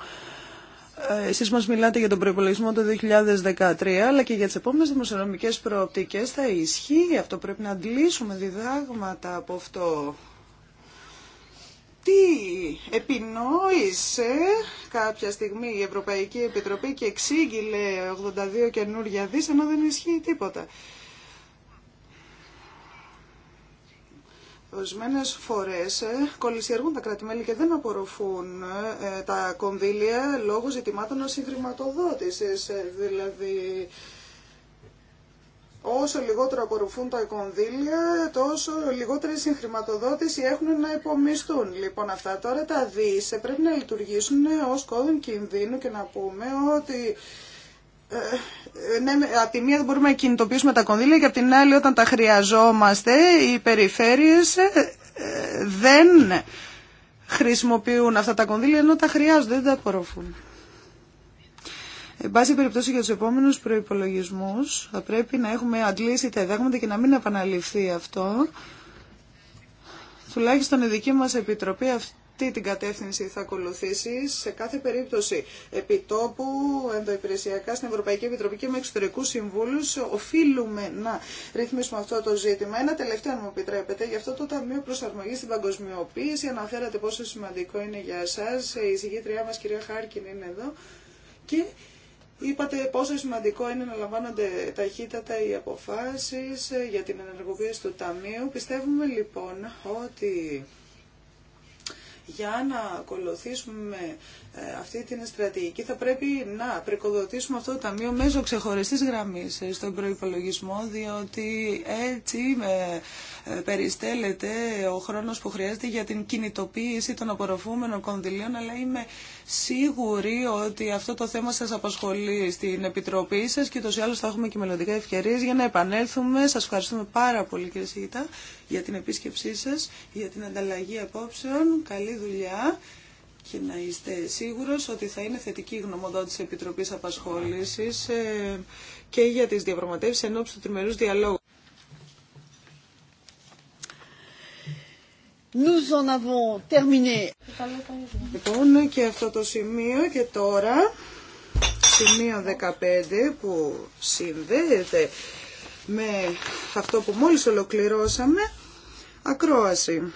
Ε, εσείς μας μιλάτε για τον προϋπολογισμό του 2013, αλλά και για τις επόμενες δημοσιονομικές προοπτικές θα ισχύει αυτό. Πρέπει να αντλήσουμε διδάγματα από αυτό. Τι επινόησε κάποια στιγμή η Ευρωπαϊκή Επιτροπή και εξήγηλε 82 καινούργια δις, ενώ δεν ισχύει τίποτα. Ορισμένε φορές ε, κολλησιεργούν τα κράτη-μέλη και δεν απορροφούν ε, τα κονδύλια λόγω ζητημάτων συγχρηματοδότηση. Ε, δηλαδή, όσο λιγότερο απορροφούν τα κονδύλια, τόσο λιγότερη συγχρηματοδότηση έχουν να υπομισθούν. Λοιπόν, αυτά τώρα τα δίσε πρέπει να λειτουργήσουν ως κόδων κινδύνου και να πούμε ότι ε, ναι, ναι από τη μία δεν μπορούμε να κινητοποιήσουμε τα κονδύλια και από την άλλη όταν τα χρειαζόμαστε οι περιφέρειες ε, ε, δεν χρησιμοποιούν αυτά τα κονδύλια ενώ τα χρειάζονται, δεν τα απορροφούν. Εν πάση περιπτώσει για τους επόμενους προϋπολογισμούς θα πρέπει να έχουμε αντλήσει τα εδάγματα και να μην επαναληφθεί αυτό. Τουλάχιστον η δική μας επιτροπή αυτή τι την κατεύθυνση θα ακολουθήσει σε κάθε περίπτωση επιτόπου ενδοϊπηρεσιακά στην Ευρωπαϊκή Επιτροπή και με εξωτερικού συμβούλου. Οφείλουμε να ρυθμίσουμε αυτό το ζήτημα. Ένα τελευταίο, αν μου επιτρέπετε, γι' αυτό το Ταμείο Προσαρμογή στην Παγκοσμιοποίηση. Αναφέρατε πόσο σημαντικό είναι για εσά. Η εισηγήτριά μα, κυρία Χάρκιν, είναι εδώ. Και Είπατε πόσο σημαντικό είναι να λαμβάνονται ταχύτατα οι αποφάσεις για την ενεργοποίηση του Ταμείου. Πιστεύουμε λοιπόν ότι για να ακολουθήσουμε ε, αυτή την στρατηγική θα πρέπει να πρικοδοτήσουμε αυτό το ταμείο μέσω ξεχωριστής γραμμής ε, στον προϋπολογισμό διότι έτσι ε, περιστέλλεται ο χρόνος που χρειάζεται για την κινητοποίηση των απορροφούμενων κονδυλίων αλλά είμαι σίγουρη ότι αυτό το θέμα σας απασχολεί στην Επιτροπή σας και τόσο άλλως θα έχουμε και μελλοντικά ευκαιρίες για να επανέλθουμε. Σας ευχαριστούμε πάρα πολύ κύριε Σιγητά για την επίσκεψή σας, για την ανταλλαγή απόψεων. Καλή δουλειά και να είστε σίγουρος ότι θα είναι θετική η γνωμοδότηση Επιτροπής Απασχόλησης ε, και για τις διαπραγματεύσεις εν του τριμερούς διαλόγου. Nous en avons terminé. Λοιπόν, και αυτό το σημείο και τώρα, σημείο 15 που συνδέεται με αυτό που μόλις ολοκληρώσαμε, ακρόαση.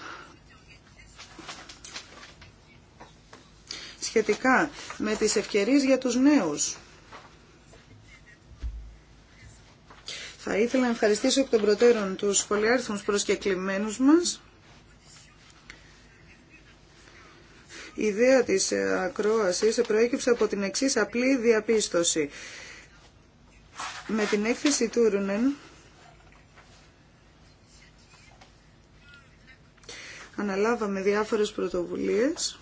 σχετικά με τις ευκαιρίες για τους νέους. Θα ήθελα να ευχαριστήσω εκ των προτέρων τους πολυάριθμους προσκεκλημένους μας. Η ιδέα της ακρόασης προέκυψε από την εξής απλή διαπίστωση. Με την έκθεση του Ρουνεν αναλάβαμε διάφορες πρωτοβουλίες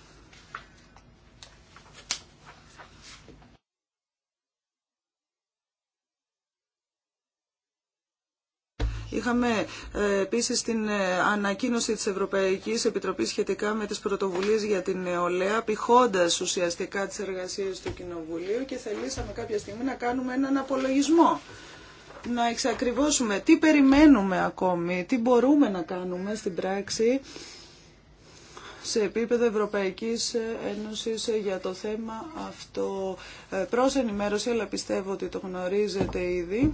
Είχαμε ε, επίση την ε, ανακοίνωση τη Ευρωπαϊκής Επιτροπής σχετικά με τις πρωτοβουλίε για την νεολαία, πηχώντα ουσιαστικά τι εργασίε του Κοινοβουλίου και θελήσαμε κάποια στιγμή να κάνουμε έναν απολογισμό να εξακριβώσουμε τι περιμένουμε ακόμη, τι μπορούμε να κάνουμε στην πράξη σε επίπεδο Ευρωπαϊκής Ένωσης για το θέμα αυτό. Ε, προς ενημέρωση, αλλά πιστεύω ότι το γνωρίζετε ήδη.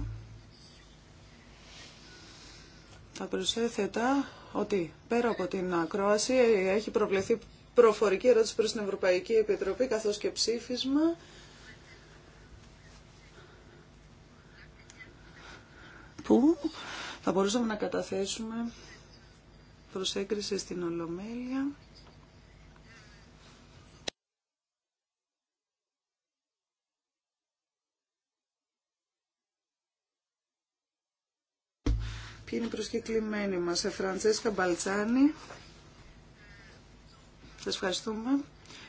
Θα προσέθετα ότι πέρα από την ακρόαση έχει προβλεφθεί προφορική ερώτηση προς την Ευρωπαϊκή Επιτροπή καθώς και ψήφισμα. Που θα μπορούσαμε να καταθέσουμε προς έγκριση στην Ολομέλεια. Ποιοι είναι οι προσκεκλημένοι μας. Ε, Φραντσέσκα Μπαλτσάνη. Σας ευχαριστούμε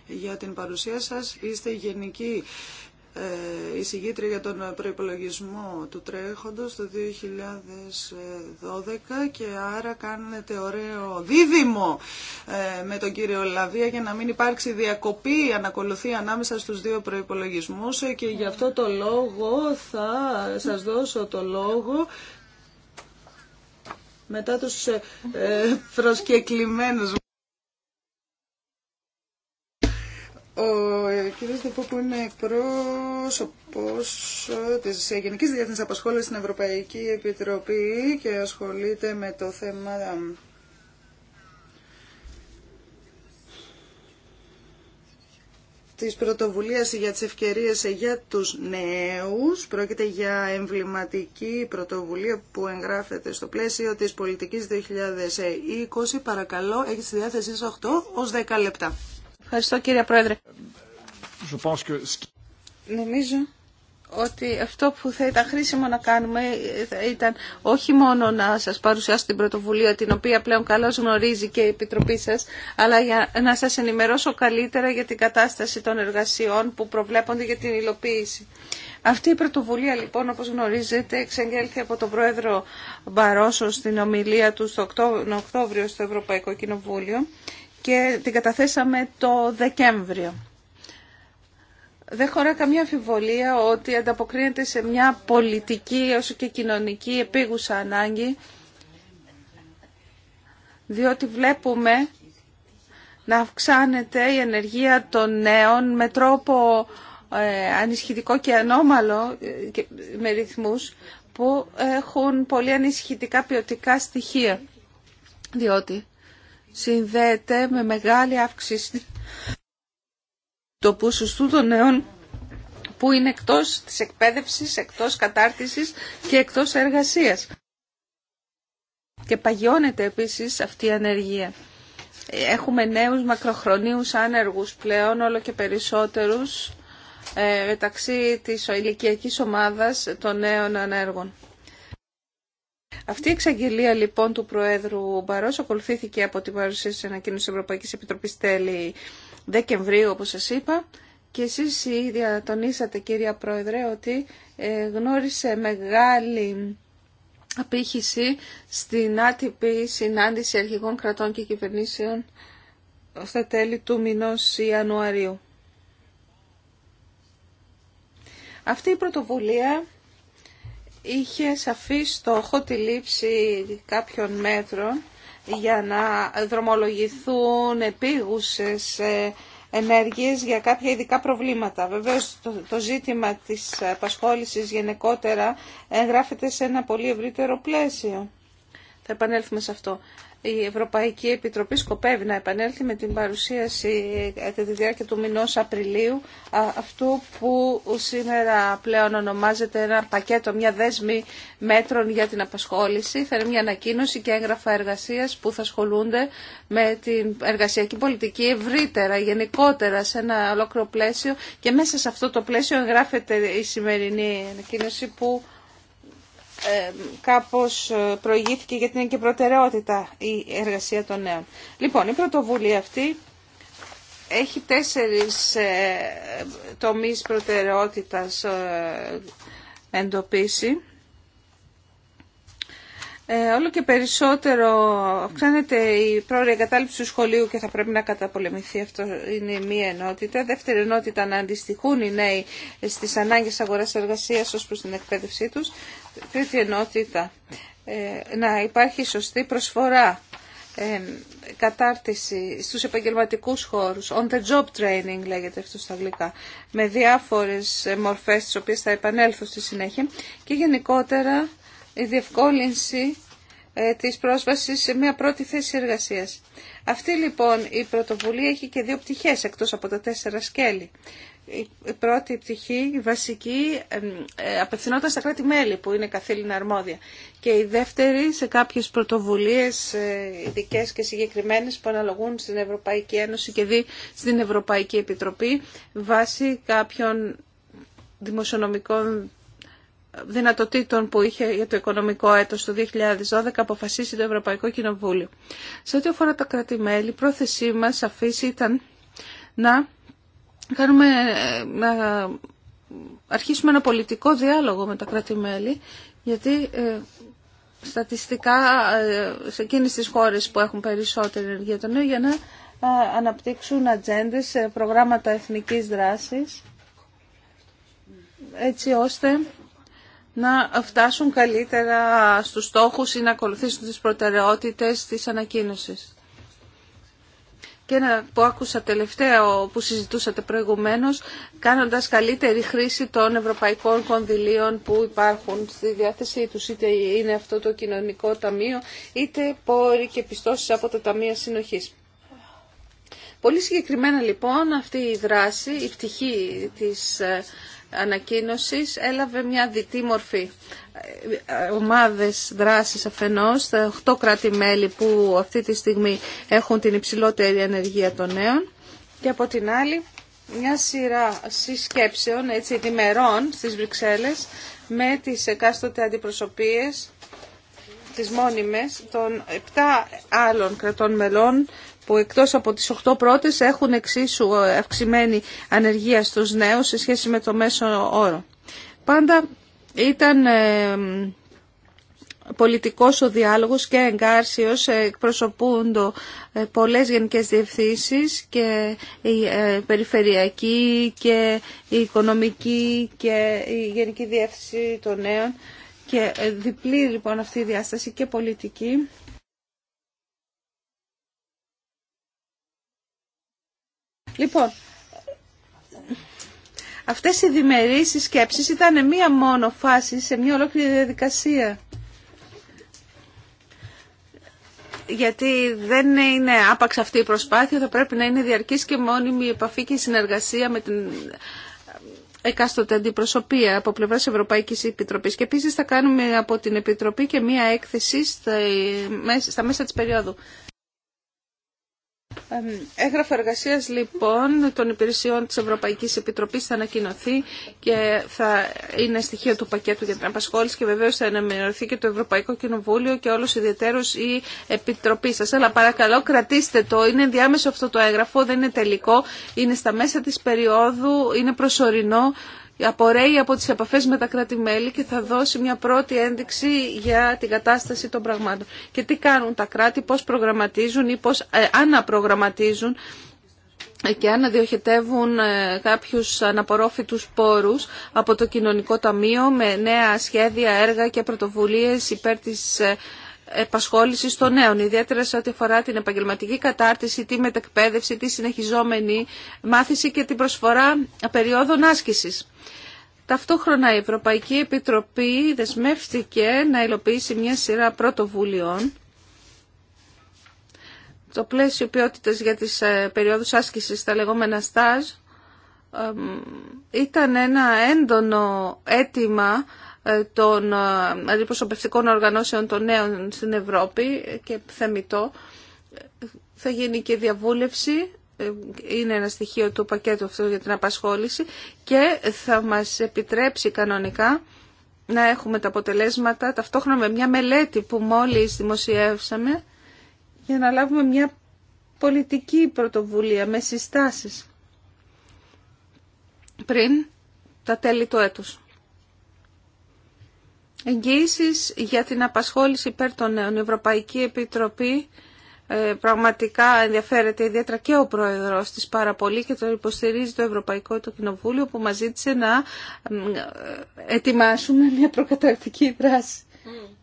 για την παρουσία σας. Είστε η γενική ε, εισηγήτρια για τον προϋπολογισμό του τρέχοντος το 2012 και άρα κάνετε ωραίο δίδυμο ε, με τον κύριο Λαβία για να μην υπάρξει διακοπή ανακολουθεί ανάμεσα στους δύο προϋπολογισμούς και γι' αυτό το λόγο θα σας δώσω το λόγο μετά τους ε, ε, προσκεκλημένους. Ο ε, κ. Δεπού που είναι εκπρόσωπος της Γενικής Διεθνής Απασχόλησης στην Ευρωπαϊκή Επιτροπή και ασχολείται με το θέμα της πρωτοβουλίας για τις ευκαιρίες για τους νέους. Πρόκειται για εμβληματική πρωτοβουλία που εγγράφεται στο πλαίσιο της πολιτικής 2020. Παρακαλώ, έχει τη διάθεσή 8 ως 10 λεπτά. Ευχαριστώ κύριε Πρόεδρε. Νομίζω ότι αυτό που θα ήταν χρήσιμο να κάνουμε ήταν όχι μόνο να σας παρουσιάσω την πρωτοβουλία την οποία πλέον καλώς γνωρίζει και η Επιτροπή σας αλλά για να σας ενημερώσω καλύτερα για την κατάσταση των εργασιών που προβλέπονται για την υλοποίηση. Αυτή η πρωτοβουλία λοιπόν όπως γνωρίζετε εξεγγέλθη από τον Πρόεδρο Μπαρόσο στην ομιλία του στο Οκτώβριο στο Ευρωπαϊκό Κοινοβούλιο και την καταθέσαμε το Δεκέμβριο δεν χωρά καμία αμφιβολία ότι ανταποκρίνεται σε μια πολιτική όσο και κοινωνική επίγουσα ανάγκη διότι βλέπουμε να αυξάνεται η ενεργεία των νέων με τρόπο ε, ανισχυτικό και ανώμαλο ε, με ρυθμούς που έχουν πολύ ανισχυτικά ποιοτικά στοιχεία διότι συνδέεται με μεγάλη αύξηση το ποσοστό των νέων που είναι εκτός της εκπαίδευσης, εκτός κατάρτισης και εκτός εργασίας. Και παγιώνεται επίσης αυτή η ανεργία. Έχουμε νέους μακροχρονίους άνεργους πλέον, όλο και περισσότερους, ε, μεταξύ της ηλικιακή ομάδας των νέων ανέργων. Αυτή η εξαγγελία λοιπόν του Προέδρου Μπαρός ακολουθήθηκε από την παρουσίαση της ανακοίνωσης Ευρωπαϊκής Επιτροπής τέλη Δεκεμβρίου όπως σας είπα και εσείς ήδη τονίσατε κυρία Πρόεδρε ότι ε, γνώρισε μεγάλη απήχηση στην άτυπη συνάντηση αρχηγών κρατών και κυβερνήσεων στα τέλη του μηνός Ιανουαρίου. Αυτή η πρωτοβουλία είχε σαφή στόχο τη λήψη κάποιων μέτρων για να δρομολογηθούν επίγουσες ε, ενέργειες για κάποια ειδικά προβλήματα. Βεβαίως το, ζήτημα της απασχόλησης γενικότερα εγγράφεται σε ένα πολύ ευρύτερο πλαίσιο. Θα επανέλθουμε σε αυτό η Ευρωπαϊκή Επιτροπή σκοπεύει να επανέλθει με την παρουσίαση κατά τη διάρκεια του μηνός Απριλίου αυτού που σήμερα πλέον ονομάζεται ένα πακέτο, μια δέσμη μέτρων για την απασχόληση. Θα είναι μια ανακοίνωση και έγγραφα εργασίας που θα ασχολούνται με την εργασιακή πολιτική ευρύτερα, γενικότερα σε ένα ολόκληρο πλαίσιο και μέσα σε αυτό το πλαίσιο εγγράφεται η σημερινή ανακοίνωση που ε, κάπως ε, προηγήθηκε γιατί είναι και προτεραιότητα η εργασία των νέων. Λοιπόν, η πρωτοβουλία αυτή έχει τέσσερις ε, τομείς προτεραιότητας εντοπίσει. Ε, όλο και περισσότερο αυξάνεται η πρόορια εγκατάλειψη του σχολείου και θα πρέπει να καταπολεμηθεί αυτό. Είναι μία ενότητα. Δεύτερη ενότητα να αντιστοιχούν οι νέοι στις ανάγκες αγοράς εργασίας ως προς την εκπαίδευσή τους. Τρίτη ενότητα ε, να υπάρχει σωστή προσφορά ε, κατάρτιση στους επαγγελματικούς χώρους, on the job training λέγεται αυτό στα αγγλικά, με διάφορες μορφές τις οποίες θα επανέλθω στη συνέχεια και γενικότερα η διευκόλυνση ε, της πρόσβασης σε μια πρώτη θέση εργασίας. Αυτή λοιπόν η πρωτοβουλία έχει και δύο πτυχές εκτός από τα τέσσερα σκέλη. Η πρώτη πτυχή, η βασική, ε, ε, απευθυνόταν στα κράτη-μέλη που είναι καθήλυνα αρμόδια. Και η δεύτερη σε κάποιες πρωτοβουλίες ειδικέ και συγκεκριμένες που αναλογούν στην Ευρωπαϊκή Ένωση και δι στην Ευρωπαϊκή Επιτροπή βάσει κάποιων δημοσιονομικών δυνατοτήτων που είχε για το οικονομικό έτος του 2012 αποφασίσει το Ευρωπαϊκό Κοινοβούλιο. Σε ό,τι αφορά τα κρατημέλη, η πρόθεσή μας αφήσει ήταν να, κάνουμε, να αρχίσουμε ένα πολιτικό διάλογο με τα κρατημέλη, γιατί ε, στατιστικά ε, σε εκείνες τις χώρες που έχουν περισσότερη ενεργεία των νέων για να ε, αναπτύξουν ατζέντε, προγράμματα εθνικής δράσης, έτσι ώστε να φτάσουν καλύτερα στους στόχους ή να ακολουθήσουν τις προτεραιότητες της ανακοίνωσης. Και ένα που άκουσα τελευταίο που συζητούσατε προηγουμένως, κάνοντας καλύτερη χρήση των ευρωπαϊκών κονδυλίων που υπάρχουν στη διάθεσή τους, είτε είναι αυτό το κοινωνικό ταμείο, είτε πόροι και πιστώσεις από τα ταμεία συνοχής. Πολύ συγκεκριμένα λοιπόν αυτή η δράση, η πτυχή της ε, ανακοίνωσης έλαβε μια διτή μορφή. Ομάδες δράσης αφενός, τα 8 κράτη-μέλη που αυτή τη στιγμή έχουν την υψηλότερη ενέργεια των νέων και από την άλλη μια σειρά συσκέψεων, έτσι, διμερών στις Βρυξέλλες με τις εκάστοτε αντιπροσωπείες, τις μόνιμες, των 7 άλλων κρατών μελών που εκτός από τις 8 πρώτες έχουν εξίσου αυξημένη ανεργία στους νέους σε σχέση με το μέσο όρο. Πάντα ήταν ε, πολιτικός ο διάλογος και εγκάρσιος ε, εκπροσωπούντο ε, πολλές γενικές διευθύνσεις και η περιφερειακή και η οικονομική και η γενική διεύθυνση των νέων και διπλή λοιπόν αυτή η διάσταση και πολιτική Λοιπόν, αυτές οι διμερείς οι σκέψεις ήταν μία μόνο φάση σε μία ολόκληρη διαδικασία. Γιατί δεν είναι άπαξ αυτή η προσπάθεια, θα πρέπει να είναι διαρκής και μόνιμη η επαφή και η συνεργασία με την εκάστοτε αντιπροσωπεία από πλευράς Ευρωπαϊκής Επιτροπής. Και επίσης θα κάνουμε από την Επιτροπή και μία έκθεση στα ε, μέσα της περίοδου. Έγγραφο εργασία λοιπόν των υπηρεσιών της Ευρωπαϊκής Επιτροπή θα ανακοινωθεί και θα είναι στοιχείο του πακέτου για την απασχόληση και βεβαίω θα ενημερωθεί και το Ευρωπαϊκό Κοινοβούλιο και όλος ιδιαίτερος η Επιτροπή σα. Αλλά παρακαλώ κρατήστε το, είναι διάμεσο αυτό το έγγραφο, δεν είναι τελικό, είναι στα μέσα τη περίοδου, είναι προσωρινό απορρέει από τις επαφές με τα κράτη-μέλη και θα δώσει μια πρώτη ένδειξη για την κατάσταση των πραγμάτων. Και τι κάνουν τα κράτη, πώς προγραμματίζουν ή πώς ε, αναπρογραμματίζουν ε, και αν διοχετεύουν ε, κάποιους αναπορόφητους πόρους από το Κοινωνικό Ταμείο με νέα σχέδια, έργα και πρωτοβουλίες υπέρ της επασχόλησης των νέων, ιδιαίτερα σε ό,τι αφορά την επαγγελματική κατάρτιση, τη μετεκπαίδευση, τη συνεχιζόμενη μάθηση και την προσφορά περίοδων άσκησης. Ταυτόχρονα η Ευρωπαϊκή Επιτροπή δεσμεύτηκε να υλοποιήσει μια σειρά πρωτοβουλειών το πλαίσιο ποιότητας για τις ε, περιόδους άσκησης, τα λεγόμενα στάζ, ήταν ένα έντονο αίτημα ε, των ε, αντιπροσωπευτικών οργανώσεων των νέων στην Ευρώπη και θεμητό. Θα γίνει και διαβούλευση, ε, είναι ένα στοιχείο του πακέτου αυτού για την απασχόληση και θα μας επιτρέψει κανονικά να έχουμε τα αποτελέσματα ταυτόχρονα με μια μελέτη που μόλις δημοσιεύσαμε για να λάβουμε μια πολιτική πρωτοβουλία με συστάσεις πριν τα τέλη του έτους. Εγγύησεις για την απασχόληση υπέρ των νέων. Η Ευρωπαϊκή Επιτροπή ε, πραγματικά ενδιαφέρεται ιδιαίτερα και ο Πρόεδρος της πάρα πολύ και το υποστηρίζει το Ευρωπαϊκό το Κοινοβούλιο που μας ζήτησε να ε, ε, ετοιμάσουμε μια προκαταρκτική δράση. Mm.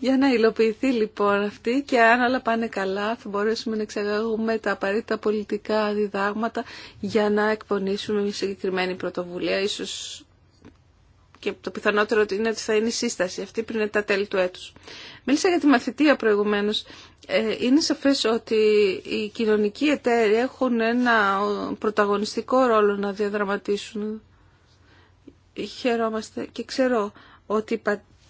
Για να υλοποιηθεί λοιπόν αυτή και αν όλα πάνε καλά θα μπορέσουμε να εξαγαγούμε τα απαραίτητα πολιτικά διδάγματα για να εκπονήσουμε μια συγκεκριμένη πρωτοβουλία. Ίσως και το πιθανότερο είναι ότι θα είναι η σύσταση αυτή πριν τα τέλη του έτους. Μίλησα για τη μαθητεία προηγουμένως. Ε, είναι σαφές ότι οι κοινωνικοί εταίροι έχουν ένα πρωταγωνιστικό ρόλο να διαδραματίσουν. Χαιρόμαστε και ξέρω ότι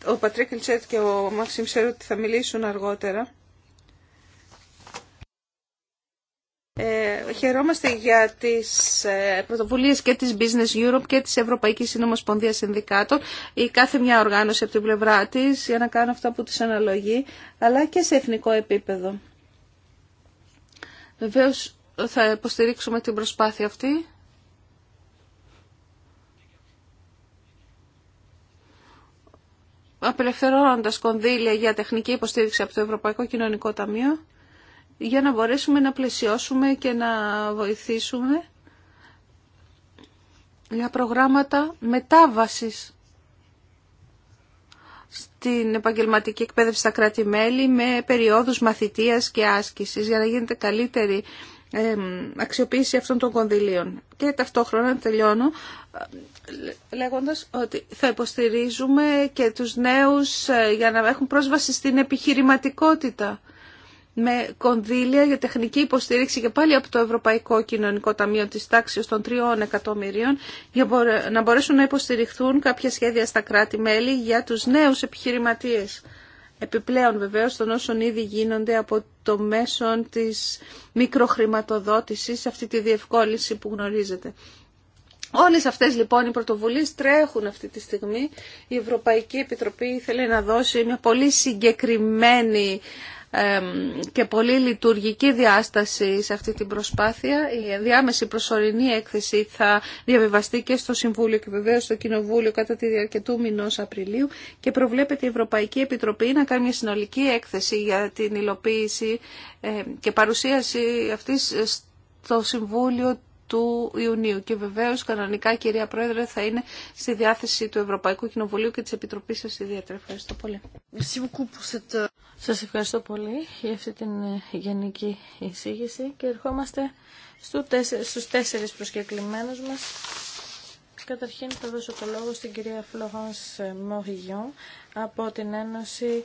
ο Πατρίκ Λτσέτ και ο Μαξίμ ξέρω ότι θα μιλήσουν αργότερα. Ε, χαιρόμαστε για τις ε, πρωτοβουλίες και της Business Europe και της Ευρωπαϊκής Συνομοσπονδίας Συνδικάτων ή κάθε μια οργάνωση από την πλευρά της για να κάνουν αυτά που της αναλογεί, αλλά και σε εθνικό επίπεδο. Βεβαίως θα υποστηρίξουμε την προσπάθεια αυτή. απελευθερώνοντας κονδύλια για τεχνική υποστήριξη από το Ευρωπαϊκό Κοινωνικό Ταμείο, για να μπορέσουμε να πλαισιώσουμε και να βοηθήσουμε για προγράμματα μετάβασης στην επαγγελματική εκπαίδευση στα κράτη-μέλη με περιόδους μαθητείας και άσκησης για να γίνεται καλύτερη αξιοποίηση αυτών των κονδυλίων. Και ταυτόχρονα τελειώνω ε, λέγοντας ότι θα υποστηρίζουμε και τους νέους ε, για να έχουν πρόσβαση στην επιχειρηματικότητα με κονδύλια για τεχνική υποστήριξη και πάλι από το Ευρωπαϊκό Κοινωνικό Ταμείο της τάξης των 3 εκατομμυρίων για να μπορέσουν να υποστηριχθούν κάποια σχέδια στα κράτη-μέλη για τους νέους επιχειρηματίες επιπλέον βεβαίως των όσων ήδη γίνονται από το μέσο της μικροχρηματοδότησης, αυτή τη διευκόλυνση που γνωρίζετε. Όλες αυτές λοιπόν οι πρωτοβουλίες τρέχουν αυτή τη στιγμή. Η Ευρωπαϊκή Επιτροπή θέλει να δώσει μια πολύ συγκεκριμένη και πολύ λειτουργική διάσταση σε αυτή την προσπάθεια. Η διάμεση προσωρινή έκθεση θα διαβιβαστεί και στο Συμβούλιο και βεβαίως στο Κοινοβούλιο κατά τη διάρκεια του μηνός Απριλίου και προβλέπεται η Ευρωπαϊκή Επιτροπή να κάνει μια συνολική έκθεση για την υλοποίηση και παρουσίαση αυτής στο Συμβούλιο του Ιουνίου. Και βεβαίως κανονικά κυρία Πρόεδρε θα είναι στη διάθεση του Ευρωπαϊκού Κοινοβουλίου και τη Επιτροπή σας ιδιαίτερα. Ευχαριστώ πολύ. Euh, σας ευχαριστώ πολύ για αυτή την ε, γενική εισήγηση και ερχόμαστε στους τέσσερις προσκεκλημένους μας. Καταρχήν θα δώσω το λόγο στην κυρία Florence Μοριγιόν από την Ένωση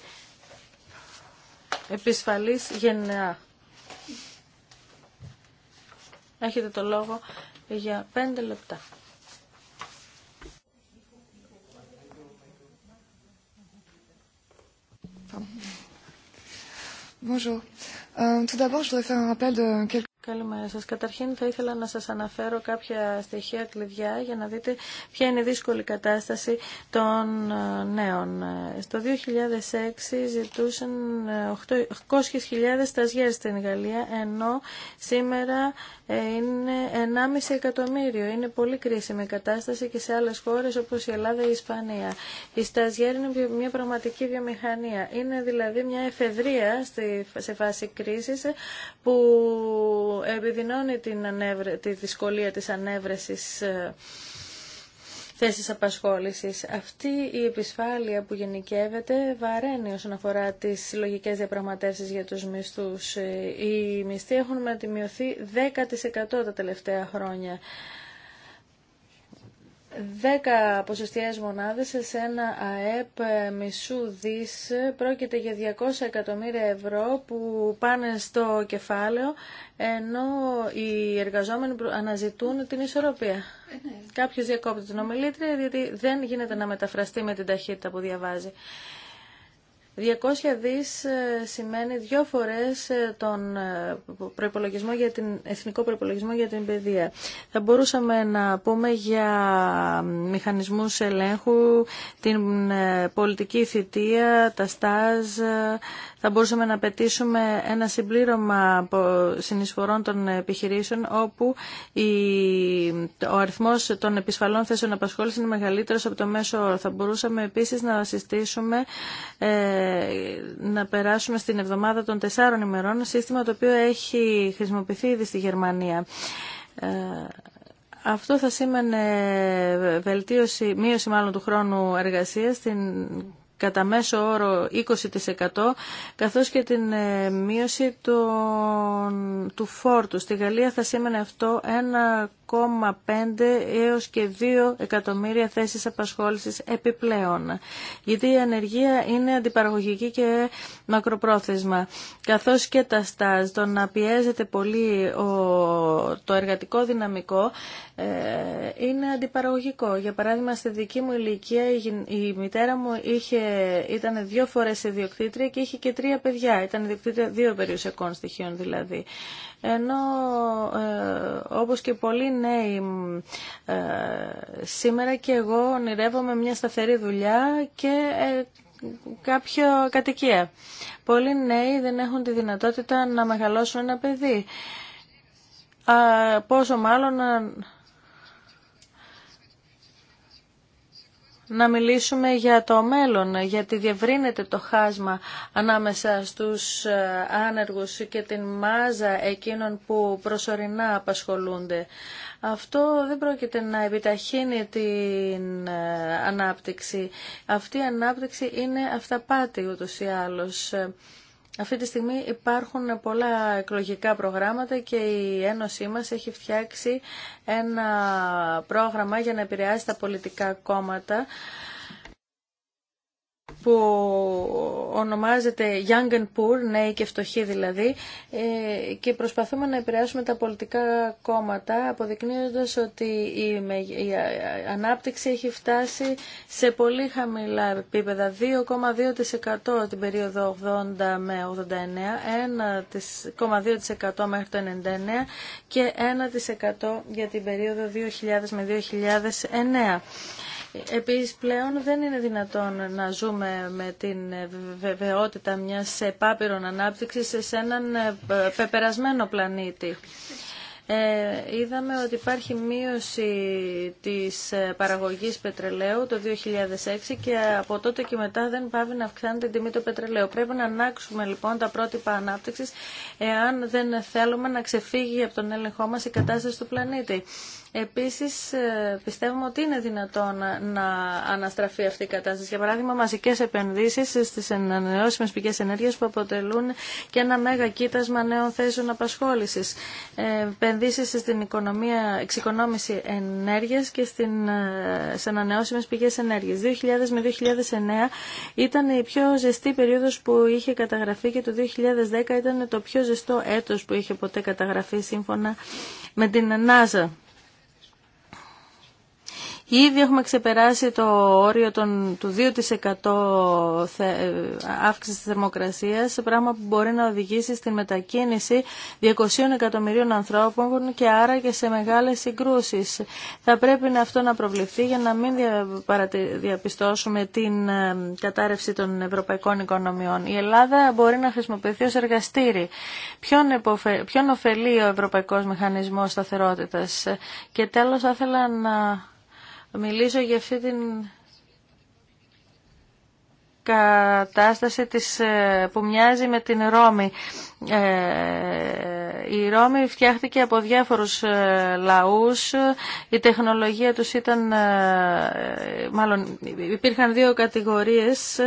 Επισφαλής Γενεά. Έχετε το λόγο για 5 λεπτά. Bonjour. Euh, tout d'abord, je voudrais faire un rappel de quelques... Καλημέρα σας. Καταρχήν θα ήθελα να σας αναφέρω κάποια στοιχεία κλειδιά για να δείτε ποια είναι η δύσκολη κατάσταση των ε, νέων. Στο 2006 ζητούσαν 800.000 ε, σταζιέρ στην Γαλλία, ενώ σήμερα ε, είναι 1,5 εκατομμύριο. Είναι πολύ κρίσιμη η κατάσταση και σε άλλες χώρες όπως η Ελλάδα ή η Ισπανία. Η σταζιέρ είναι μια πραγματική βιομηχανία. Είναι δηλαδή μια εφεδρεία σε φάση κρίσης που επιδεινώνει την τη δυσκολία της ανέβρεσης ε, θέσης απασχόλησης. Αυτή η επισφάλεια που γενικεύεται βαραίνει όσον αφορά τις συλλογικέ διαπραγματεύσεις για τους μισθούς. Ε, οι μισθοί έχουν μετιμειωθεί 10% τα τελευταία χρόνια. 10 ποσοστιαίες μονάδες σε ένα ΑΕΠ μισού δις πρόκειται για 200 εκατομμύρια ευρώ που πάνε στο κεφάλαιο ενώ οι εργαζόμενοι αναζητούν την ισορροπία. Ε, ναι. Κάποιος διακόπτει την ομιλήτρια γιατί δεν γίνεται να μεταφραστεί με την ταχύτητα που διαβάζει. 200 δις ε, σημαίνει δύο φορές ε, τον ε, προϋπολογισμό για την, εθνικό προϋπολογισμό για την παιδεία. Θα μπορούσαμε να πούμε για μηχανισμούς ελέγχου, την πολιτική θητεία, τα στάζ. Θα μπορούσαμε να απαιτήσουμε ένα συμπλήρωμα συνεισφορών των επιχειρήσεων όπου η, ο αριθμός των επισφαλών θέσεων απασχόλησης είναι μεγαλύτερος από το μέσο όρο. Θα μπορούσαμε επίσης να συστήσουμε να περάσουμε στην εβδομάδα των τεσσάρων ημερών, σύστημα το οποίο έχει χρησιμοποιηθεί ήδη στη Γερμανία. Ε, αυτό θα σήμαινε βελτίωση, μείωση μάλλον του χρόνου εργασίας στην κατά μέσο όρο 20% καθώς και την ε, μείωση του, του φόρτου. Στη Γαλλία θα σήμαινε αυτό ένα 1,5 έως και 2 εκατομμύρια θέσεις απασχόλησης επιπλέον. Γιατί η ανεργία είναι αντιπαραγωγική και μακροπρόθεσμα. Καθώς και τα στάζ, το να πιέζεται πολύ το εργατικό δυναμικό ε, είναι αντιπαραγωγικό. Για παράδειγμα, στη δική μου ηλικία η μητέρα μου είχε, ήταν δύο φορές ιδιοκτήτρια και είχε και τρία παιδιά. Ήταν ιδιοκτήτρια δύο περιουσιακών στοιχείων δηλαδή ενώ ε, όπως και πολλοί νέοι ε, σήμερα και εγώ ονειρεύομαι μια σταθερή δουλειά και ε, κάποιο κατοικία. Πολλοί νέοι δεν έχουν τη δυνατότητα να μεγαλώσουν ένα παιδί. Α, πόσο μάλλον να μιλήσουμε για το μέλλον, γιατί διευρύνεται το χάσμα ανάμεσα στους ε, άνεργους και την μάζα εκείνων που προσωρινά απασχολούνται. Αυτό δεν πρόκειται να επιταχύνει την ε, ανάπτυξη. Αυτή η ανάπτυξη είναι αυταπάτη ούτως ή άλλως. Αυτή τη στιγμή υπάρχουν πολλά εκλογικά προγράμματα και η Ένωσή μας έχει φτιάξει ένα πρόγραμμα για να επηρεάσει τα πολιτικά κόμματα που ονομάζεται Young and Poor, νέοι και φτωχοί δηλαδή, ε, και προσπαθούμε να επηρεάσουμε τα πολιτικά κόμματα, αποδεικνύοντας ότι η ανάπτυξη έχει φτάσει σε πολύ χαμηλά επίπεδα, 2,2% την περίοδο 80 με 89, 1,2% μέχρι το 99 και 1% για την περίοδο 2000 με 2009. Επίσης πλέον δεν είναι δυνατόν να ζούμε με την βεβαιότητα μιας επάπειρων ανάπτυξης σε έναν ε, πεπερασμένο πλανήτη. Ε, είδαμε ότι υπάρχει μείωση της ε, παραγωγής πετρελαίου το 2006 και από τότε και μετά δεν πάβει να αυξάνεται η τιμή του πετρελαίου. Πρέπει να ανάξουμε λοιπόν τα πρότυπα ανάπτυξης εάν δεν θέλουμε να ξεφύγει από τον έλεγχό μας η κατάσταση του πλανήτη. Επίσης ε, πιστεύουμε ότι είναι δυνατόν να αναστραφεί αυτή η κατάσταση. Για παράδειγμα μαζικές επενδύσεις στις ανανεώσιμες πηγές ενέργειας που αποτελούν και ένα μέγα κοίτασμα νέων θέσεων απασχόλησης. Ε, επενδύσεις στην οικονομία, εξοικονόμηση ενέργειας και στην, σε ανανεώσιμες πηγές ενέργειας. 2000 με 2009 ήταν η πιο ζεστή περίοδος που είχε καταγραφεί και το 2010 ήταν το πιο ζεστό έτος που είχε ποτέ καταγραφεί σύμφωνα με την NASA. Ήδη έχουμε ξεπεράσει το όριο των, του 2% αύξησης αύξηση της θερμοκρασίας, πράγμα που μπορεί να οδηγήσει στην μετακίνηση 200 εκατομμυρίων ανθρώπων και άρα και σε μεγάλες συγκρούσεις. Θα πρέπει να αυτό να προβληθεί για να μην διαπιστώσουμε την ε, κατάρρευση των ευρωπαϊκών οικονομιών. Η Ελλάδα μπορεί να χρησιμοποιηθεί ως εργαστήρι. Ποιον, Ποιον ωφελεί ο Ευρωπαϊκός Μηχανισμός Σταθερότητας. Και τέλος θα ήθελα να μιλήσω για αυτή την κατάσταση της, ε, που μοιάζει με την Ρώμη. Ε, η Ρώμη φτιάχτηκε από διάφορους ε, λαούς, η τεχνολογία τους ήταν, μάλλον υπήρχαν δύο κατηγορίες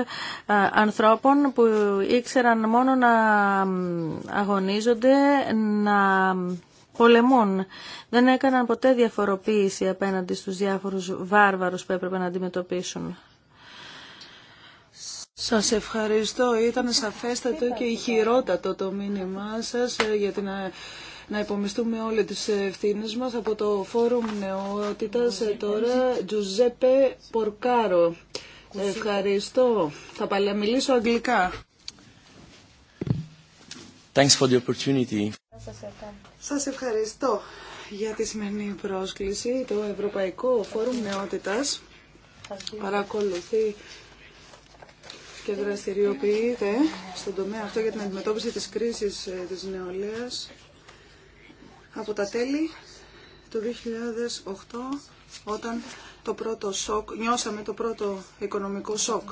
ανθρώπων που ήξεραν μόνο να αγωνίζονται, να πολεμών. Δεν έκαναν ποτέ διαφοροποίηση απέναντι στους διάφορους βάρβαρους που έπρεπε να αντιμετωπίσουν. Σας ευχαριστώ. Ήταν σαφέστατο και ηχηρότατο το μήνυμά σας ε, για την ε, να υπομιστούμε όλες τις ευθύνε μας από το Φόρουμ Νεότητας ε, τώρα Τζουζέπε Πορκάρο. Ευχαριστώ. Θα παλαιαμιλήσω αγγλικά. Thanks for the opportunity. Σας ευχαριστώ για τη σημερινή πρόσκληση. Το Ευρωπαϊκό Φόρουμ Νεότητας παρακολουθεί και δραστηριοποιείται στον τομέα αυτό για την αντιμετώπιση της κρίσης ε, της νεολαίας από τα τέλη του 2008 όταν το πρώτο σοκ, νιώσαμε το πρώτο οικονομικό σοκ.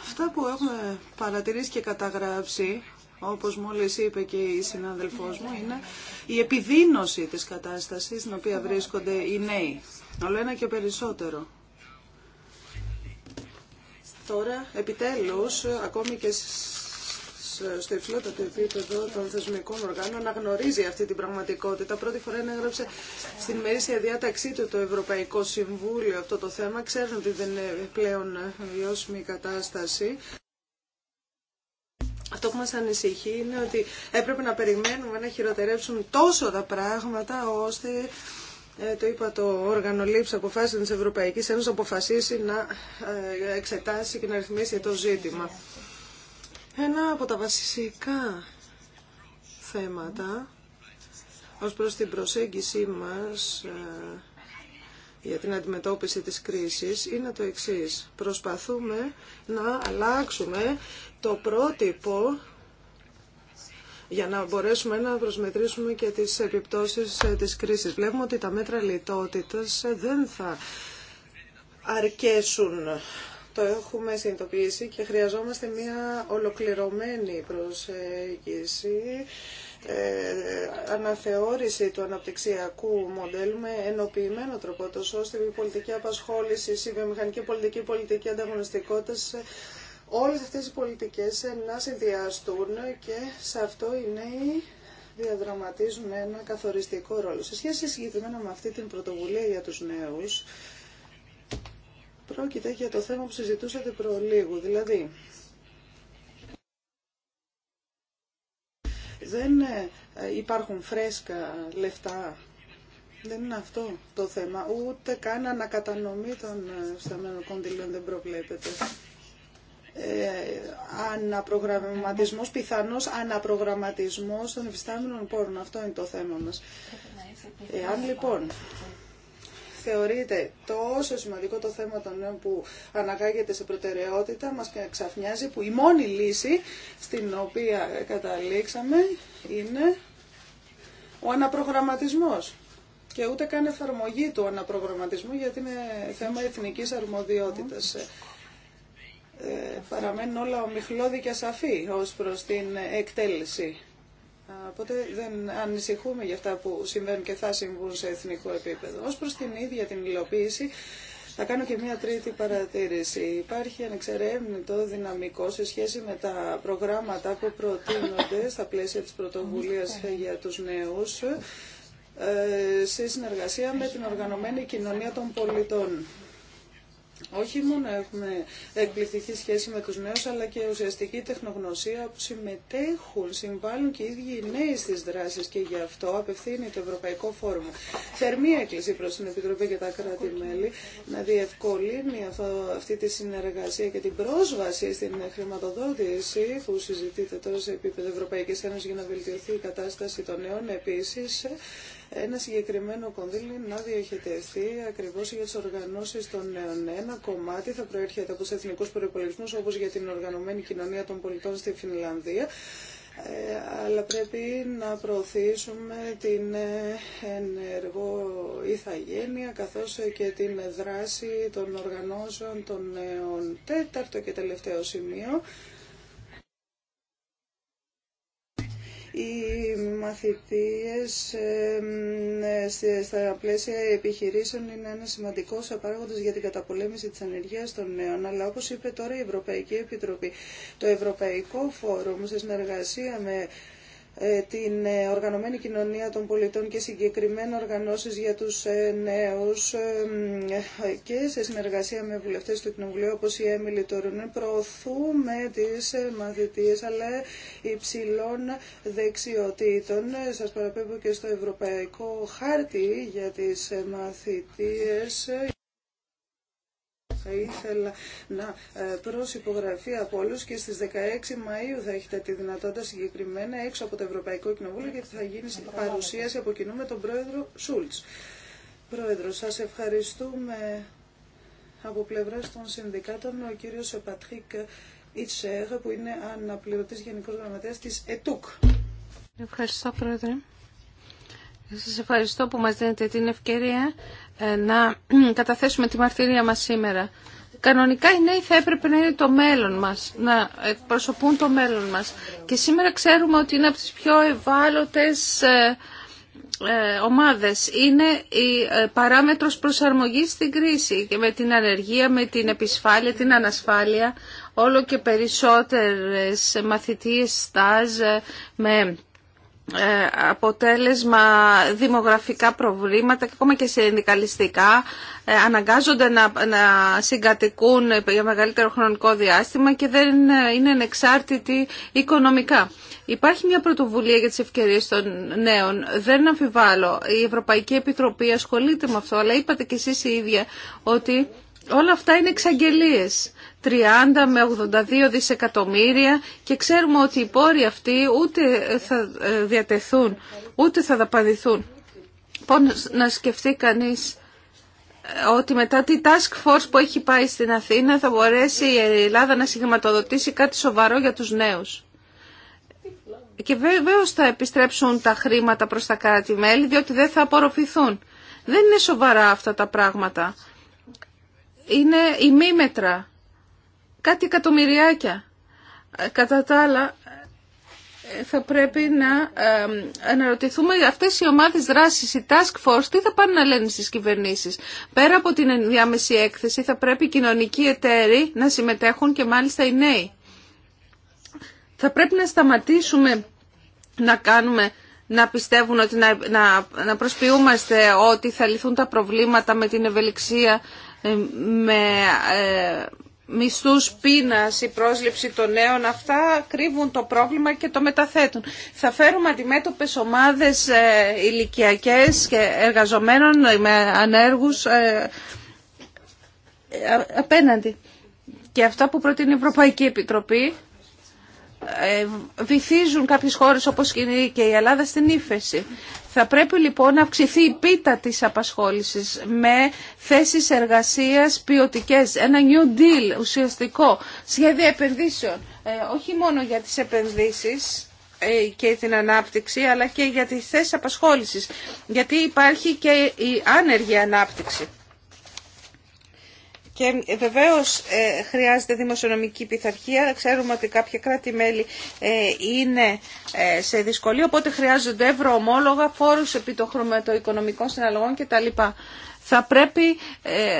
Αυτά που έχουμε παρατηρήσει και καταγράψει όπως μόλις είπε και η συνάδελφός μου, είναι η επιδείνωση της κατάστασης στην οποία βρίσκονται οι νέοι. Όλο ένα και περισσότερο. Τώρα, επιτέλους, ακόμη και στο υψηλότερο επίπεδο των θεσμικών οργάνων αναγνωρίζει αυτή την πραγματικότητα. Πρώτη φορά έγραψε στην μερίσια διάταξή του το Ευρωπαϊκό Συμβούλιο αυτό το θέμα. Ξέρουν ότι δεν είναι πλέον βιώσιμη η κατάσταση. Αυτό που μας ανησυχεί είναι ότι έπρεπε να περιμένουμε να χειροτερέψουν τόσο τα πράγματα ώστε ε, το είπα το όργανο λήψη αποφάσεων της Ευρωπαϊκής Ένωσης αποφασίσει να ε, εξετάσει και να ρυθμίσει το ζήτημα. Ένα από τα βασικά θέματα ως προς την προσέγγιση μας ε, για την αντιμετώπιση της κρίσης είναι το εξής. Προσπαθούμε να αλλάξουμε το πρότυπο για να μπορέσουμε να προσμετρήσουμε και τις επιπτώσεις ε, της κρίσης. Βλέπουμε ότι τα μέτρα λιτότητας ε, δεν θα αρκέσουν. Το έχουμε συνειδητοποιήσει και χρειαζόμαστε μια ολοκληρωμένη προσέγγιση ε, αναθεώρηση του αναπτυξιακού μοντέλου με ενοποιημένο τρόπο, τόσο ώστε η πολιτική απασχόληση, η βιομηχανική πολιτική, η πολιτική ανταγωνιστικότητα ε, όλες αυτές οι πολιτικές ε, να συνδυαστούν και σε αυτό οι νέοι διαδραματίζουν ένα καθοριστικό ρόλο. Σε σχέση συγκεκριμένα με αυτή την πρωτοβουλία για τους νέους, πρόκειται για το θέμα που συζητούσατε προλίγου, δηλαδή δεν ε, υπάρχουν φρέσκα λεφτά δεν είναι αυτό το θέμα. Ούτε καν ανακατανομή των ε, σταμένων κοντιλίων δεν προβλέπεται. Ε, αναπρογραμματισμός, πιθανός αναπρογραμματισμός των εφιστάμενων πόρων. Αυτό είναι το θέμα μας. Εάν λοιπόν θεωρείται τόσο σημαντικό το θέμα των νέων που ανακάγεται σε προτεραιότητα, μας ξαφνιάζει που η μόνη λύση στην οποία καταλήξαμε είναι ο αναπρογραμματισμός και ούτε καν εφαρμογή του αναπρογραμματισμού γιατί είναι θέμα εθνικής αρμοδιότητας. Ε, παραμένουν όλα ομιχλώδη και ασαφή ως προς την εκτέλεση. Οπότε δεν ανησυχούμε για αυτά που συμβαίνουν και θα συμβούν σε εθνικό επίπεδο. Ως προς την ίδια την υλοποίηση, θα κάνω και μία τρίτη παρατήρηση. Υπάρχει ανεξερεύνητο δυναμικό σε σχέση με τα προγράμματα που προτείνονται στα πλαίσια της πρωτοβουλίας για τους νέους ε, σε συνεργασία με την οργανωμένη κοινωνία των πολιτών όχι μόνο έχουμε εκπληκτική σχέση με τους νέους, αλλά και ουσιαστική τεχνογνωσία που συμμετέχουν, συμβάλλουν και οι ίδιοι οι νέοι στις δράσεις και γι' αυτό απευθύνει το Ευρωπαϊκό Φόρουμ. Θερμή έκκληση προς την Επιτροπή και τα κράτη-μέλη να διευκολύνει αυτή τη συνεργασία και την πρόσβαση στην χρηματοδότηση που συζητείται τώρα σε επίπεδο Ευρωπαϊκής Ένωσης για να βελτιωθεί η κατάσταση των νέων επίσης ένα συγκεκριμένο κονδύλι να διοχετευτεί ακριβώς για τις οργανώσεις των νέων. Ένα κομμάτι θα προέρχεται από τους εθνικούς προϋπολογισμούς όπως για την οργανωμένη κοινωνία των πολιτών στη Φινλανδία ε, αλλά πρέπει να προωθήσουμε την ε, ενεργό ηθαγένεια καθώς και την δράση των οργανώσεων των νέων. Τέταρτο και τελευταίο σημείο οι μαθητείες ε, στα πλαίσια επιχειρήσεων είναι ένα σημαντικό παράγοντα για την καταπολέμηση της ανεργίας των νέων. Αλλά όπως είπε τώρα η Ευρωπαϊκή Επιτροπή, το Ευρωπαϊκό Φόρουμ σε συνεργασία με ε, την ε, οργανωμένη κοινωνία των πολιτών και συγκεκριμένα οργανώσεις για τους ε, νέους και σε συνεργασία με βουλευτές του Κοινοβουλίου όπως η Έμιλη Τωρινή προωθούμε τις μαθητείες αλλά υψηλών δεξιοτήτων. Σας παραπέμπω και στο Ευρωπαϊκό Χάρτη για τις μαθητείες θα ήθελα να ε, προσυπογραφεί από όλου και στις 16 Μαΐου θα έχετε τη δυνατότητα συγκεκριμένα έξω από το Ευρωπαϊκό Κοινοβούλιο γιατί θα γίνει παρουσίαση από κοινού με τον Πρόεδρο Σούλτς. Πρόεδρο, σας ευχαριστούμε από πλευράς των συνδικάτων ο κύριος Πατρίκ Ιτσέρ που είναι αναπληρωτής Γενικός Γραμματέας της ΕΤΟΚ. Ευχαριστώ Πρόεδρε. Σας ευχαριστώ που μας δίνετε την ευκαιρία ε, να καταθέσουμε τη μαρτυρία μας σήμερα. Κανονικά οι νέοι θα έπρεπε να είναι το μέλλον μας, να εκπροσωπούν το μέλλον μας. Και σήμερα ξέρουμε ότι είναι από τις πιο ευάλωτες ε, ε, ομάδες. Είναι η παράμετρος προσαρμογής στην κρίση και με την ανεργία, με την επισφάλεια, την ανασφάλεια, όλο και περισσότερες μαθητείες στάζ με ε, αποτέλεσμα δημογραφικά προβλήματα και ακόμα και συνδικαλιστικά ε, αναγκάζονται να, να συγκατοικούν για μεγαλύτερο χρονικό διάστημα και δεν ε, είναι ανεξάρτητοι οικονομικά. Υπάρχει μια πρωτοβουλία για τις ευκαιρίες των νέων. Δεν αμφιβάλλω. Η Ευρωπαϊκή Επιτροπή ασχολείται με αυτό, αλλά είπατε κι εσείς οι ίδια ότι όλα αυτά είναι εξαγγελίες. 30 με 82 δισεκατομμύρια και ξέρουμε ότι οι πόροι αυτοί ούτε θα ε, διατεθούν, ούτε θα δαπανηθούν. Πώς λοιπόν, να σκεφτεί κανείς ε, ότι μετά τη task force που έχει πάει στην Αθήνα θα μπορέσει η Ελλάδα να συγχρηματοδοτήσει κάτι σοβαρό για τους νέους. Και βεβαίω θα επιστρέψουν τα χρήματα προς τα κράτη-μέλη διότι δεν θα απορροφηθούν. Δεν είναι σοβαρά αυτά τα πράγματα. Είναι ημίμετρα κάτι εκατομμυριάκια. Ε, κατά τα άλλα, ε, θα πρέπει να ε, αναρωτηθούμε αυτές οι ομάδες δράσης, οι task force, τι θα πάνε να λένε στις κυβερνήσεις. Πέρα από την ενδιάμεση έκθεση θα πρέπει οι κοινωνικοί εταίροι να συμμετέχουν και μάλιστα οι νέοι. Θα πρέπει να σταματήσουμε να κάνουμε να πιστεύουν ότι να, να, να προσποιούμαστε ότι θα λυθούν τα προβλήματα με την ευελιξία, με μισθούς πείνας, η πρόσληψη των νέων, αυτά κρύβουν το πρόβλημα και το μεταθέτουν. Θα φέρουμε αντιμέτωπες ομάδες ε, ηλικιακές και εργαζομένων ε, με ανέργους ε, απέναντι. Και αυτά που προτείνει η Ευρωπαϊκή Επιτροπή βυθίζουν κάποιες χώρες όπως και η Ελλάδα στην ύφεση. Θα πρέπει λοιπόν να αυξηθεί η πίτα της απασχόλησης με θέσεις εργασίας ποιοτικέ, ένα new deal ουσιαστικό, σχέδιο επενδύσεων, ε, όχι μόνο για τις επενδύσεις ε, και την ανάπτυξη αλλά και για τις θέσεις απασχόλησης γιατί υπάρχει και η άνεργη ανάπτυξη. Και ε, βεβαίως ε, χρειάζεται δημοσιονομική πειθαρχία. Ξέρουμε ότι κάποια κράτη-μέλη ε, είναι σε δυσκολία, οπότε χρειάζονται ευρωομόλογα, φόρους επί των χρωματοοικονομικών συναλλαγών κτλ. Θα πρέπει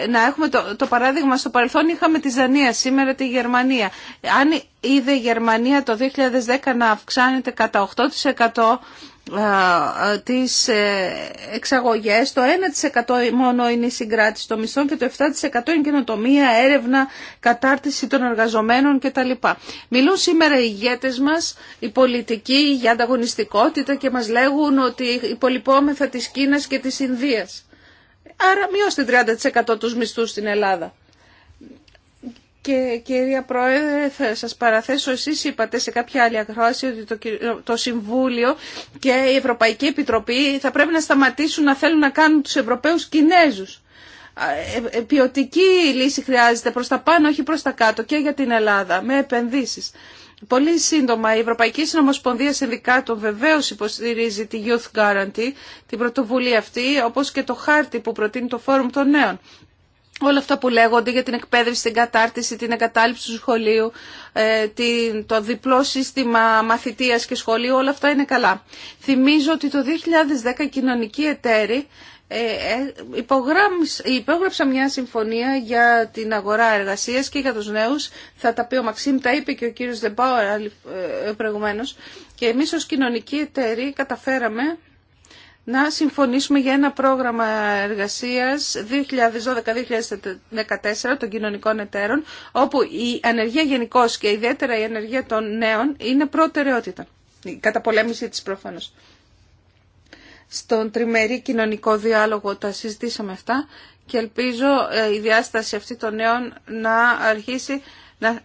να έχουμε το, το παράδειγμα στο παρελθόν είχαμε τη Δανία, σήμερα τη Γερμανία. Αν είδε η Γερμανία το 2010 να αυξάνεται κατά 8% τις ε, εξαγωγές, το 1% μόνο είναι η συγκράτηση των μισθών και το 7% είναι καινοτομία, έρευνα, κατάρτιση των εργαζομένων κτλ. Μιλούν σήμερα οι ηγέτες μας, οι πολιτικοί για ανταγωνιστικότητα και μας λέγουν ότι υπολοιπόμεθα της Κίνας και της Ινδίας. Άρα μειώστε 30% τους μισθούς στην Ελλάδα. Και κυρία Πρόεδρε, θα σας παραθέσω, εσείς είπατε σε κάποια άλλη ακρόαση ότι το, το Συμβούλιο και η Ευρωπαϊκή Επιτροπή θα πρέπει να σταματήσουν να θέλουν να κάνουν τους Ευρωπαίους Κινέζους. Ε, ε, ποιοτική λύση χρειάζεται προς τα πάνω, όχι προς τα κάτω και για την Ελλάδα, με επενδύσεις. Πολύ σύντομα, η Ευρωπαϊκή Συνομοσπονδία Συνδικάτων βεβαίως υποστηρίζει τη Youth Guarantee, την πρωτοβουλία αυτή, όπως και το χάρτη που προτείνει το Φόρουμ των Νέων όλα αυτά που λέγονται για την εκπαίδευση, την κατάρτιση, την εγκατάλειψη του σχολείου, ε, το διπλό σύστημα μαθητείας και σχολείου, όλα αυτά είναι καλά. Θυμίζω ότι το 2010 κοινωνική κοινωνικοί εταίροι ε, ε, υπέγραψα μια συμφωνία για την αγορά εργασίας και για τους νέους. Θα τα πει ο Μαξίμ, τα είπε και ο κύριος Δεμπάουερ προηγουμένως. Και εμείς ως κοινωνική εταίρη καταφέραμε να συμφωνήσουμε για ένα πρόγραμμα εργασίας 2012-2014 των κοινωνικών εταίρων, όπου η ανεργία γενικώ και ιδιαίτερα η ανεργία των νέων είναι προτεραιότητα. Η καταπολέμηση της προφανώς. Στον τριμερή κοινωνικό διάλογο τα συζητήσαμε αυτά και ελπίζω ε, η διάσταση αυτή των νέων να αρχίσει να ε,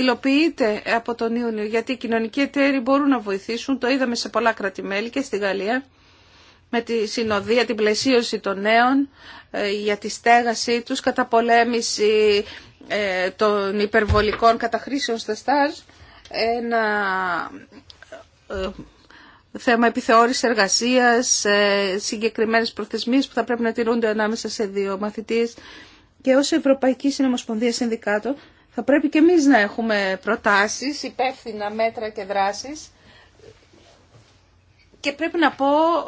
υλοποιείται από τον Ιούνιο, γιατί οι κοινωνικοί εταίροι μπορούν να βοηθήσουν, το είδαμε σε πολλά κρατημέλη και στη Γαλλία, με τη συνοδεία, την πλαισίωση των νέων ε, για τη στέγασή τους, πολέμηση ε, των υπερβολικών καταχρήσεων στα στάζ, ένα ε, θέμα επιθεώρησης εργασίας, συγκεκριμένες προθεσμίες που θα πρέπει να τηρούνται ανάμεσα σε δύο μαθητές και ως Ευρωπαϊκή Συνομοσπονδία Συνδικάτων θα πρέπει και εμείς να έχουμε προτάσεις, υπεύθυνα μέτρα και δράσεις και πρέπει να πω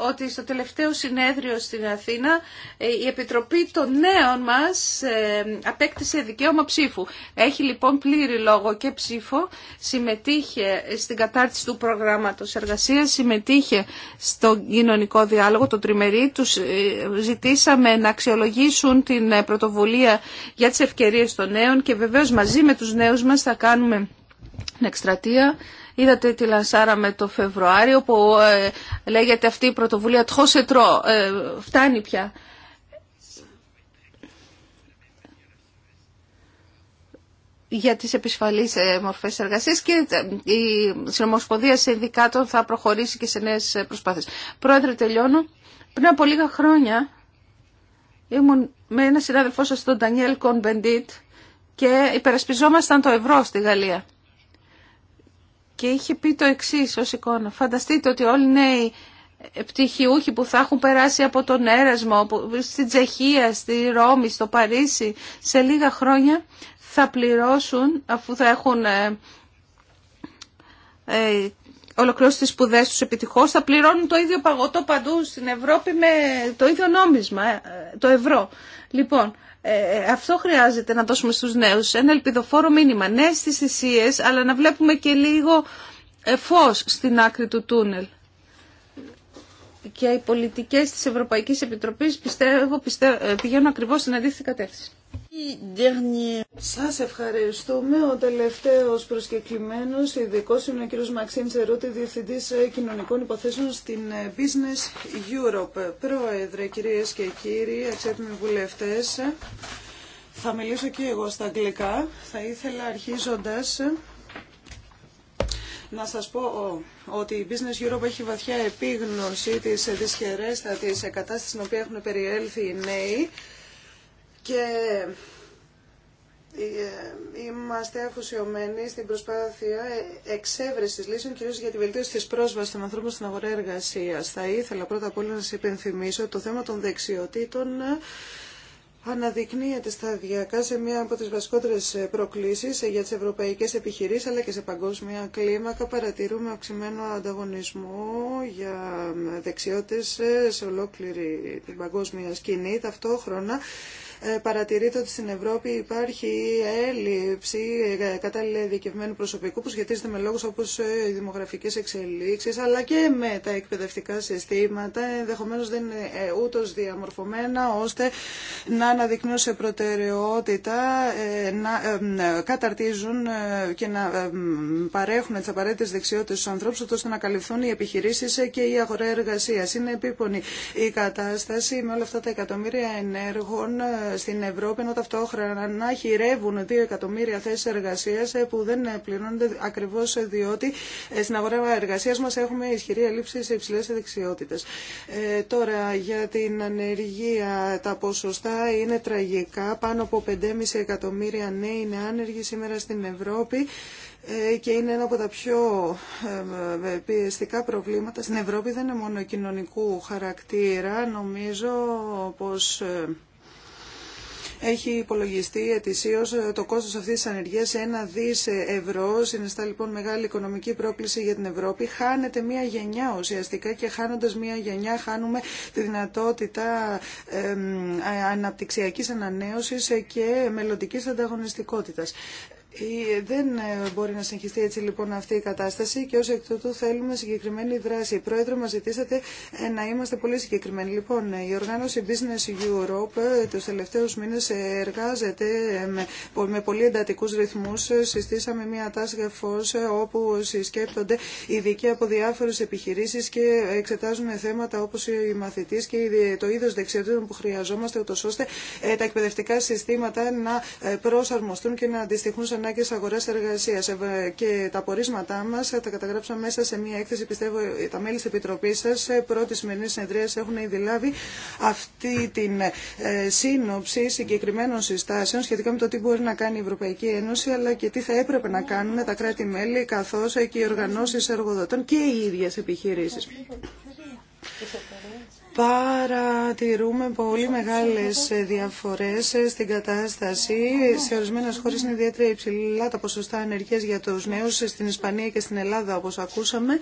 ότι στο τελευταίο συνέδριο στην Αθήνα ε, η Επιτροπή των Νέων μας ε, απέκτησε δικαίωμα ψήφου. Έχει λοιπόν πλήρη λόγο και ψήφο, συμμετείχε στην κατάρτιση του προγράμματος εργασίας, συμμετείχε στο κοινωνικό διάλογο, το τριμερί τους ε, ζητήσαμε να αξιολογήσουν την πρωτοβουλία για τις ευκαιρίες των νέων και βεβαίως μαζί με τους νέους μας θα κάνουμε την εκστρατεία Είδατε τη με το Φεβρουάριο που ε, λέγεται αυτή η πρωτοβουλία τχόσετρο, ε, φτάνει πια. για τις επισφαλείς ε, μορφές εργασίας και η Συνομοσπονδία Συνδικάτων θα προχωρήσει και σε νέες προσπάθειες. Πρόεδρε, τελειώνω. Πριν από λίγα χρόνια ήμουν με ένα συνάδελφό σας, τον Ντανιέλ Κονμπεντίτ, και υπερασπιζόμασταν το ευρώ στη Γαλλία και είχε πει το εξή ω εικόνα. Φανταστείτε ότι όλοι οι νέοι πτυχιούχοι που θα έχουν περάσει από τον έρασμο στην Τσεχία, στη Ρώμη, στο Παρίσι σε λίγα χρόνια θα πληρώσουν αφού θα έχουν ε, ε ολοκληρώσει τις σπουδέ τους επιτυχώς θα πληρώνουν το ίδιο παγωτό παντού στην Ευρώπη με το ίδιο νόμισμα, ε, ε, το ευρώ. Λοιπόν, ε, ε, αυτό χρειάζεται να δώσουμε στους νέους, ένα ελπιδοφόρο μήνυμα. Ναι στις θυσίες, αλλά να βλέπουμε και λίγο ε, φως στην άκρη του τούνελ. Και οι πολιτικές της Ευρωπαϊκής Επιτροπής πιστεύω, πιστεύω, πηγαίνουν ακριβώς στην αντίθετη κατεύθυνση. Σας ευχαριστούμε. Ο τελευταίος προσκεκλημένος, ειδικό είναι ο κύριος Μαξίν Τσερούτη, Διευθυντής ε, Κοινωνικών Υποθέσεων στην ε, Business Europe. Πρόεδρε, κυρίες και κύριοι, εξέτοιμοι βουλευτές, ε, θα μιλήσω και εγώ στα αγγλικά. Θα ήθελα αρχίζοντας να σας πω ότι η Business Europe έχει βαθιά επίγνωση της δυσχερέστατης κατάστασης στην οποία έχουν περιέλθει οι νέοι και ε, είμαστε αφοσιωμένοι στην προσπάθεια εξέβρεση λύσεων, κυρίω για τη βελτίωση τη πρόσβαση των ανθρώπων στην αγορά εργασία. Θα ήθελα πρώτα απ' όλα να σα υπενθυμίσω ότι το θέμα των δεξιοτήτων ε, αναδεικνύεται σταδιακά σε μία από τις βασικότερες ε, προκλήσεις για τις ευρωπαϊκές επιχειρήσεις αλλά και σε παγκόσμια κλίμακα παρατηρούμε αυξημένο ανταγωνισμό για δεξιότητες σε ολόκληρη την παγκόσμια σκηνή. Ταυτόχρονα ε, παρατηρείται ότι στην Ευρώπη υπάρχει έλλειψη ε, κατάλληλα ειδικευμένου προσωπικού που σχετίζεται με λόγους όπως ε, οι δημογραφικές εξελίξεις αλλά και με τα εκπαιδευτικά συστήματα ενδεχομένως δεν είναι ούτως διαμορφωμένα ώστε να αναδεικνύουν σε προτεραιότητα να καταρτίζουν και να παρέχουν τις απαραίτητες δεξιότητες στους ανθρώπους ώστε να καλυφθούν οι επιχειρήσεις και η αγορά εργασίας. Είναι επίπονη η κατάσταση με όλα αυτά τα εκατομμύρια ενέργων στην Ευρώπη, ενώ ταυτόχρονα να χειρεύουν 2 εκατομμύρια θέσει εργασία ε, που δεν πληρώνονται ακριβώ διότι ε, στην αγορά εργασία μα έχουμε ισχυρή έλλειψη σε υψηλέ δεξιότητε. Ε, τώρα, για την ανεργία, τα ποσοστά είναι τραγικά. Πάνω από 5,5 εκατομμύρια νέοι είναι άνεργοι σήμερα στην Ευρώπη ε, και είναι ένα από τα πιο πιεστικά προβλήματα στην Ευρώπη δεν είναι μόνο κοινωνικού χαρακτήρα νομίζω πως έχει υπολογιστεί ετησίω ε, το κόστο αυτή τη ανεργία σε ένα δι ε, ευρώ. Συνιστά λοιπόν μεγάλη οικονομική πρόκληση για την Ευρώπη. Χάνεται μία γενιά ουσιαστικά και χάνοντα μία γενιά χάνουμε τη δυνατότητα αναπτυξιακή ανανέωση ε, και μελλοντική ανταγωνιστικότητα. Δεν ε, μπορεί να συνεχιστεί έτσι λοιπόν αυτή η κατάσταση και ως εκ τούτου θέλουμε συγκεκριμένη δράση. Πρόεδρο, μας ζητήσατε ε, να είμαστε πολύ συγκεκριμένοι. Λοιπόν, ε, η οργάνωση Business Europe τους τελευταίους μήνες εργάζεται με πολύ εντατικούς ρυθμούς. Συστήσαμε μια task force όπου συσκέπτονται ειδικοί από διάφορες επιχειρήσεις και εξετάζουμε θέματα όπως οι μαθητής και το είδος δεξιότητων που χρειαζόμαστε ούτως ώστε τα εκπαιδευτικά συστήματα να προσαρμοστούν και να αντιστοιχούν σε και αγορέ εργασία. Ε, και τα πορίσματά μας τα καταγράψαμε μέσα σε μια έκθεση, πιστεύω ε, τα μέλη τη επιτροπή σας ε, πρώτη σημερινή συνεδρία έχουν ήδη λάβει αυτή την σύνοψη συγκεκριμένων συστάσεων σχετικά με το τι μπορεί να κάνει η Ευρωπαϊκή Ένωση αλλά και τι θα έπρεπε να κάνουν τα κράτη-μέλη καθώ και οι οργανώσει εργοδοτών και οι ίδιε επιχειρήσει. Παρατηρούμε πολύ μεγάλες διαφορές στην κατάσταση. Σε ορισμένε χώρες είναι ιδιαίτερα υψηλά τα ποσοστά ανεργίας για τους νέους, στην Ισπανία και στην Ελλάδα όπως ακούσαμε.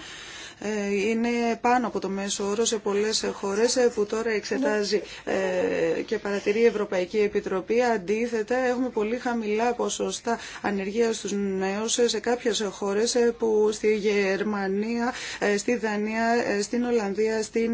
Ε, είναι πάνω από το μέσο όρο σε πολλές χώρες ε, που τώρα εξετάζει ε, και παρατηρεί η Ευρωπαϊκή Επιτροπή. Αντίθετα, έχουμε πολύ χαμηλά ποσοστά ανεργία στους νέους σε κάποιες χώρες που στη Γερμανία, στη Δανία, στην Ολλανδία, στην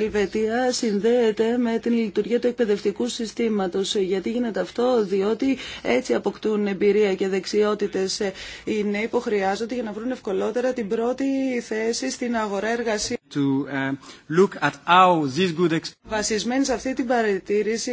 Ελβετία συνδέεται με την λειτουργία του εκπαιδευτικού συστήματος. Γιατί γίνεται αυτό, διότι έτσι αποκτούν εμπειρία και δεξιότητες οι νέοι που χρειάζονται για να βρουν ευκολότερα την πρώτη θέση στην αγορά εργασίας to um, look at how this good Βασισμένοι σε αυτή την παρατήρηση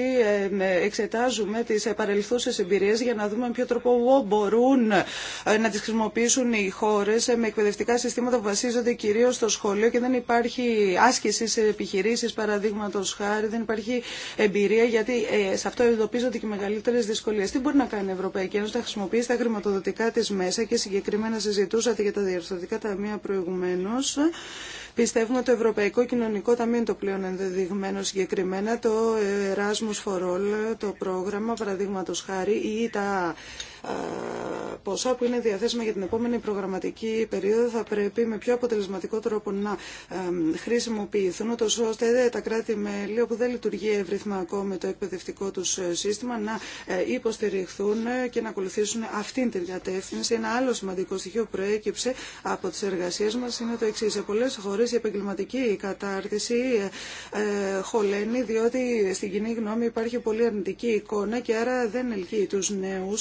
εξετάζουμε τις παρελθούσες εμπειρίες για να δούμε με ποιο τρόπο μπορούν ε, να τι χρησιμοποιήσουν οι χώρες ε, με εκπαιδευτικά συστήματα που βασίζονται κυρίως στο σχολείο και δεν υπάρχει άσκηση σε επιχειρήσεις παραδείγματος χάρη, δεν υπάρχει εμπειρία γιατί ε, σε αυτό εντοπίζονται και μεγαλύτερες δυσκολίες. Τι μπορεί να κάνει η Ευρωπαϊκή Ένωση να χρησιμοποιήσει τα χρηματοδοτικά τη μέσα και συγκεκριμένα συζητούσατε για τα διαρθρωτικά ταμεία προηγουμένως. Πιστεύουμε ότι το Ευρωπαϊκό Κοινωνικό Ταμείο είναι το πλέον ενδεδειγμένο συγκεκριμένα. Το Erasmus for All, το πρόγραμμα, παραδείγματο χάρη, ή τα ποσά που είναι διαθέσιμα για την επόμενη προγραμματική περίοδο θα πρέπει με πιο αποτελεσματικό τρόπο να χρησιμοποιηθούν, ώστε τα κράτη-μέλη όπου δεν λειτουργεί εύρυθμα ακόμη το εκπαιδευτικό του ε, σύστημα να ε, υποστηριχθούν και να ακολουθήσουν αυτήν την κατεύθυνση. Ένα άλλο σημαντικό στοιχείο που προέκυψε από τι εργασίε μα είναι το εξή. Σε πολλέ χώρε η επαγγελματική κατάρτιση ε, χωλαίνει διότι στην κοινή γνώμη υπάρχει πολύ αρνητική εικόνα και άρα δεν ελκύει του νέου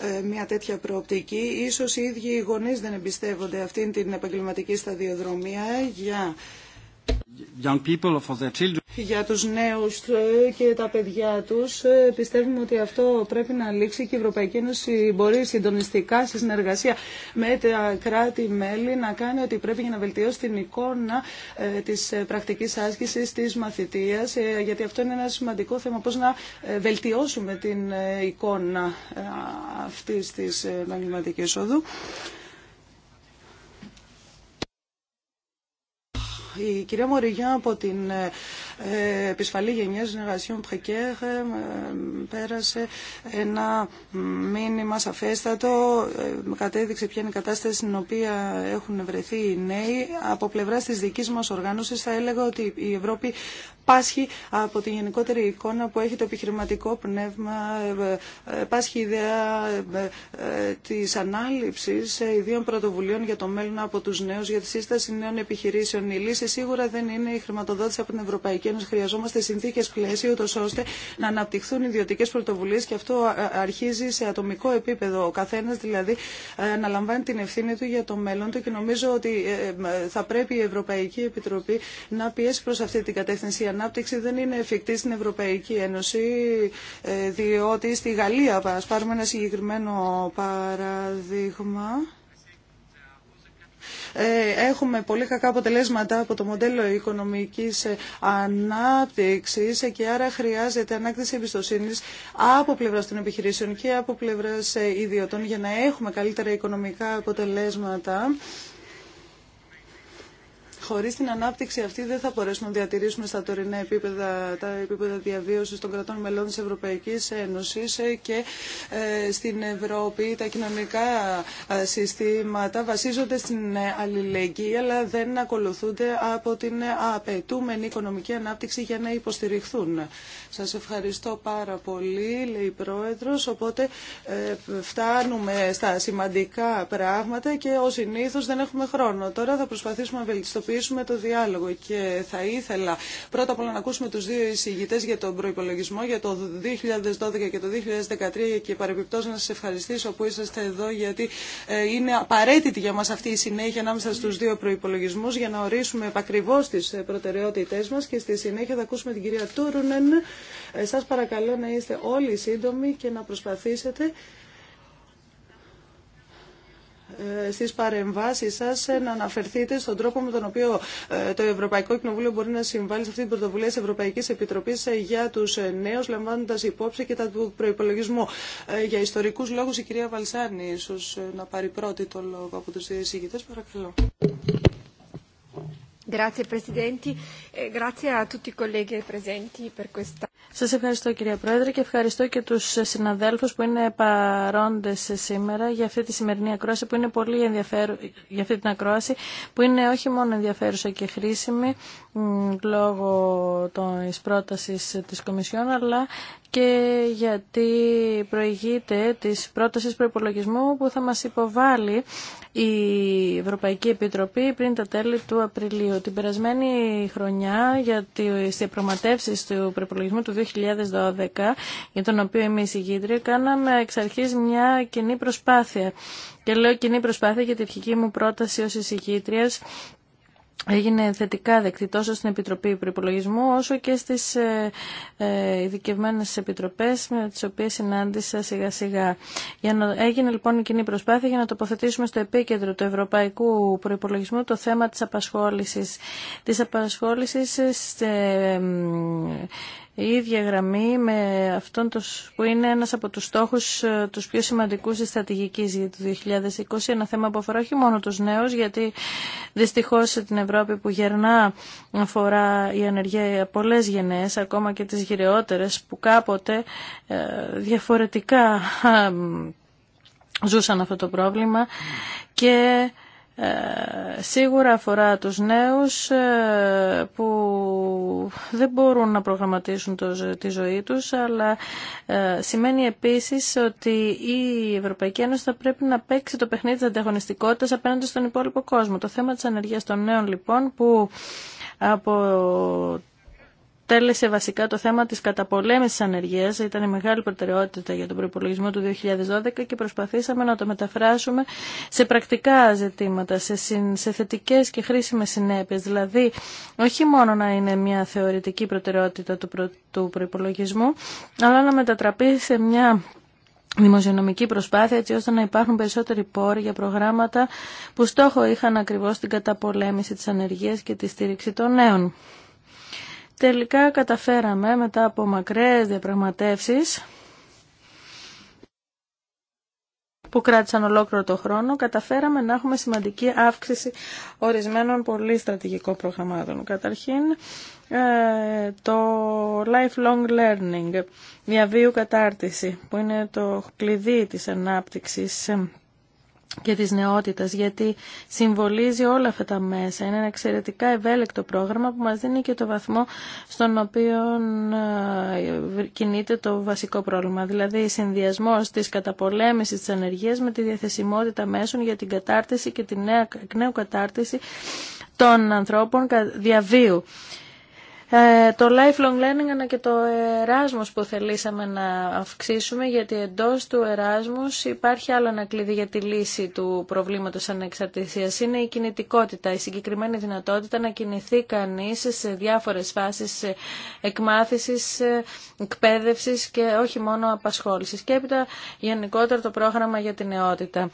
ε, μια τέτοια προοπτική. Ίσως οι ίδιοι οι γονείς δεν εμπιστεύονται αυτήν την επαγγελματική σταδιοδρομία για για τους νέους ε, και τα παιδιά τους ε, πιστεύουμε ότι αυτό πρέπει να λήξει και η Ευρωπαϊκή Ένωση μπορεί συντονιστικά σε συνεργασία με τα κράτη-μέλη να κάνει ότι πρέπει να βελτιώσει την εικόνα ε, της πρακτικής άσκησης της μαθητείας γιατί αυτό είναι ένα σημαντικό θέμα πώς να βελτιώσουμε την εικόνα αυτής της μαγνηματικής οδού. Η κυρία Μοριγιά από την ε, επισφαλή γενιά Γενεργασιών Πρεκέρ ε, πέρασε ένα μήνυμα σαφέστατο, ε, κατέδειξε ποια είναι η κατάσταση στην οποία έχουν βρεθεί οι νέοι. Από πλευρά της δική μα οργάνωση, θα έλεγα ότι η Ευρώπη πάσχει από την γενικότερη εικόνα που έχει το επιχειρηματικό πνεύμα, ε, ε, πάσχει η ιδέα ε, της ανάληψης ιδίων πρωτοβουλίων για το μέλλον από τους νέους, για τη σύσταση νέων επιχειρήσεων. Η λύση σίγουρα δεν είναι η χρηματοδότηση από την Ευρωπαϊκή Ένωση. Χρειαζόμαστε συνθήκες πλαίσιο, ώστε να αναπτυχθούν ιδιωτικέ πρωτοβουλίε και αυτό αρχίζει σε ατομικό επίπεδο. Ο καθένα δηλαδή αναλαμβάνει την ευθύνη του για το μέλλον του και νομίζω ότι θα πρέπει η Ευρωπαϊκή Επιτροπή να πιέσει προ αυτή την κατεύθυνση ανάπτυξη δεν είναι εφικτή στην Ευρωπαϊκή Ένωση, ε, διότι στη Γαλλία, ας πάρουμε ένα συγκεκριμένο παραδείγμα, ε, έχουμε πολύ κακά αποτελέσματα από το μοντέλο οικονομικής ε, ανάπτυξης και άρα χρειάζεται ανάκτηση εμπιστοσύνη από πλευράς των επιχειρήσεων και από πλευράς ιδιωτών για να έχουμε καλύτερα οικονομικά αποτελέσματα. Χωρίς την ανάπτυξη αυτή δεν θα μπορέσουμε να διατηρήσουμε στα τωρινά επίπεδα τα επίπεδα διαβίωσης των κρατών μελών της Ευρωπαϊκής Ένωσης και ε, στην Ευρώπη τα κοινωνικά ε, συστήματα βασίζονται στην ε, αλληλεγγύη αλλά δεν ακολουθούνται από την απαιτούμενη οικονομική ανάπτυξη για να υποστηριχθούν. Σας ευχαριστώ πάρα πολύ, λέει η Πρόεδρος, οπότε φτάνουμε στα σημαντικά πράγματα και ως συνήθως δεν έχουμε χρόνο. Τώρα θα προσπαθήσουμε να βελτιστοποιήσουμε προωθήσουμε το διάλογο και θα ήθελα πρώτα απ' όλα να ακούσουμε τους δύο εισηγητέ για τον προϋπολογισμό για το 2012 και το 2013 και παρεμπιπτώς να σας ευχαριστήσω που είσαστε εδώ γιατί ε, είναι απαραίτητη για μας αυτή η συνέχεια ανάμεσα στους δύο προϋπολογισμούς για να ορίσουμε ακριβώ τις προτεραιότητές μας και στη συνέχεια θα ακούσουμε την κυρία Τούρουνεν. Ε, σας παρακαλώ να είστε όλοι σύντομοι και να προσπαθήσετε ε, στις παρεμβάσεις σας ε, να αναφερθείτε στον τρόπο με τον οποίο ε, το Ευρωπαϊκό Κοινοβούλιο μπορεί να συμβάλλει σε αυτή την πρωτοβουλία της Ευρωπαϊκής Επιτροπής για τους νέους, λαμβάνοντας υπόψη και τα του προϋπολογισμού. Για ιστορικούς λόγους η κυρία Βαλσάνη ίσως να πάρει πρώτη το λόγο από τους εισηγητές. Παρακαλώ. Grazie Presidenti, e grazie a tutti i colleghi presenti per questa... Σας ευχαριστώ κυρία Πρόεδρε και ευχαριστώ και τους συναδέλφους που είναι παρόντες σήμερα για αυτή τη σημερινή ακρόαση που είναι πολύ ενδιαφέρουσα, για αυτή την ακρόαση που είναι όχι μόνο ενδιαφέρουσα και χρήσιμη λόγω τη πρόταση της Κομισιόν αλλά και γιατί προηγείται της πρόταση προπολογισμού που θα μας υποβάλει η Ευρωπαϊκή Επιτροπή πριν τα τέλη του Απριλίου. Την περασμένη χρονιά για τις διαπραγματεύσεις του προπολογισμού του 2012, για τον οποίο είμαι συγκήτρια κάναμε εξ αρχής μια κοινή προσπάθεια. Και λέω κοινή προσπάθεια γιατί την αρχική μου πρόταση ως εισηγήτριας έγινε θετικά δεκτή τόσο στην Επιτροπή Προπολογισμού όσο και στις ε, ε, ειδικευμένε επιτροπές με τις οποίες συνάντησα σιγά σιγά. Για να... Έγινε λοιπόν η κοινή προσπάθεια για να τοποθετήσουμε στο επίκεντρο του Ευρωπαϊκού Προπολογισμού το θέμα της απασχόλησης. Της απασχόλησης σε η ίδια γραμμή με αυτόν τους, που είναι ένας από τους στόχους ε, τους πιο σημαντικούς της στρατηγικής για το 2020, ένα θέμα που αφορά όχι μόνο τους νέους, γιατί δυστυχώς σε την Ευρώπη που γερνά αφορά η ανεργία πολλές γενναίες, ακόμα και τις γυρεότερες που κάποτε ε, διαφορετικά ζούσαν αυτό το πρόβλημα και ε, σίγουρα αφορά τους νέους ε, που δεν μπορούν να προγραμματίσουν τη ζωή τους, αλλά ε, σημαίνει επίσης ότι η Ευρωπαϊκή Ένωση θα πρέπει να παίξει το παιχνίδι της ανταγωνιστικότητας απέναντι στον υπόλοιπο κόσμο. Το θέμα της ανεργίας των νέων λοιπόν που από Τέλεσε βασικά το θέμα της καταπολέμησης ανεργίας, ήταν η μεγάλη προτεραιότητα για τον προπολογισμό του 2012 και προσπαθήσαμε να το μεταφράσουμε σε πρακτικά ζητήματα, σε, σε θετικές και χρήσιμες συνέπειες, δηλαδή όχι μόνο να είναι μια θεωρητική προτεραιότητα του, προ, του προπολογισμού, αλλά να μετατραπεί σε μια δημοσιονομική προσπάθεια έτσι ώστε να υπάρχουν περισσότεροι πόροι για προγράμματα που στόχο είχαν ακριβώς την καταπολέμηση της ανεργίας και τη στήριξη των νέων τελικά καταφέραμε μετά από μακρές διαπραγματεύσεις που κράτησαν ολόκληρο το χρόνο, καταφέραμε να έχουμε σημαντική αύξηση ορισμένων πολύ στρατηγικών προγραμμάτων. Καταρχήν, ε, το lifelong learning, μια βίου κατάρτιση, που είναι το κλειδί της ανάπτυξης και της νεότητας, γιατί συμβολίζει όλα αυτά τα μέσα. Είναι ένα εξαιρετικά ευέλικτο πρόγραμμα που μας δίνει και το βαθμό στον οποίο ε, κινείται το βασικό πρόβλημα, δηλαδή συνδυασμός της καταπολέμησης της ανεργίας με τη διαθεσιμότητα μέσων για την κατάρτιση και την νέα, νέου κατάρτιση των ανθρώπων διαβίου. Ε, το lifelong learning αλλά και το εράσμο που θελήσαμε να αυξήσουμε γιατί εντός του εράσμου υπάρχει άλλο ένα κλειδί για τη λύση του προβλήματος ανεξαρτησίας. Είναι η κινητικότητα, η συγκεκριμένη δυνατότητα να κινηθεί κανείς σε διάφορες φάσεις εκμάθησης, εκπαίδευσης και όχι μόνο απασχόλησης. Και έπειτα γενικότερα το πρόγραμμα για την νεότητα.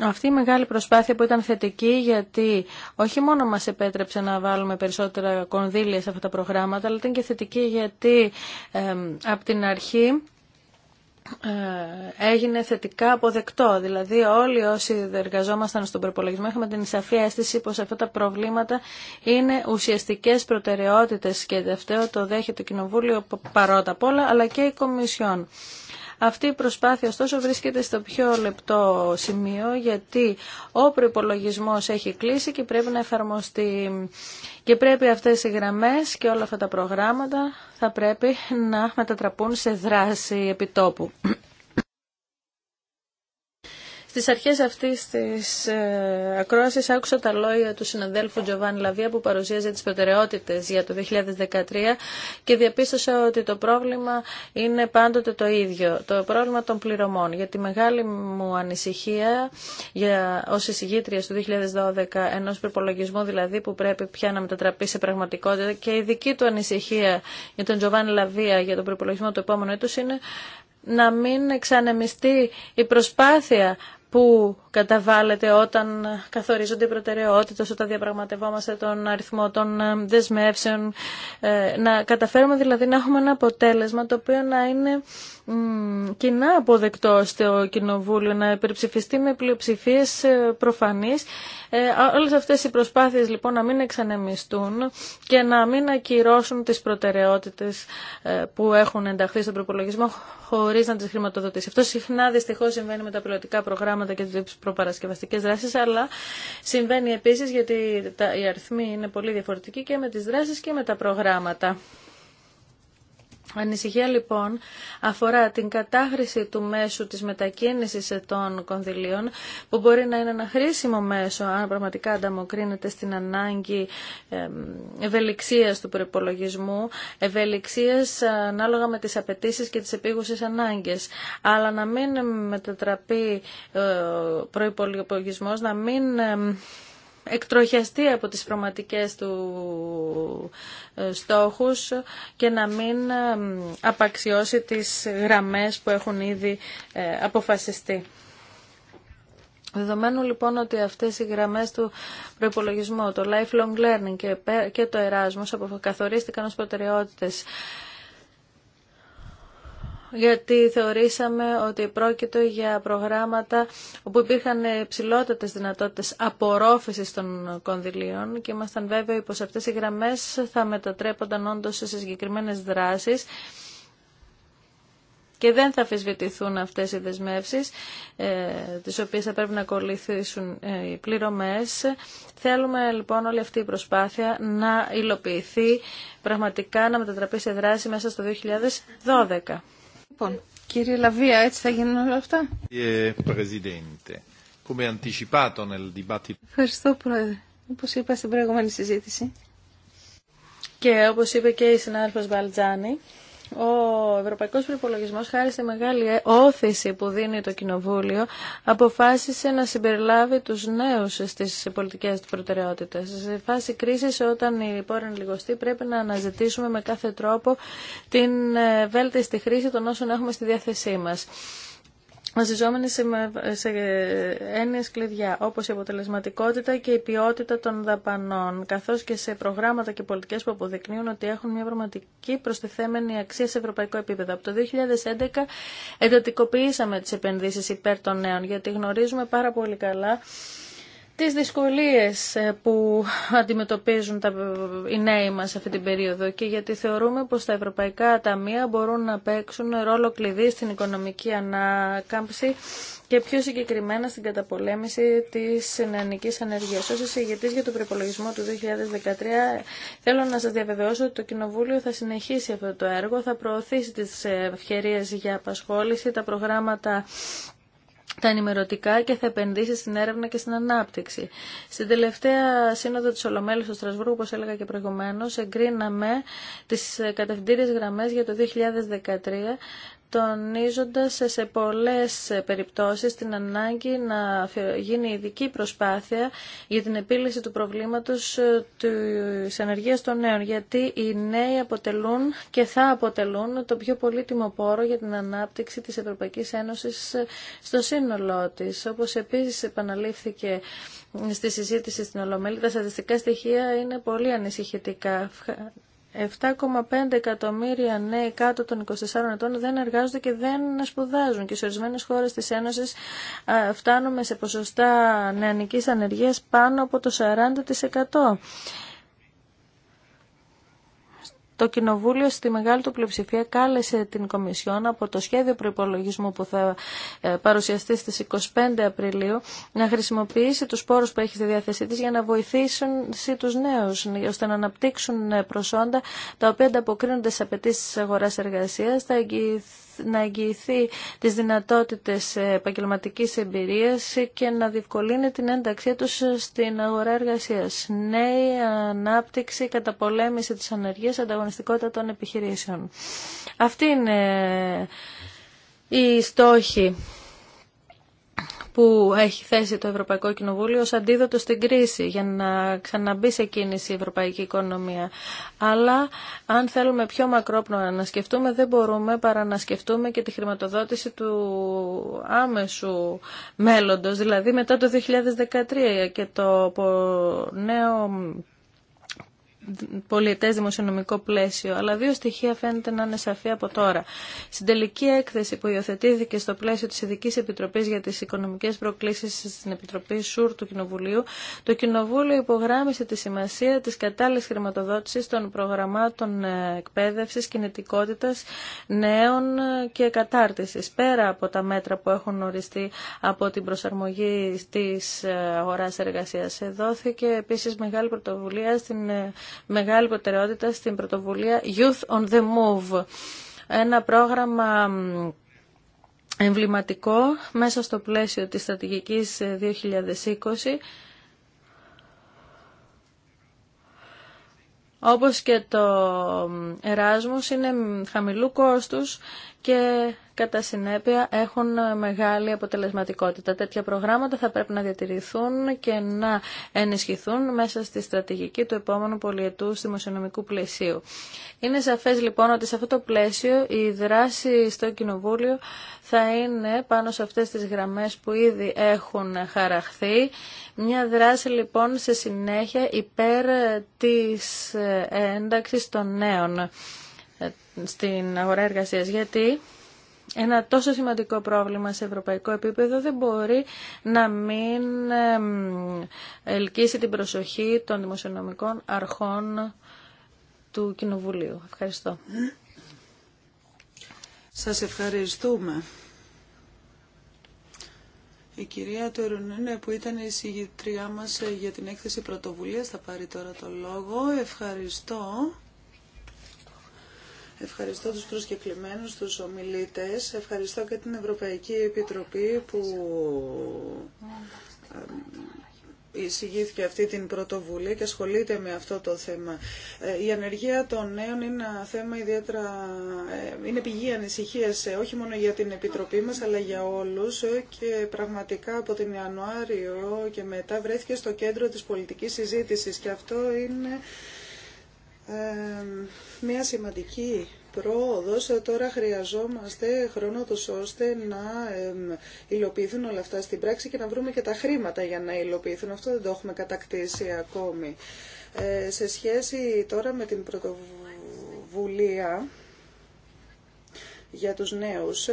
Αυτή η μεγάλη προσπάθεια που ήταν θετική γιατί όχι μόνο μας επέτρεψε να βάλουμε περισσότερα κονδύλια σε αυτά τα προγράμματα αλλά ήταν και θετική γιατί ε, από την αρχή ε, έγινε θετικά αποδεκτό. Δηλαδή όλοι όσοι εργαζόμασταν στον προπολογισμό είχαμε την σαφή αίσθηση πως αυτά τα προβλήματα είναι ουσιαστικές προτεραιότητες και αυτό το δέχεται το Κοινοβούλιο παρότα απ' όλα αλλά και η Κομισιόν. Αυτή η προσπάθεια ωστόσο βρίσκεται στο πιο λεπτό σημείο γιατί ο προπολογισμό έχει κλείσει και πρέπει να εφαρμοστεί και πρέπει αυτές οι γραμμές και όλα αυτά τα προγράμματα θα πρέπει να μετατραπούν σε δράση επιτόπου. Στις αρχές αυτής της ε, ακρόασης άκουσα τα λόγια του συναδέλφου Τζοβάν Λαβία που παρουσίαζε τις προτεραιότητες για το 2013 και διαπίστωσα ότι το πρόβλημα είναι πάντοτε το ίδιο, το πρόβλημα των πληρωμών. Για τη μεγάλη μου ανησυχία για, ως εισηγήτρια του 2012 ενός προπολογισμού δηλαδή που πρέπει πια να μετατραπεί σε πραγματικότητα και η δική του ανησυχία για τον Τζοβάν Λαβία για τον προπολογισμό του επόμενου έτους είναι να μην εξανεμιστεί η προσπάθεια που καταβάλλεται όταν καθορίζονται οι προτεραιότητες, όταν διαπραγματευόμαστε τον αριθμό των ε, δεσμεύσεων. Ε, να καταφέρουμε δηλαδή να έχουμε ένα αποτέλεσμα το οποίο να είναι κοινά αποδεκτό στο Κοινοβούλιο να υπερψηφιστεί με πλειοψηφίε προφανεί. Ε, ε Όλε αυτέ οι προσπάθειε λοιπόν να μην εξανεμιστούν και να μην ακυρώσουν τι προτεραιότητε ε, που έχουν ενταχθεί στον προπολογισμό χωρί να τι χρηματοδοτήσει. Αυτό συχνά δυστυχώ συμβαίνει με τα πιλωτικά προγράμματα και τι προπαρασκευαστικέ δράσει, αλλά συμβαίνει επίση γιατί οι αριθμοί είναι πολύ διαφορετικοί και με τι δράσει και με τα προγράμματα. Ανησυχία λοιπόν αφορά την κατάχρηση του μέσου της μετακίνησης των κονδυλίων που μπορεί να είναι ένα χρήσιμο μέσο αν πραγματικά ανταμοκρίνεται στην ανάγκη ευελιξίας του προπολογισμού, ευελιξίας ανάλογα με τις απαιτήσει και τις επίγουσες ανάγκες αλλά να μην μετατραπεί ε, προϋπολογισμός, να μην εκτροχιαστεί από τις πραγματικές του ε, στόχους και να μην ε, απαξιώσει τις γραμμές που έχουν ήδη ε, αποφασιστεί. Δεδομένου λοιπόν ότι αυτές οι γραμμές του προϋπολογισμού, το lifelong learning και το εράσμος καθορίστηκαν ως προτεραιότητες γιατί θεωρήσαμε ότι πρόκειτο για προγράμματα όπου υπήρχαν ψηλότερε δυνατότητε απορρόφησης των κονδυλίων και ήμασταν βέβαιοι πω αυτέ οι γραμμέ θα μετατρέπονταν όντω σε συγκεκριμένε δράσει και δεν θα αφισβητηθούν αυτές οι δεσμεύσεις, ε, τις οποίες θα πρέπει να ακολουθήσουν ε, οι πληρωμές. Θέλουμε λοιπόν όλη αυτή η προσπάθεια να υλοποιηθεί πραγματικά, να μετατραπεί σε δράση μέσα στο 2012. Λοιπόν, κύριε Λαβία, έτσι θα γίνουν όλα αυτά. Ευχαριστώ, Πρόεδρε. Όπω είπα στην προηγούμενη συζήτηση. Και όπω είπε και η συνάδελφο Μπαλτζάνη, ο Ευρωπαϊκός Προϋπολογισμός, χάρη στη μεγάλη όθηση που δίνει το Κοινοβούλιο, αποφάσισε να συμπεριλάβει τους νέους στις πολιτικές του προτεραιότητες. Σε φάση κρίσης, όταν η πόρη είναι πρέπει να αναζητήσουμε με κάθε τρόπο την ε, βέλτιστη χρήση των όσων έχουμε στη διάθεσή μας. Μαζιζόμενοι σε, σε κλειδιά, όπως η αποτελεσματικότητα και η ποιότητα των δαπανών, καθώς και σε προγράμματα και πολιτικές που αποδεικνύουν ότι έχουν μια πραγματική προστιθέμενη αξία σε ευρωπαϊκό επίπεδο. Από το 2011 εντατικοποιήσαμε τις επενδύσεις υπέρ των νέων, γιατί γνωρίζουμε πάρα πολύ καλά τις δυσκολίες ε, που αντιμετωπίζουν τα, οι νέοι μας αυτή την περίοδο και γιατί θεωρούμε πως τα ευρωπαϊκά ταμεία μπορούν να παίξουν ρόλο κλειδί στην οικονομική ανάκαμψη και πιο συγκεκριμένα στην καταπολέμηση της νεανικής ανεργίας. Ως εισηγητής για τον προπολογισμό του 2013 θέλω να σας διαβεβαιώσω ότι το Κοινοβούλιο θα συνεχίσει αυτό το έργο, θα προωθήσει τις ευκαιρίες για απασχόληση, τα προγράμματα τα ενημερωτικά και θα επενδύσει στην έρευνα και στην ανάπτυξη. Στην τελευταία σύνοδο τη Ολομέλου στο Στρασβούργο, όπω έλεγα και προηγουμένω, εγκρίναμε τι κατευθυντήριε γραμμέ για το 2013 τονίζοντας σε πολλές περιπτώσεις την ανάγκη να γίνει ειδική προσπάθεια για την επίλυση του προβλήματος ε, της ενεργείας των νέων, γιατί οι νέοι αποτελούν και θα αποτελούν το πιο πολύτιμο πόρο για την ανάπτυξη της Ευρωπαϊκής Ένωσης ε, στο σύνολό της. Όπως επίσης επαναλήφθηκε στη συζήτηση στην Ολομέλη, τα στατιστικά στοιχεία είναι πολύ ανησυχητικά. 7,5 εκατομμύρια νέοι κάτω των 24 ετών δεν εργάζονται και δεν σπουδάζουν και σε ορισμένες χώρες της Ένωσης φτάνουμε σε ποσοστά νεανικής ανεργίας πάνω από το 40%. Το Κοινοβούλιο στη μεγάλη του πλειοψηφία κάλεσε την Κομισιόν από το σχέδιο προπολογισμού που θα ε, παρουσιαστεί στις 25 Απριλίου να χρησιμοποιήσει τους πόρους που έχει στη διάθεσή της για να βοηθήσουν του νέους ώστε να αναπτύξουν προσόντα τα οποία ανταποκρίνονται σε απαιτήσει της αγοράς εργασίας, θα να εγγυηθεί τις δυνατότητες επαγγελματική εμπειρίας και να διευκολύνει την ένταξή τους στην αγορά εργασίας. Νέη ανάπτυξη, καταπολέμηση της ανεργίας, ανταγωνιστικότητα των επιχειρήσεων. Αυτή είναι η στόχη που έχει θέσει το Ευρωπαϊκό Κοινοβούλιο ως αντίδοτο στην κρίση για να ξαναμπεί σε κίνηση η ευρωπαϊκή οικονομία. Αλλά αν θέλουμε πιο μακρόπνοα να σκεφτούμε δεν μπορούμε παρά να σκεφτούμε και τη χρηματοδότηση του άμεσου μέλλοντος, δηλαδή μετά το 2013 και το νέο πολιετές δημοσιονομικό πλαίσιο, αλλά δύο στοιχεία φαίνεται να είναι σαφή από τώρα. Στην τελική έκθεση που υιοθετήθηκε στο πλαίσιο της Ειδικής Επιτροπής για τις Οικονομικές Προκλήσεις στην Επιτροπή ΣΟΥΡ του Κοινοβουλίου, το Κοινοβούλιο υπογράμμισε τη σημασία της κατάλληλης χρηματοδότησης των προγραμμάτων ε, εκπαίδευσης, κινητικότητας, νέων ε, και κατάρτισης, πέρα από τα μέτρα που έχουν οριστεί από την προσαρμογή της ε, αγοράς εργασίας. Δόθηκε επίσης μεγάλη πρωτοβουλία στην μεγάλη προτεραιότητα στην πρωτοβουλία Youth on the Move. Ένα πρόγραμμα εμβληματικό μέσα στο πλαίσιο της στρατηγικής 2020 ε, όπως και το Εράσμους είναι χαμηλού κόστους και κατά συνέπεια έχουν μεγάλη αποτελεσματικότητα. Τέτοια προγράμματα θα πρέπει να διατηρηθούν και να ενισχυθούν μέσα στη στρατηγική του επόμενου πολιετού δημοσιονομικού πλαισίου. Είναι σαφές λοιπόν ότι σε αυτό το πλαίσιο η δράση στο Κοινοβούλιο θα είναι πάνω σε αυτές τις γραμμές που ήδη έχουν χαραχθεί. Μια δράση λοιπόν σε συνέχεια υπέρ της ένταξης των νέων στην αγορά εργασίας. Γιατί ένα τόσο σημαντικό πρόβλημα σε ευρωπαϊκό επίπεδο δεν μπορεί να μην ελκύσει την προσοχή των δημοσιονομικών αρχών του Κοινοβουλίου. Ευχαριστώ. Σας ευχαριστούμε. Η κυρία Τουρουνούνε που ήταν η συγγητριά μας για την έκθεση πρωτοβουλίας θα πάρει τώρα το λόγο. Ευχαριστώ. Ευχαριστώ τους προσκεκλημένους, τους ομιλήτες. Ευχαριστώ και την Ευρωπαϊκή Επιτροπή που ε, εισηγήθηκε αυτή την πρωτοβουλία και ασχολείται με αυτό το θέμα. Ε, η ανεργία των νέων είναι ένα θέμα ιδιαίτερα, ε, είναι πηγή ανησυχίας όχι μόνο για την Επιτροπή μας αλλά για όλους και πραγματικά από την Ιανουάριο και μετά βρέθηκε στο κέντρο της πολιτικής συζήτησης και αυτό είναι μια σημαντική πρόοδο Τώρα χρειαζόμαστε χρόνο τους ώστε να υλοποιηθούν όλα αυτά στην πράξη και να βρούμε και τα χρήματα για να υλοποιηθούν. Αυτό δεν το έχουμε κατακτήσει ακόμη. Ε, σε σχέση τώρα με την πρωτοβουλία για τους νέους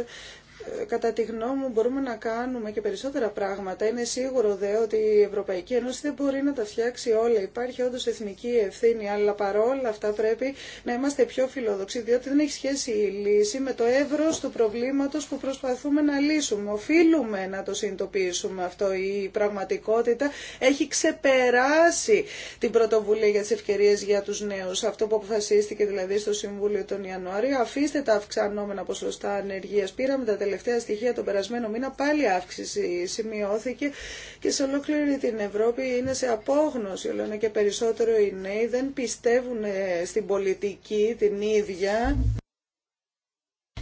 κατά τη γνώμη μου μπορούμε να κάνουμε και περισσότερα πράγματα. Είναι σίγουρο δε ότι η Ευρωπαϊκή Ένωση δεν μπορεί να τα φτιάξει όλα. Υπάρχει όντω εθνική ευθύνη, αλλά παρόλα αυτά πρέπει να είμαστε πιο φιλόδοξοι, διότι δεν έχει σχέση η λύση με το εύρο του προβλήματο που προσπαθούμε να λύσουμε. Οφείλουμε να το συνειδητοποιήσουμε αυτό. Η πραγματικότητα έχει ξεπεράσει την πρωτοβουλία για τι ευκαιρίε για του νέου. Αυτό που αποφασίστηκε δηλαδή στο Συμβούλιο τον Ιανουάριο. Αφήστε τα αυξανόμενα ποσοστά ανεργία. Πήραμε τα τελευταία τελευταία στοιχεία τον περασμένο μήνα πάλι αύξηση σημειώθηκε και σε ολόκληρη την Ευρώπη είναι σε απόγνωση όλο και περισσότερο οι νέοι δεν πιστεύουν ε, στην πολιτική την ίδια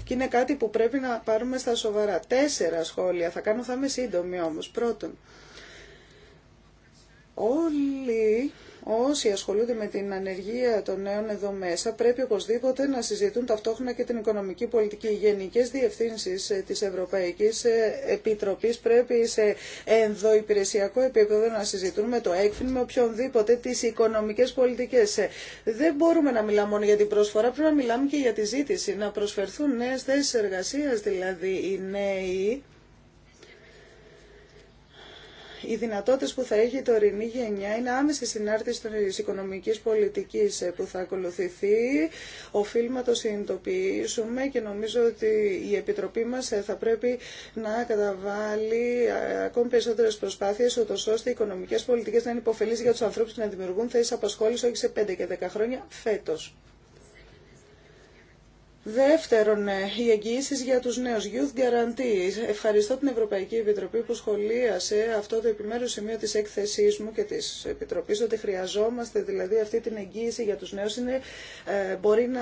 και είναι κάτι που πρέπει να πάρουμε στα σοβαρά. Τέσσερα σχόλια θα κάνω, θα είμαι σύντομη όμως. Πρώτον, όλοι Όσοι ασχολούνται με την ανεργία των νέων εδώ μέσα πρέπει οπωσδήποτε να συζητούν ταυτόχρονα και την οικονομική πολιτική. Οι γενικέ διευθύνσει ε, τη Ευρωπαϊκή ε, Επιτροπή πρέπει σε ενδοϊπηρεσιακό επίπεδο να συζητούν με το έκφυν με οποιονδήποτε τι οικονομικέ πολιτικέ. Ε, δεν μπορούμε να μιλάμε μόνο για την προσφορά, πρέπει να μιλάμε και για τη ζήτηση. Να προσφερθούν νέε θέσει εργασία δηλαδή οι νέοι οι δυνατότητες που θα έχει η τωρινή γενιά είναι άμεση συνάρτηση της οικονομικής πολιτικής ε, που θα ακολουθηθεί. Οφείλουμε να το συνειδητοποιήσουμε και νομίζω ότι η Επιτροπή μας ε, θα πρέπει να καταβάλει ε, ακόμη περισσότερες προσπάθειες ώστε οι οικονομικές πολιτικές να είναι υποφελείς για τους ανθρώπους και να δημιουργούν θέσεις απασχόληση όχι σε 5 και 10 χρόνια φέτος. Δεύτερον, ε, οι εγγυήσει για του νέου Youth Guarantee. Ευχαριστώ την Ευρωπαϊκή Επιτροπή που σχολίασε αυτό το επιμέρους σημείο τη έκθεσή μου και τη επιτροπή, ότι χρειαζόμαστε δηλαδή αυτή την εγγύηση για του νέου, ε, μπορεί να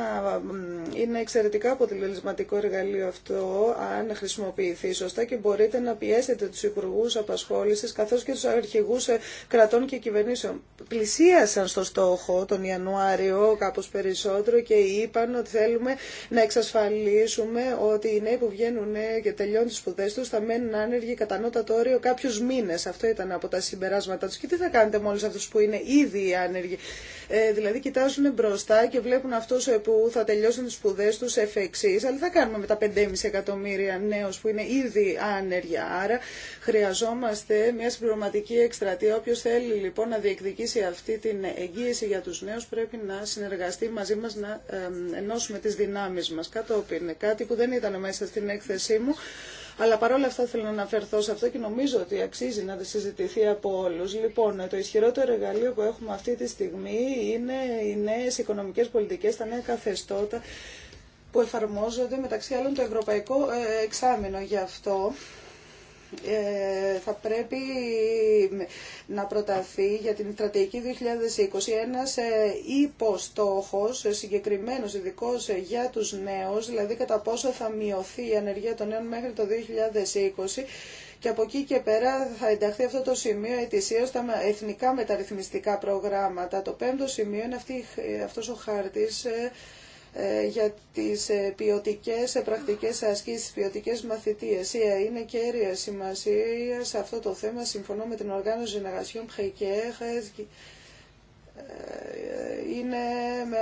είναι εξαιρετικά αποτελεσματικό εργαλείο αυτό, αν χρησιμοποιηθεί σωστά και μπορείτε να πιέσετε του υπουργού απασχόληση καθώ και του αρχηγού ε, κρατών και κυβερνήσεων. Πλησίασαν στο στόχο τον Ιανουάριο κάπω περισσότερο και είπαν ότι θέλουμε να εξασφαλίσουμε ότι οι νέοι που βγαίνουν ναι, και τελειώνουν τι σπουδέ του θα μένουν άνεργοι κατά νότατο όριο κάποιου μήνε. Αυτό ήταν από τα συμπεράσματά του. Και τι θα κάνετε με όλου αυτού που είναι ήδη άνεργοι. Ε, δηλαδή, κοιτάζουν μπροστά και βλέπουν αυτού ε, που θα τελειώσουν τι σπουδέ του εφ' εξή. Αλλά θα κάνουμε με τα 5,5 εκατομμύρια νέου που είναι ήδη άνεργοι. Άρα, χρειαζόμαστε μια συμπληρωματική εκστρατεία. Όποιο θέλει λοιπόν να διεκδικήσει αυτή την εγγύηση για του νέου πρέπει να συνεργαστεί μαζί μα να ε, ενώσουμε τι δυνάμει είναι μας κατόπιν. Κάτι που δεν ήταν μέσα στην έκθεσή μου, αλλά παρόλα αυτά θέλω να αναφερθώ σε αυτό και νομίζω ότι αξίζει να συζητηθεί από όλου. Λοιπόν, το ισχυρότερο εργαλείο που έχουμε αυτή τη στιγμή είναι οι νέε οικονομικέ πολιτικέ, τα νέα καθεστώτα που εφαρμόζονται μεταξύ άλλων το ευρωπαϊκό ε, εξάμεινο. Γι' αυτό ε, θα πρέπει να προταθεί για την στρατηγική 2020 ένας ε, υποστόχος συγκεκριμένος ειδικό για τους νέους, δηλαδή κατά πόσο θα μειωθεί η ανεργία των νέων μέχρι το 2020 και από εκεί και πέρα θα ενταχθεί αυτό το σημείο ετησίως στα εθνικά μεταρρυθμιστικά προγράμματα. Το πέμπτο σημείο είναι αυτή, αυτός ο χάρτης ε, ε, για τις ε, ποιοτικές ε, πρακτικές ασκήσεις, ποιοτικές μαθητείες. Είναι κέρια σημασία σε αυτό το θέμα. Συμφωνώ με την οργάνωση Γενεγασιών και είναι με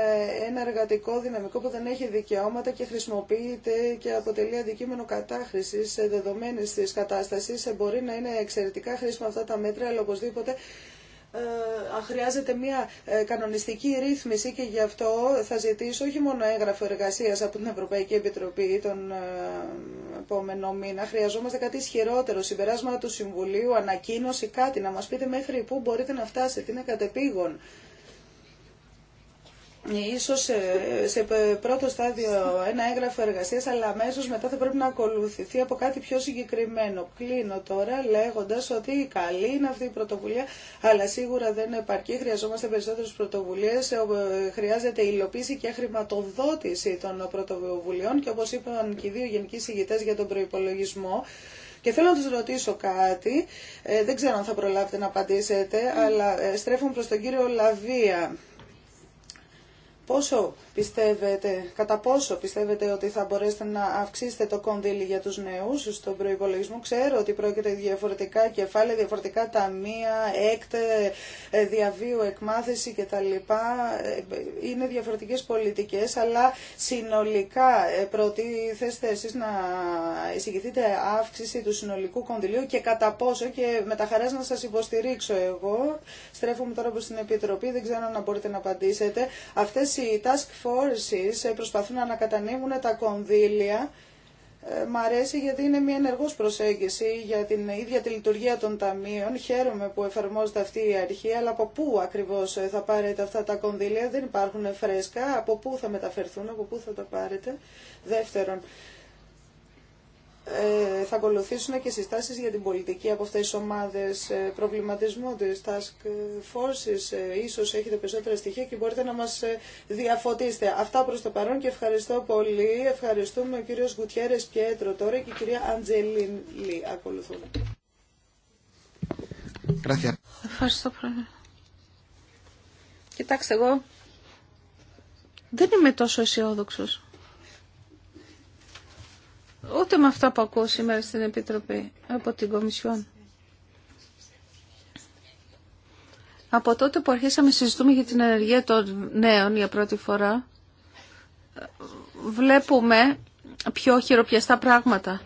ένα εργατικό δυναμικό που δεν έχει δικαιώματα και χρησιμοποιείται και αποτελεί αντικείμενο σε δεδομένες της κατάστασης. Μπορεί να είναι εξαιρετικά χρήσιμα αυτά τα μέτρα, αλλά οπωσδήποτε ε, χρειάζεται μια ε, κανονιστική ρύθμιση και γι' αυτό θα ζητήσω όχι μόνο έγγραφο εργασία από την Ευρωπαϊκή Επιτροπή τον ε, επόμενο μήνα. Χρειαζόμαστε κάτι ισχυρότερο, συμπεράσματα του Συμβουλίου, ανακοίνωση, κάτι να μα πείτε μέχρι πού μπορείτε να φτάσετε, είναι κατεπήγον ίσως ε, σε πρώτο στάδιο ένα έγγραφο εργασίας, αλλά αμέσως μετά θα πρέπει να ακολουθηθεί από κάτι πιο συγκεκριμένο. Κλείνω τώρα λέγοντας ότι καλή είναι αυτή η πρωτοβουλία, αλλά σίγουρα δεν επαρκεί. Χρειαζόμαστε περισσότερες πρωτοβουλίες, ε, ε, χρειάζεται υλοποίηση και χρηματοδότηση των πρωτοβουλειών και όπως είπαν και οι δύο γενικοί συγητές για τον προϋπολογισμό, και θέλω να τους ρωτήσω κάτι, ε, δεν ξέρω αν θα προλάβετε να απαντήσετε, mm. αλλά ε, στρέφουν προς τον κύριο Λαβία πόσο πιστεύετε, κατά πόσο πιστεύετε ότι θα μπορέσετε να αυξήσετε το κονδύλι για τους νέους στον προϋπολογισμό. Ξέρω ότι πρόκειται διαφορετικά κεφάλαια, διαφορετικά ταμεία, έκτε, διαβίου, εκμάθηση κτλ. Ε, είναι διαφορετικές πολιτικές, αλλά συνολικά ε, προτίθεστε εσείς να εισηγηθείτε αύξηση του συνολικού κονδυλίου και κατά πόσο και με τα χαρά να σας υποστηρίξω εγώ. Στρέφουμε τώρα προς την Επιτροπή, δεν ξέρω αν μπορείτε να απαντήσετε. Αυτές οι task forces ε, προσπαθούν να ανακατανύμουν τα κονδύλια. Ε, μ' αρέσει γιατί είναι μια ενεργός προσέγγιση για την ίδια τη λειτουργία των ταμείων. Χαίρομαι που εφαρμόζεται αυτή η αρχή, αλλά από πού ακριβώς ε, θα πάρετε αυτά τα κονδύλια, δεν υπάρχουν φρέσκα, από πού θα μεταφερθούν, από πού θα τα πάρετε. Δεύτερον, ε, θα ακολουθήσουν και συστάσεις για την πολιτική από αυτές τις ομάδες ε, προβληματισμού της Task Forces. Ε, ίσως έχετε περισσότερα στοιχεία και μπορείτε να μας διαφωτίσετε. Αυτά προς το παρόν και ευχαριστώ πολύ. Ευχαριστούμε ο κύριος Γκουτιέρες Πιέτρο τώρα και η κυρία Αντζελίν Λί. Ακολουθούν. Ευχαριστώ πρόεδρε. Κοιτάξτε εγώ δεν είμαι τόσο αισιόδοξο ούτε με αυτά που ακούω σήμερα στην Επιτροπή από την Κομισιόν. Από τότε που αρχίσαμε συζητούμε για την ενεργεία των νέων για πρώτη φορά, βλέπουμε πιο χειροπιαστά πράγματα.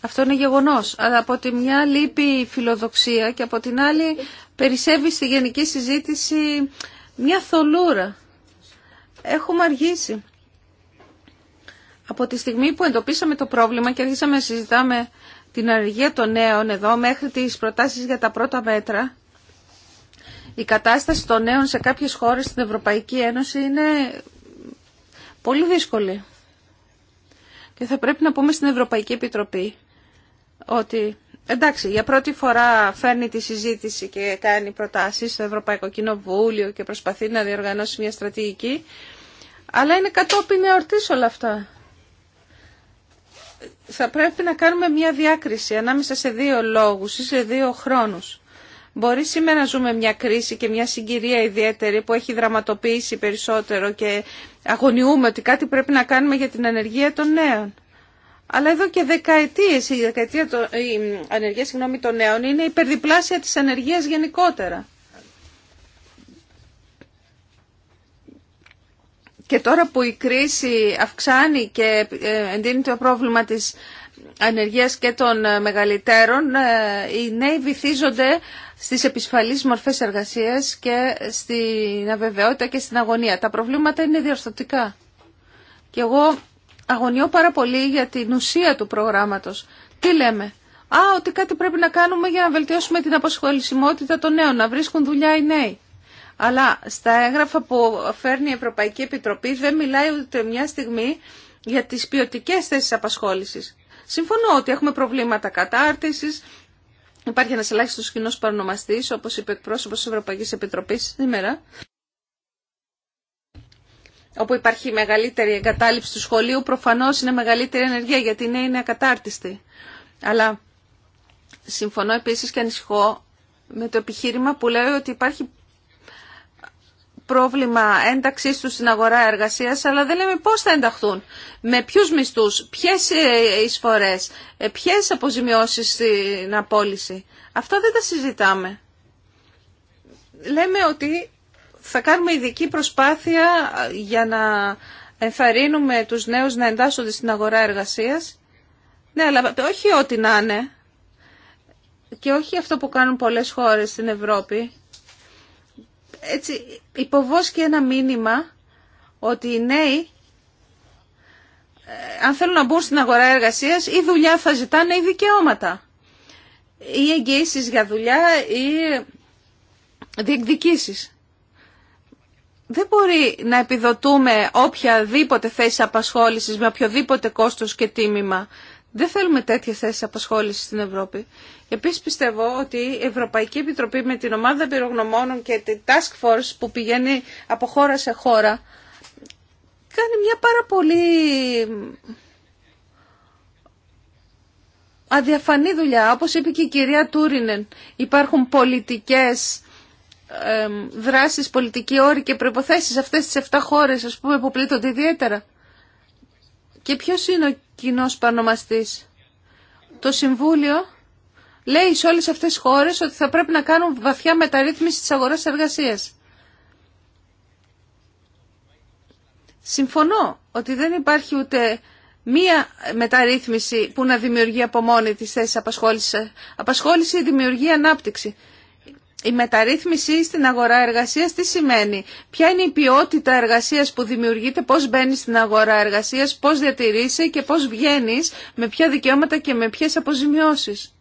Αυτό είναι γεγονός. Αλλά από τη μια λείπει η φιλοδοξία και από την άλλη περισσεύει στη γενική συζήτηση μια θολούρα. Έχουμε αργήσει. Από τη στιγμή που εντοπίσαμε το πρόβλημα και αρχίσαμε να συζητάμε την αργία των νέων εδώ μέχρι τις προτάσεις για τα πρώτα μέτρα, η κατάσταση των νέων σε κάποιες χώρες στην Ευρωπαϊκή Ένωση είναι πολύ δύσκολη. Και θα πρέπει να πούμε στην Ευρωπαϊκή Επιτροπή ότι εντάξει για πρώτη φορά φέρνει τη συζήτηση και κάνει προτάσεις στο Ευρωπαϊκό Κοινοβούλιο και προσπαθεί να διοργανώσει μια στρατηγική αλλά είναι κατόπιν εορτής όλα αυτά θα πρέπει να κάνουμε μια διάκριση ανάμεσα σε δύο λόγους ή σε δύο χρόνους. Μπορεί σήμερα να ζούμε μια κρίση και μια συγκυρία ιδιαίτερη που έχει δραματοποιήσει περισσότερο και αγωνιούμε ότι κάτι πρέπει να κάνουμε για την ανεργία των νέων. Αλλά εδώ και δεκαετίες η, δεκαετία, η ανεργία συγγνώμη, των νέων είναι υπερδιπλάσια της ανεργίας γενικότερα. Και τώρα που η κρίση αυξάνει και ε, εντείνει το πρόβλημα της ανεργίας και των ε, μεγαλύτερων, ε, οι νέοι βυθίζονται στις επισφαλείς μορφές εργασίας και στην αβεβαιότητα και στην αγωνία. Τα προβλήματα είναι διορθωτικά. Και εγώ αγωνιώ πάρα πολύ για την ουσία του προγράμματος. Τι λέμε. Α, ότι κάτι πρέπει να κάνουμε για να βελτιώσουμε την αποσχολησιμότητα των νέων, να βρίσκουν δουλειά οι νέοι. Αλλά στα έγγραφα που φέρνει η Ευρωπαϊκή Επιτροπή δεν μιλάει ούτε μια στιγμή για τις ποιοτικέ θέσεις απασχόλησης. Συμφωνώ ότι έχουμε προβλήματα κατάρτισης, υπάρχει ένας ελάχιστος κοινός παρονομαστής, όπως είπε εκπρόσωπος της Ευρωπαϊκής Επιτροπής σήμερα, όπου υπάρχει μεγαλύτερη εγκατάλειψη του σχολείου, προφανώς είναι μεγαλύτερη ενεργεία, γιατί οι είναι ακατάρτιστη. Αλλά συμφωνώ επίσης και ανησυχώ με το επιχείρημα που λέει ότι υπάρχει πρόβλημα ένταξής τους στην αγορά εργασίας, αλλά δεν λέμε πώς θα ενταχθούν, με ποιους μισθούς, ποιες ε, εισφορές, ε, ποιες αποζημιώσεις στην απόλυση. Αυτά δεν τα συζητάμε. Λέμε ότι θα κάνουμε ειδική προσπάθεια ε, για να ενθαρρύνουμε τους νέους να εντάσσονται στην αγορά εργασίας. Ναι, αλλά όχι ό,τι να είναι και όχι αυτό που κάνουν πολλές χώρες στην Ευρώπη έτσι υποβόσκει ένα μήνυμα ότι οι νέοι ε, αν θέλουν να μπουν στην αγορά εργασίας ή δουλειά θα ζητάνε ή δικαιώματα ή εγγύησεις για δουλειά ή διεκδικήσεις. Δεν μπορεί να επιδοτούμε οποιαδήποτε θέση απασχόλησης με οποιοδήποτε κόστος και τίμημα. Δεν θέλουμε τέτοιες θέσεις απασχόλησης στην Ευρώπη. Επίσης πιστεύω ότι η Ευρωπαϊκή Επιτροπή με την ομάδα πυρογνωμόνων και την Task Force που πηγαίνει από χώρα σε χώρα κάνει μια πάρα πολύ αδιαφανή δουλειά. Όπως είπε και η κυρία Τούρινεν, υπάρχουν πολιτικές δράσεις, πολιτικοί όροι και προϋποθέσεις αυτές τις 7 χώρες ας πούμε, που πλήττονται ιδιαίτερα. Και ποιος είναι ο κοινός πανομαστής. Το Συμβούλιο λέει σε όλες αυτές τις χώρες ότι θα πρέπει να κάνουν βαθιά μεταρρύθμιση της αγοράς εργασίας. Συμφωνώ ότι δεν υπάρχει ούτε μία μεταρρύθμιση που να δημιουργεί από μόνη της θέσης απασχόληση ή δημιουργεί ανάπτυξη. Απασχόληση δημιουργεί ανάπτυξη. Η μεταρρύθμιση στην αγορά εργασίας τι σημαίνει, ποια είναι η ποιότητα εργασίας που δημιουργείται, πώς μπαίνει στην αγορά εργασίας, πώς διατηρείσαι και πώς βγαίνεις, με ποια δικαιώματα και με ποιες αποζημιώσεις.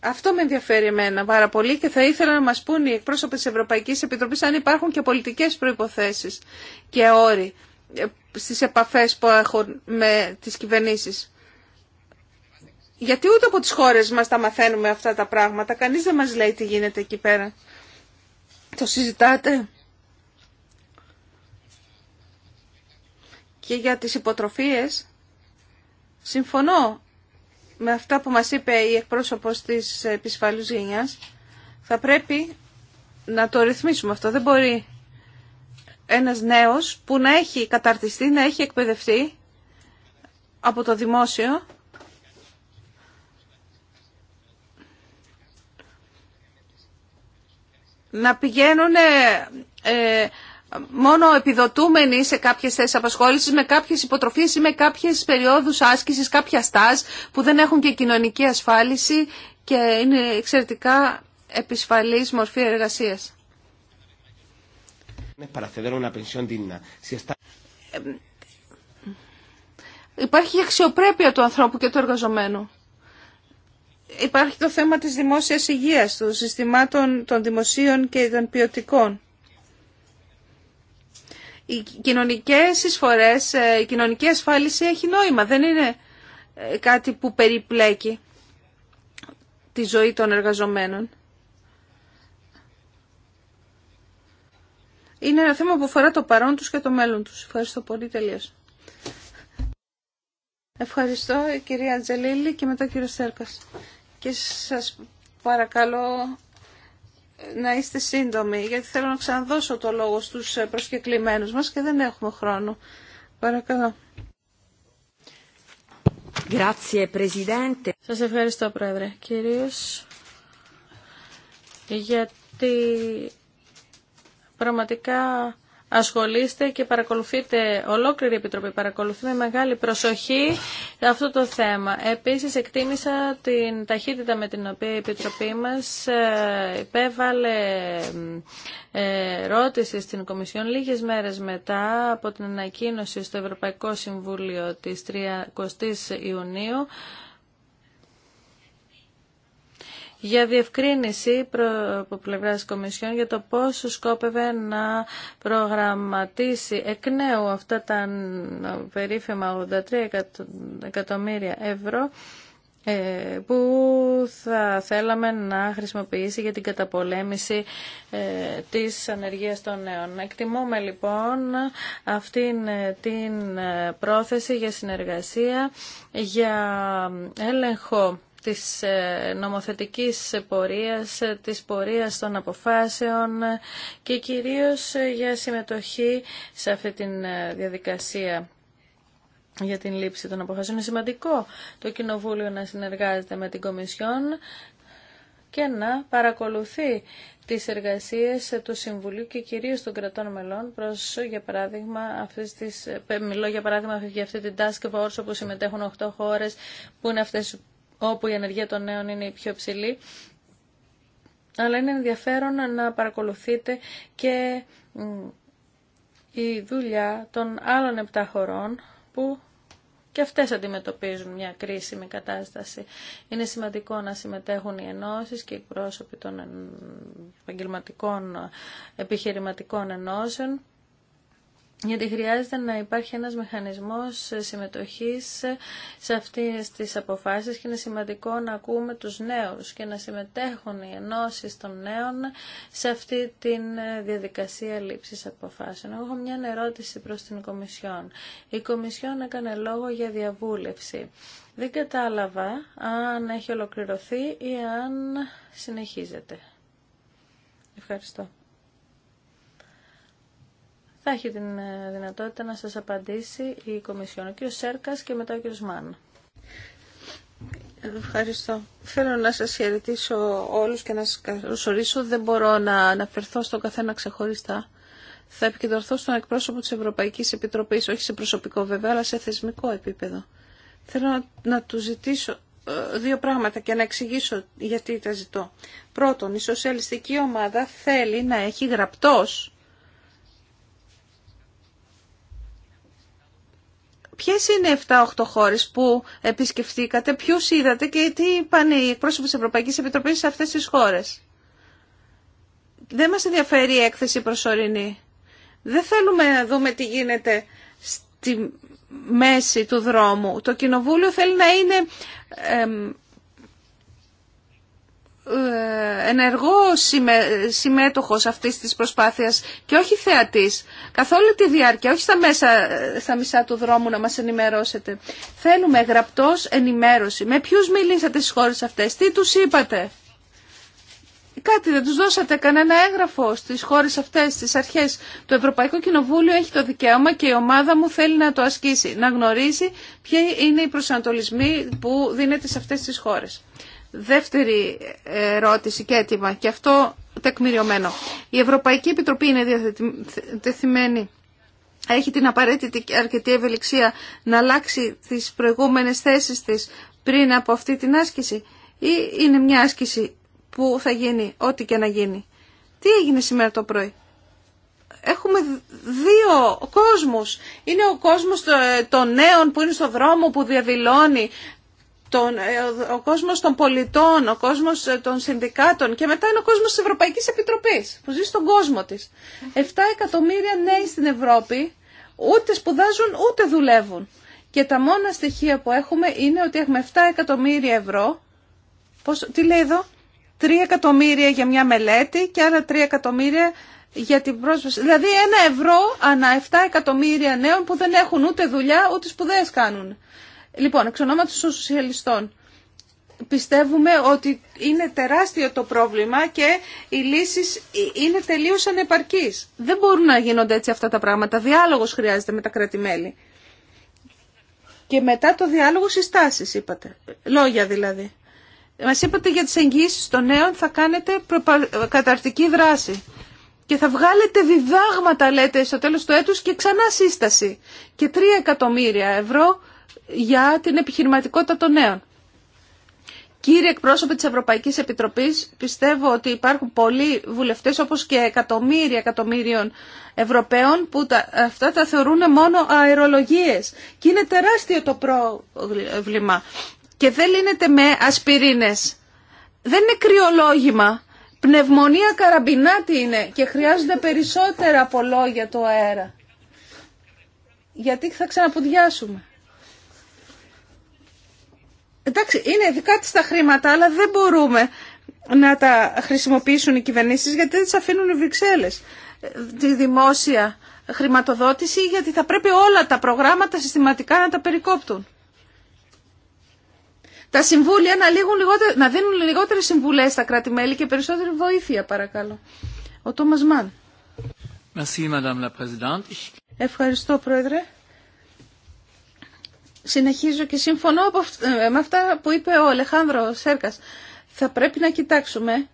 Αυτό με ενδιαφέρει εμένα πάρα πολύ και θα ήθελα να μας πούν οι εκπρόσωποι της Ευρωπαϊκής Επιτροπής αν υπάρχουν και πολιτικές προϋποθέσεις και όροι ε, στις επαφές που έχουν με τις κυβερνήσεις. Γιατί ούτε από τις χώρες μας τα μαθαίνουμε αυτά τα πράγματα. Κανείς δεν μας λέει τι γίνεται εκεί πέρα. Το συζητάτε. Και για τις υποτροφίες. Συμφωνώ με αυτά που μας είπε η εκπρόσωπος της επισφαλούς γενιάς, θα πρέπει να το ρυθμίσουμε αυτό. Δεν μπορεί ένας νέος που να έχει καταρτιστεί, να έχει εκπαιδευτεί από το δημόσιο, να πηγαίνουν ε, μόνο επιδοτούμενοι σε κάποιε θέσεις απασχόλησης, με κάποιε υποτροφίε ή με κάποιε περιόδου άσκηση κάποια στάζ που δεν έχουν και κοινωνική ασφάλιση και είναι εξαιρετικά επισφαλή μορφή εργασίας. Υπάρχει η αξιοπρέπεια του ανθρώπου και του εργαζομένου. Υπάρχει το θέμα της δημόσιας υγείας, των συστημάτων των δημοσίων και των ποιοτικών οι κοινωνικές εισφορές, ε, η κοινωνική ασφάλιση έχει νόημα. Δεν είναι ε, κάτι που περιπλέκει τη ζωή των εργαζομένων. Είναι ένα θέμα που αφορά το παρόν τους και το μέλλον τους. Ευχαριστώ πολύ. Τελείως. Ευχαριστώ κυρία Τζελίλη και μετά κύριο Στέρκας. Και σας παρακαλώ να είστε σύντομοι, γιατί θέλω να ξαναδώσω το λόγο στους ε, προσκεκλημένους μας και δεν έχουμε χρόνο. Παρακαλώ. Grazie, Σας ευχαριστώ, Πρόεδρε. Κυρίως γιατί πραγματικά ασχολείστε και παρακολουθείτε, ολόκληρη η Επιτροπή παρακολουθεί με μεγάλη προσοχή αυτό το θέμα. Επίσης εκτίμησα την ταχύτητα με την οποία η Επιτροπή μας ε, υπέβαλε ε, ρώτηση στην Κομισιόν λίγες μέρες μετά από την ανακοίνωση στο Ευρωπαϊκό Συμβούλιο της 30 Ιουνίου για διευκρίνηση από πλευρά τη Κομισιόν για το πόσο σκόπευε να προγραμματίσει εκ νέου αυτά τα περίφημα 83 εκατομμύρια ευρώ ε, που θα θέλαμε να χρησιμοποιήσει για την καταπολέμηση ε, της ανεργίας των νέων. Εκτιμούμε λοιπόν αυτήν ε, την πρόθεση για συνεργασία, για έλεγχο της ε, νομοθετικής πορείας, ε, της πορείας των αποφάσεων και κυρίως ε, για συμμετοχή σε αυτή τη διαδικασία για την λήψη των αποφάσεων. Είναι σημαντικό το Κοινοβούλιο να συνεργάζεται με την Κομισιόν και να παρακολουθεί τις εργασίες του Συμβουλίου και κυρίως των κρατών μελών προς, για παράδειγμα, αυτές τις, μιλώ για παράδειγμα για αυτή την task force όπου συμμετέχουν 8 χώρες που είναι αυτές όπου η ενεργία των νέων είναι η πιο ψηλή. Αλλά είναι ενδιαφέρον να παρακολουθείτε και η δουλειά των άλλων επτά χωρών που και αυτές αντιμετωπίζουν μια κρίσιμη κατάσταση. Είναι σημαντικό να συμμετέχουν οι ενώσεις και οι πρόσωποι των επαγγελματικών επιχειρηματικών ενώσεων γιατί χρειάζεται να υπάρχει ένας μηχανισμός συμμετοχής σε αυτές τις αποφάσεις και είναι σημαντικό να ακούμε τους νέους και να συμμετέχουν οι ενώσεις των νέων σε αυτή τη διαδικασία λήψης αποφάσεων. έχω μια ερώτηση προς την Κομισιόν. Η Κομισιόν έκανε λόγο για διαβούλευση. Δεν κατάλαβα αν έχει ολοκληρωθεί ή αν συνεχίζεται. Ευχαριστώ θα έχει την ε, δυνατότητα να σας απαντήσει η Κομισιόν, ο κ. Σέρκας και μετά ο κ. Μάν. Ευχαριστώ. Θέλω να σας χαιρετήσω όλους και να σας καλωσορίσω. Δεν μπορώ να αναφερθώ στον καθένα ξεχωριστά. Θα επικεντρωθώ στον εκπρόσωπο της Ευρωπαϊκής Επιτροπής, όχι σε προσωπικό βέβαια, αλλά σε θεσμικό επίπεδο. Θέλω να, να του ζητήσω ε, δύο πράγματα και να εξηγήσω γιατί τα ζητώ. Πρώτον, η σοσιαλιστική ομάδα θέλει να έχει γραπτός Ποιε είναι 7-8 χώρες που επισκεφτήκατε, ποιου είδατε και τι είπαν οι εκπρόσωποι της Ευρωπαϊκής Επιτροπής σε αυτές τις χώρες. Δεν μας ενδιαφέρει η έκθεση προσωρινή. Δεν θέλουμε να δούμε τι γίνεται στη μέση του δρόμου. Το Κοινοβούλιο θέλει να είναι ε, ενεργό συμμέτοχος αυτής της προσπάθειας και όχι θεατής καθ' όλη τη διάρκεια, όχι στα, μέσα, στα μισά του δρόμου να μας ενημερώσετε. Θέλουμε γραπτός ενημέρωση. Με ποιους μιλήσατε στις χώρες αυτές, τι τους είπατε. Κάτι δεν τους δώσατε κανένα έγγραφο στις χώρες αυτές, στις αρχές. Το Ευρωπαϊκό Κοινοβούλιο έχει το δικαίωμα και η ομάδα μου θέλει να το ασκήσει, να γνωρίζει ποιοι είναι οι προσανατολισμοί που δίνεται σε αυτές τις χώρες. Δεύτερη ερώτηση και έτοιμα και αυτό τεκμηριωμένο. Η Ευρωπαϊκή Επιτροπή είναι διαθετημένη έχει την απαραίτητη και αρκετή ευελιξία να αλλάξει τις προηγούμενες θέσεις της πριν από αυτή την άσκηση ή είναι μια άσκηση που θα γίνει ό,τι και να γίνει. Τι έγινε σήμερα το πρωί. Έχουμε δύο κόσμους. Είναι ο κόσμος των νέων που είναι στο δρόμο που διαδηλώνει τον, ε, ο κόσμος των πολιτών, ο κόσμος ε, των συνδικάτων και μετά είναι ο κόσμος της Ευρωπαϊκής Επιτροπής που ζει στον κόσμο της. 7 εκατομμύρια νέοι στην Ευρώπη ούτε σπουδάζουν ούτε δουλεύουν. Και τα μόνα στοιχεία που έχουμε είναι ότι έχουμε 7 εκατομμύρια ευρώ. Πώς, τι λέει εδώ? 3 εκατομμύρια για μια μελέτη και άλλα 3 εκατομμύρια για την πρόσβαση. Δηλαδή ένα ευρώ ανά 7 εκατομμύρια νέων που δεν έχουν ούτε δουλειά ούτε σπουδές κάνουν. Λοιπόν, εξ ονόματος των σοσιαλιστών. Πιστεύουμε ότι είναι τεράστιο το πρόβλημα και οι λύσεις είναι τελείως ανεπαρκείς. Δεν μπορούν να γίνονται έτσι αυτά τα πράγματα. Διάλογος χρειάζεται με τα κρατημέλη. Και μετά το διάλογο συστάσει, είπατε. Λόγια δηλαδή. Μα είπατε για τι εγγύσει των νέων θα κάνετε καταρτική δράση. Και θα βγάλετε διδάγματα λέτε στο τέλο του έτου και ξανά σύσταση. Και 3 εκατομμύρια ευρώ για την επιχειρηματικότητα των νέων. Κύριε εκπρόσωπε της Ευρωπαϊκής Επιτροπής, πιστεύω ότι υπάρχουν πολλοί βουλευτές όπως και εκατομμύρια εκατομμύριων Ευρωπαίων που τα, αυτά τα θεωρούν μόνο αερολογίες. Και είναι τεράστιο το πρόβλημα και δεν λύνεται με ασπιρίνες. Δεν είναι κρυολόγημα. Πνευμονία καραμπινάτη είναι και χρειάζονται περισσότερα από λόγια του αέρα. Γιατί θα ξαναπουδιάσουμε. Εντάξει, είναι δικά τη τα χρήματα, αλλά δεν μπορούμε να τα χρησιμοποιήσουν οι κυβερνήσει γιατί δεν τι αφήνουν οι Βρυξέλλες τη δημόσια χρηματοδότηση γιατί θα πρέπει όλα τα προγράμματα συστηματικά να τα περικόπτουν. Τα συμβούλια να, λιγότερο, να δίνουν λιγότερες συμβουλές στα κράτη-μέλη και περισσότερη βοήθεια παρακαλώ. Ο Τόμας Μαν. Ευχαριστώ Πρόεδρε συνεχίζω και συμφωνώ ε, με αυτά που είπε ο Αλεχάνδρο Σέρκας. Θα πρέπει να κοιτάξουμε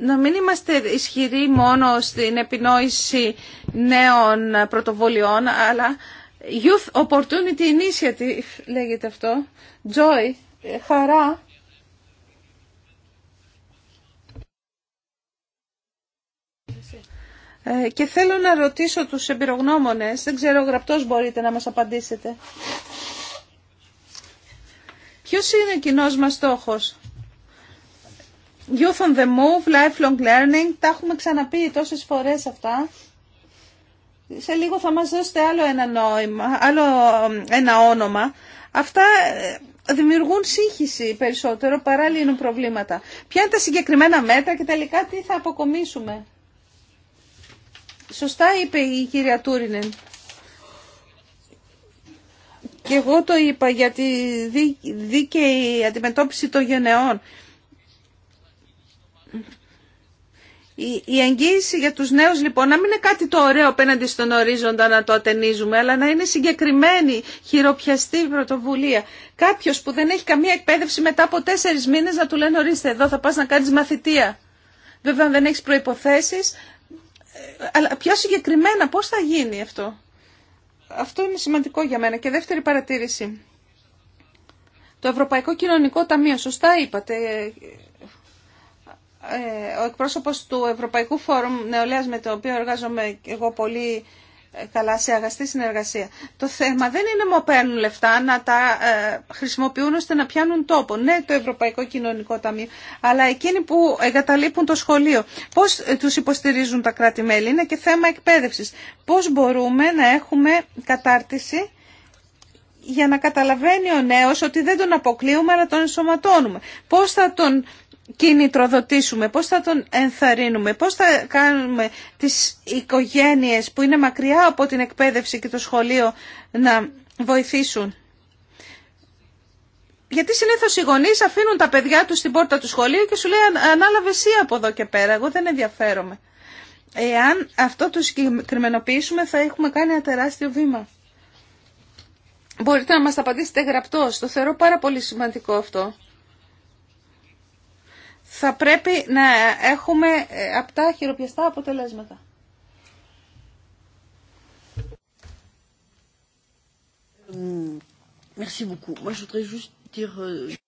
να μην είμαστε ισχυροί μόνο στην επινόηση νέων πρωτοβολιών, αλλά Youth Opportunity Initiative λέγεται αυτό, Joy, χαρά, Ε, και θέλω να ρωτήσω τους εμπειρογνώμονες, δεν ξέρω γραπτός μπορείτε να μας απαντήσετε. Ποιος είναι ο κοινό μας στόχος. Youth on the move, lifelong learning, τα έχουμε ξαναπεί τόσες φορές αυτά. Σε λίγο θα μας δώσετε άλλο ένα άλλο ένα όνομα. Αυτά ε, δημιουργούν σύγχυση περισσότερο παρά λύνουν προβλήματα. Ποια είναι τα συγκεκριμένα μέτρα και τελικά τι θα αποκομίσουμε. Σωστά είπε η κυρία Τούρινεν. Και εγώ το είπα για τη δίκαιη αντιμετώπιση των γενεών. Η εγγύηση για τους νέους λοιπόν να μην είναι κάτι το ωραίο απέναντι στον ορίζοντα να το ατενίζουμε αλλά να είναι συγκεκριμένη χειροπιαστή πρωτοβουλία. Κάποιος που δεν έχει καμία εκπαίδευση μετά από τέσσερις μήνες να του λένε ορίστε εδώ θα πας να κάνεις μαθητεία. Βέβαια αν δεν έχεις προϋποθέσεις αλλά πιο συγκεκριμένα πώς θα γίνει αυτό. Αυτό είναι σημαντικό για μένα. Και δεύτερη παρατήρηση. Το Ευρωπαϊκό Κοινωνικό Ταμείο, σωστά είπατε, ε, ε, ο εκπρόσωπος του Ευρωπαϊκού Φόρουμ Νεολαίας με το οποίο εργάζομαι εγώ πολύ ε, καλά σε αγαστή συνεργασία. Το θέμα δεν είναι να παίρνουν λεφτά, να τα ε, χρησιμοποιούν ώστε να πιάνουν τόπο. Ναι, το Ευρωπαϊκό Κοινωνικό Ταμείο, αλλά εκείνοι που εγκαταλείπουν το σχολείο. Πώς ε, τους υποστηρίζουν τα κράτη-μέλη, είναι και θέμα εκπαίδευσης. Πώς μπορούμε να έχουμε κατάρτιση για να καταλαβαίνει ο νέος ότι δεν τον αποκλείουμε αλλά τον ενσωματώνουμε. Πώς θα τον κινητροδοτήσουμε, πώς θα τον ενθαρρύνουμε, πώς θα κάνουμε τις οικογένειες που είναι μακριά από την εκπαίδευση και το σχολείο να βοηθήσουν. Γιατί συνήθω οι γονεί αφήνουν τα παιδιά του στην πόρτα του σχολείου και σου λέει ανάλαβε εσύ από εδώ και πέρα. Εγώ δεν ενδιαφέρομαι. Εάν αυτό το συγκεκριμενοποιήσουμε θα έχουμε κάνει ένα τεράστιο βήμα. Μπορείτε να μας απαντήσετε γραπτός. Το θεωρώ πάρα πολύ σημαντικό αυτό θα πρέπει να έχουμε ε, απτά χειροπιαστά αποτελέσματα. Euh,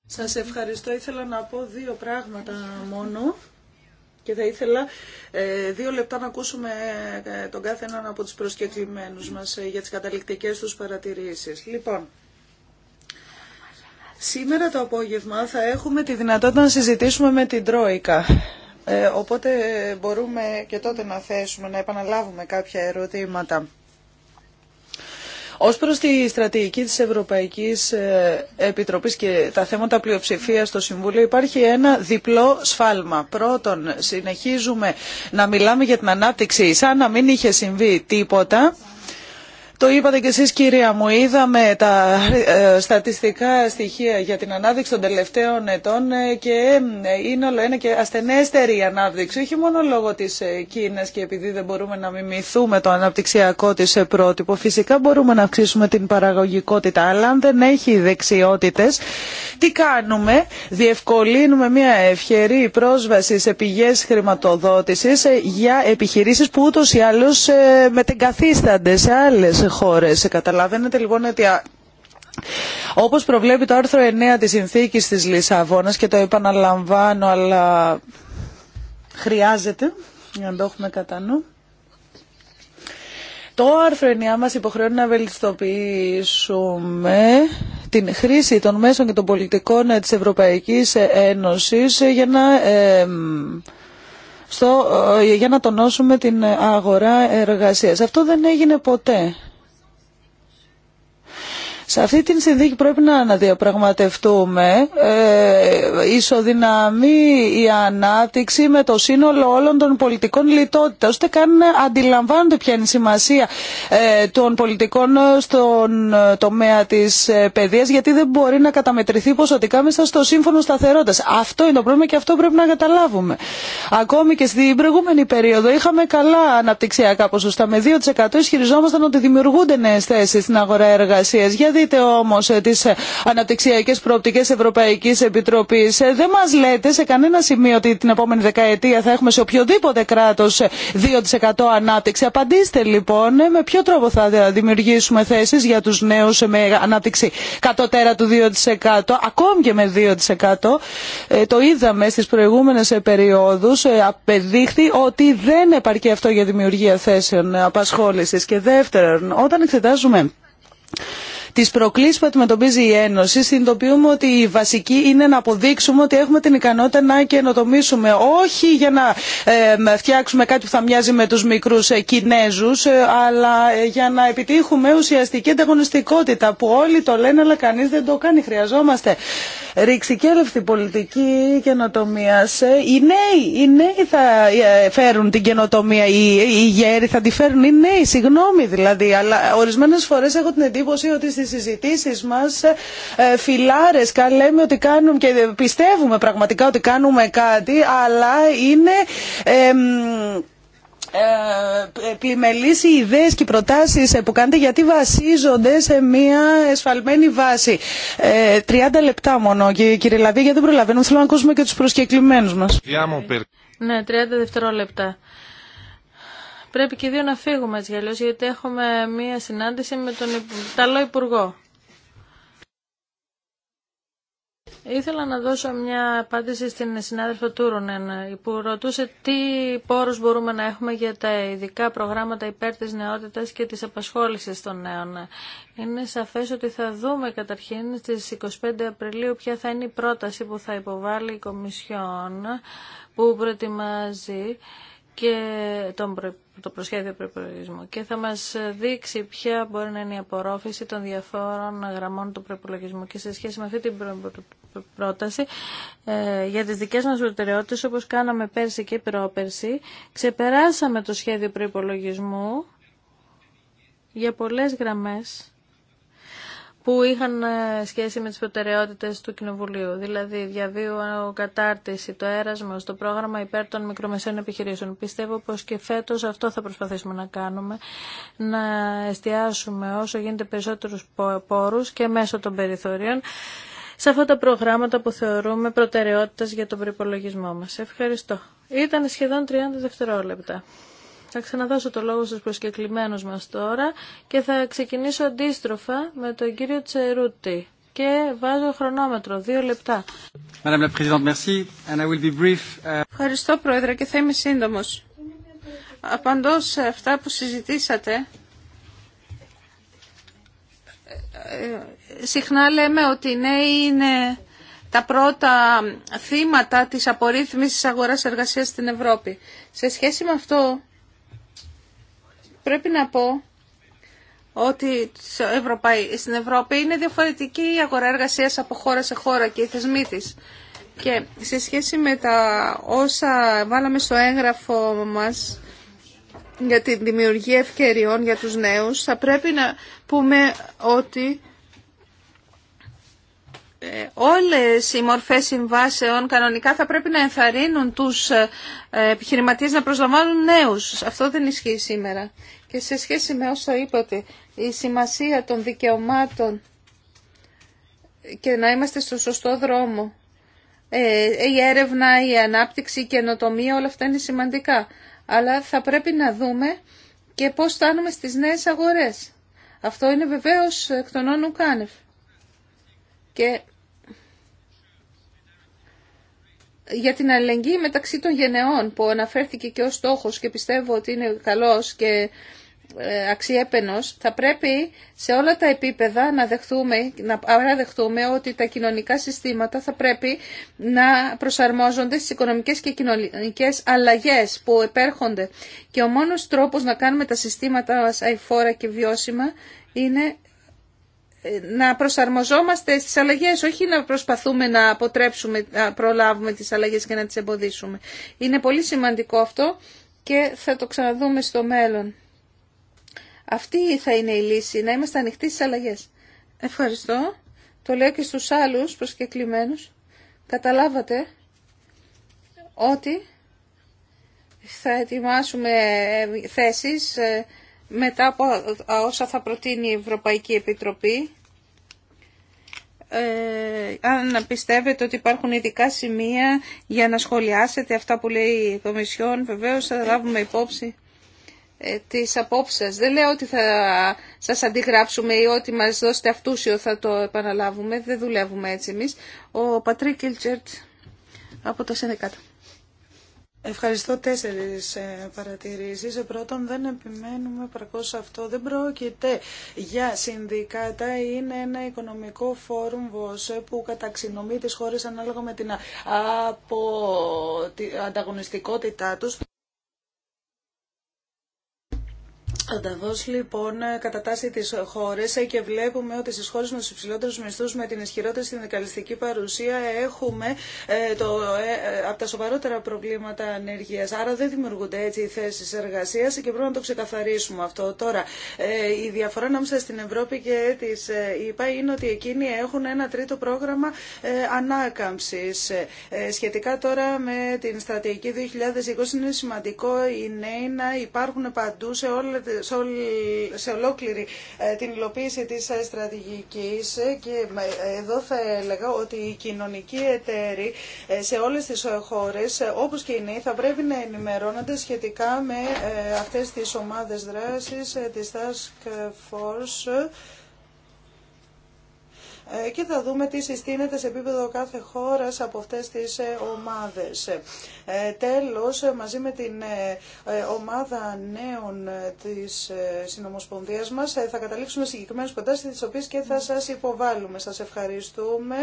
Σας ευχαριστώ. Ήθελα να πω δύο πράγματα μόνο και θα ήθελα ε, δύο λεπτά να ακούσουμε ε, τον κάθε έναν από τους προσκεκλημένους μας για τις καταληκτικές τους παρατηρήσεις. Λοιπόν, Σήμερα το απόγευμα θα έχουμε τη δυνατότητα να συζητήσουμε με την Τρόικα. Ε, οπότε μπορούμε και τότε να θέσουμε, να επαναλάβουμε κάποια ερωτήματα. Ως προς τη στρατηγική της Ευρωπαϊκής ε, Επιτροπής και τα θέματα πλειοψηφίας στο Συμβούλιο υπάρχει ένα διπλό σφάλμα. Πρώτον, συνεχίζουμε να μιλάμε για την ανάπτυξη σαν να μην είχε συμβεί τίποτα το είπατε κι εσείς κυρία μου, είδαμε τα ε, στατιστικά στοιχεία για την ανάδειξη των τελευταίων ετών ε, και ε, είναι όλο ένα και ασθενέστερη η ανάδειξη, όχι μόνο λόγω της Κίνας και επειδή δεν μπορούμε να μιμηθούμε το αναπτυξιακό της πρότυπο. Φυσικά μπορούμε να αυξήσουμε την παραγωγικότητα, αλλά αν δεν έχει δεξιότητες, τι κάνουμε, διευκολύνουμε μια ευχερή πρόσβαση σε πηγές χρηματοδότησης για επιχειρήσεις που ούτως ή άλλως μετεγκαθίστανται σε άλλες χώρε. Καταλαβαίνετε λοιπόν ότι όπω προβλέπει το άρθρο 9 τη συνθήκη τη Λισαβόνα και το επαναλαμβάνω αλλά χρειάζεται για να το έχουμε κατά νου. Το άρθρο 9 μας υποχρεώνει να βελτιστοποιήσουμε την χρήση των μέσων και των πολιτικών της Ευρωπαϊκής Ένωσης για να, ε, για να τονώσουμε την αγορά εργασίας. Αυτό δεν έγινε ποτέ. Σε αυτή την συνθήκη πρέπει να αναδιαπραγματευτούμε ε, ισοδυναμεί η ανάπτυξη με το σύνολο όλων των πολιτικών λιτότητα, ώστε καν αντιλαμβάνονται ποια είναι η σημασία ε, των πολιτικών στον ε, τομέα τη ε, παιδείας, γιατί δεν μπορεί να καταμετρηθεί ποσοτικά μέσα στο σύμφωνο σταθερότητα. Αυτό είναι το πρόβλημα και αυτό πρέπει να καταλάβουμε. Ακόμη και στην προηγούμενη περίοδο είχαμε καλά αναπτυξιακά ποσοστά. Με 2% ισχυριζόμασταν ότι δημιουργούνται νέε θέσει στην αγορά εργασία δείτε όμως ε, τις ε, αναπτυξιακές προοπτικές Ευρωπαϊκής Επιτροπής. Ε, δεν μας λέτε σε κανένα σημείο ότι την επόμενη δεκαετία θα έχουμε σε οποιοδήποτε κράτος 2% ανάπτυξη. Απαντήστε λοιπόν με ποιο τρόπο θα δημιουργήσουμε θέσεις για τους νέους με ανάπτυξη κατωτέρα του 2%, ακόμη και με 2%. Το είδαμε στις προηγούμενες περιόδους, απεδείχθη ότι δεν επαρκεί αυτό για δημιουργία θέσεων απασχόλησης. Και δεύτερον, όταν εξετάζουμε τις προκλήσεις που αντιμετωπίζει η Ένωση συνειδητοποιούμε ότι η βασική είναι να αποδείξουμε ότι έχουμε την ικανότητα να καινοτομήσουμε. Όχι για να ε, φτιάξουμε κάτι που θα μοιάζει με τους μικρούς ε, Κινέζους ε, αλλά για να επιτύχουμε ουσιαστική ανταγωνιστικότητα που όλοι το λένε αλλά κανείς δεν το κάνει. Χρειαζόμαστε ρηξικέλευτη πολιτική καινοτομία. Οι νέοι, οι νέοι θα φέρουν την καινοτομία, οι, οι γέροι θα τη φέρουν, οι νέοι, συγγνώμη δηλαδή. Αλλά ορισμένες φορές έχω την εντύπωση ότι στις συζητήσεις μας ε, φιλάρες λέμε ότι κάνουμε και πιστεύουμε πραγματικά ότι κάνουμε κάτι αλλά είναι ε, οι ιδέες και οι προτάσεις ε, που κάνετε γιατί βασίζονται σε μια εσφαλμένη βάση. 30 ε, λεπτά μόνο κύριε Λαβία γιατί δεν προλαβαίνουμε. Θέλω να ακούσουμε και τους προσκεκλημένους μας. Ναι, 30 δευτερόλεπτα. Πρέπει και δύο να φύγουμε έτσι αλλιώς, γιατί έχουμε μία συνάντηση με τον Ιταλό Υπουργό. Ήθελα να δώσω μια απάντηση στην συνάδελφο Τούρουνεν που ρωτούσε τι πόρους μπορούμε να έχουμε για τα ειδικά προγράμματα υπέρ της νεότητας και της απασχόλησης των νέων. Είναι σαφές ότι θα δούμε καταρχήν στις 25 Απριλίου ποια θα είναι η πρόταση που θα υποβάλει η Κομισιόν που προετοιμάζει και τον το προσχέδιο προπολογισμού και θα μας δείξει ποια μπορεί να είναι η απορρόφηση των διαφόρων γραμμών του προπολογισμού και σε σχέση με αυτή την πρόταση ε, για τις δικές μας προτεραιότητες όπως κάναμε πέρσι και πρόπερσι ξεπεράσαμε το σχέδιο προπολογισμού για πολλές γραμμές που είχαν ε, σχέση με τις προτεραιότητες του Κοινοβουλίου, δηλαδή διαβίου ε, κατάρτιση, το έρασμα το πρόγραμμα υπέρ των μικρομεσαίων επιχειρήσεων. Πιστεύω πως και φέτος αυτό θα προσπαθήσουμε να κάνουμε, να εστιάσουμε όσο γίνεται περισσότερους πόρους και μέσω των περιθωρίων σε αυτά τα προγράμματα που θεωρούμε προτεραιότητες για τον προπολογισμό μας. Ευχαριστώ. Ήταν σχεδόν 30 δευτερόλεπτα. Θα ξαναδώσω το λόγο στους προσκεκλημένους μας τώρα και θα ξεκινήσω αντίστροφα με τον κύριο Τσερούτη. Και βάζω χρονόμετρο, δύο λεπτά. Ευχαριστώ Πρόεδρε και θα είμαι σύντομος. Απαντώ σε αυτά που συζητήσατε. Ε, ε, συχνά λέμε ότι οι νέοι είναι τα πρώτα θύματα της απορρίθμισης αγοράς εργασίας στην Ευρώπη. Σε σχέση με αυτό Πρέπει να πω ότι στην Ευρώπη είναι διαφορετική η αγορά εργασίας από χώρα σε χώρα και οι θεσμοί της. Και σε σχέση με τα όσα βάλαμε στο έγγραφο μας για τη δημιουργία ευκαιριών για τους νέους, θα πρέπει να πούμε ότι ε, όλες οι μορφές συμβάσεων κανονικά θα πρέπει να ενθαρρύνουν τους ε, επιχειρηματίες να προσλαμβάνουν νέους. Αυτό δεν ισχύει σήμερα. Και σε σχέση με όσα είπατε, η σημασία των δικαιωμάτων και να είμαστε στο σωστό δρόμο, ε, η έρευνα, η ανάπτυξη, η καινοτομία, όλα αυτά είναι σημαντικά. Αλλά θα πρέπει να δούμε και πώς φτάνουμε στις νέες αγορές. Αυτό είναι βεβαίως εκ των όνων Και για την αλληλεγγύη μεταξύ των γενεών που αναφέρθηκε και ως στόχος και πιστεύω ότι είναι καλός και ε, αξιέπαινος, θα πρέπει σε όλα τα επίπεδα να δεχθούμε, να ότι τα κοινωνικά συστήματα θα πρέπει να προσαρμόζονται στις οικονομικές και κοινωνικές αλλαγές που επέρχονται. Και ο μόνος τρόπος να κάνουμε τα συστήματα μας αηφόρα και βιώσιμα είναι να προσαρμοζόμαστε στις αλλαγές, όχι να προσπαθούμε να αποτρέψουμε, να προλάβουμε τις αλλαγές και να τις εμποδίσουμε. Είναι πολύ σημαντικό αυτό και θα το ξαναδούμε στο μέλλον. Αυτή θα είναι η λύση, να είμαστε ανοιχτοί στις αλλαγές. Ευχαριστώ. Το λέω και στους άλλους προσκεκλημένους. Καταλάβατε ότι θα ετοιμάσουμε ε, θέσεις ε, μετά από όσα θα προτείνει η Ευρωπαϊκή Επιτροπή. Ε, αν πιστεύετε ότι υπάρχουν ειδικά σημεία για να σχολιάσετε αυτά που λέει η Κομισιόν, βεβαίως θα λάβουμε υπόψη ε, τις Δεν λέω ότι θα σας αντιγράψουμε ή ότι μας δώσετε αυτούσιο θα το επαναλάβουμε. Δεν δουλεύουμε έτσι εμείς. Ο Πατρίκ Κιλτσέρτ από το Σενεκάτα. Ευχαριστώ τέσσερις ε, παρατηρήσεις. Ε, πρώτον, δεν επιμένουμε σε αυτό. Δεν πρόκειται για συνδικάτα. Είναι ένα οικονομικό φόρουμ που καταξινομεί τις χώρες ανάλογα με την ανταγωνιστικότητά τους. Ανταδό λοιπόν κατατάσσει τι χώρε και βλέπουμε ότι στι χώρε με του υψηλότερου μισθού με την ισχυρότερη συνδικαλιστική παρουσία έχουμε ε, το, ε, ε από τα σοβαρότερα προβλήματα ανεργία. Άρα δεν δημιουργούνται έτσι οι θέσει εργασία και πρέπει να το ξεκαθαρίσουμε αυτό. Τώρα ε, η διαφορά ανάμεσα στην Ευρώπη και τι ΗΠΑ είναι ότι εκείνοι έχουν ένα τρίτο πρόγραμμα ε, ανάκαμψης. σχετικά τώρα με την στρατηγική 2020 είναι σημαντικό οι νέοι να υπάρχουν παντού σε όλα σε ολόκληρη ε, την υλοποίηση της ε, στρατηγικής και εδώ θα έλεγα ότι οι κοινωνικοί εταίροι ε, σε όλες τις χώρες όπως και οι νέοι θα πρέπει να ενημερώνονται σχετικά με αυτές τις ομάδες δράσης της Task Force ε, και θα δούμε τι συστήνεται σε επίπεδο κάθε χώρα από αυτές τις ε, ομάδες. Ε, τέλος, μαζί με την ομάδα νέων της συνομοσπονδίας μας θα καταλήξουμε συγκεκριμένες προτάσεις τις οποίες και θα σας υποβάλουμε. Σας ευχαριστούμε.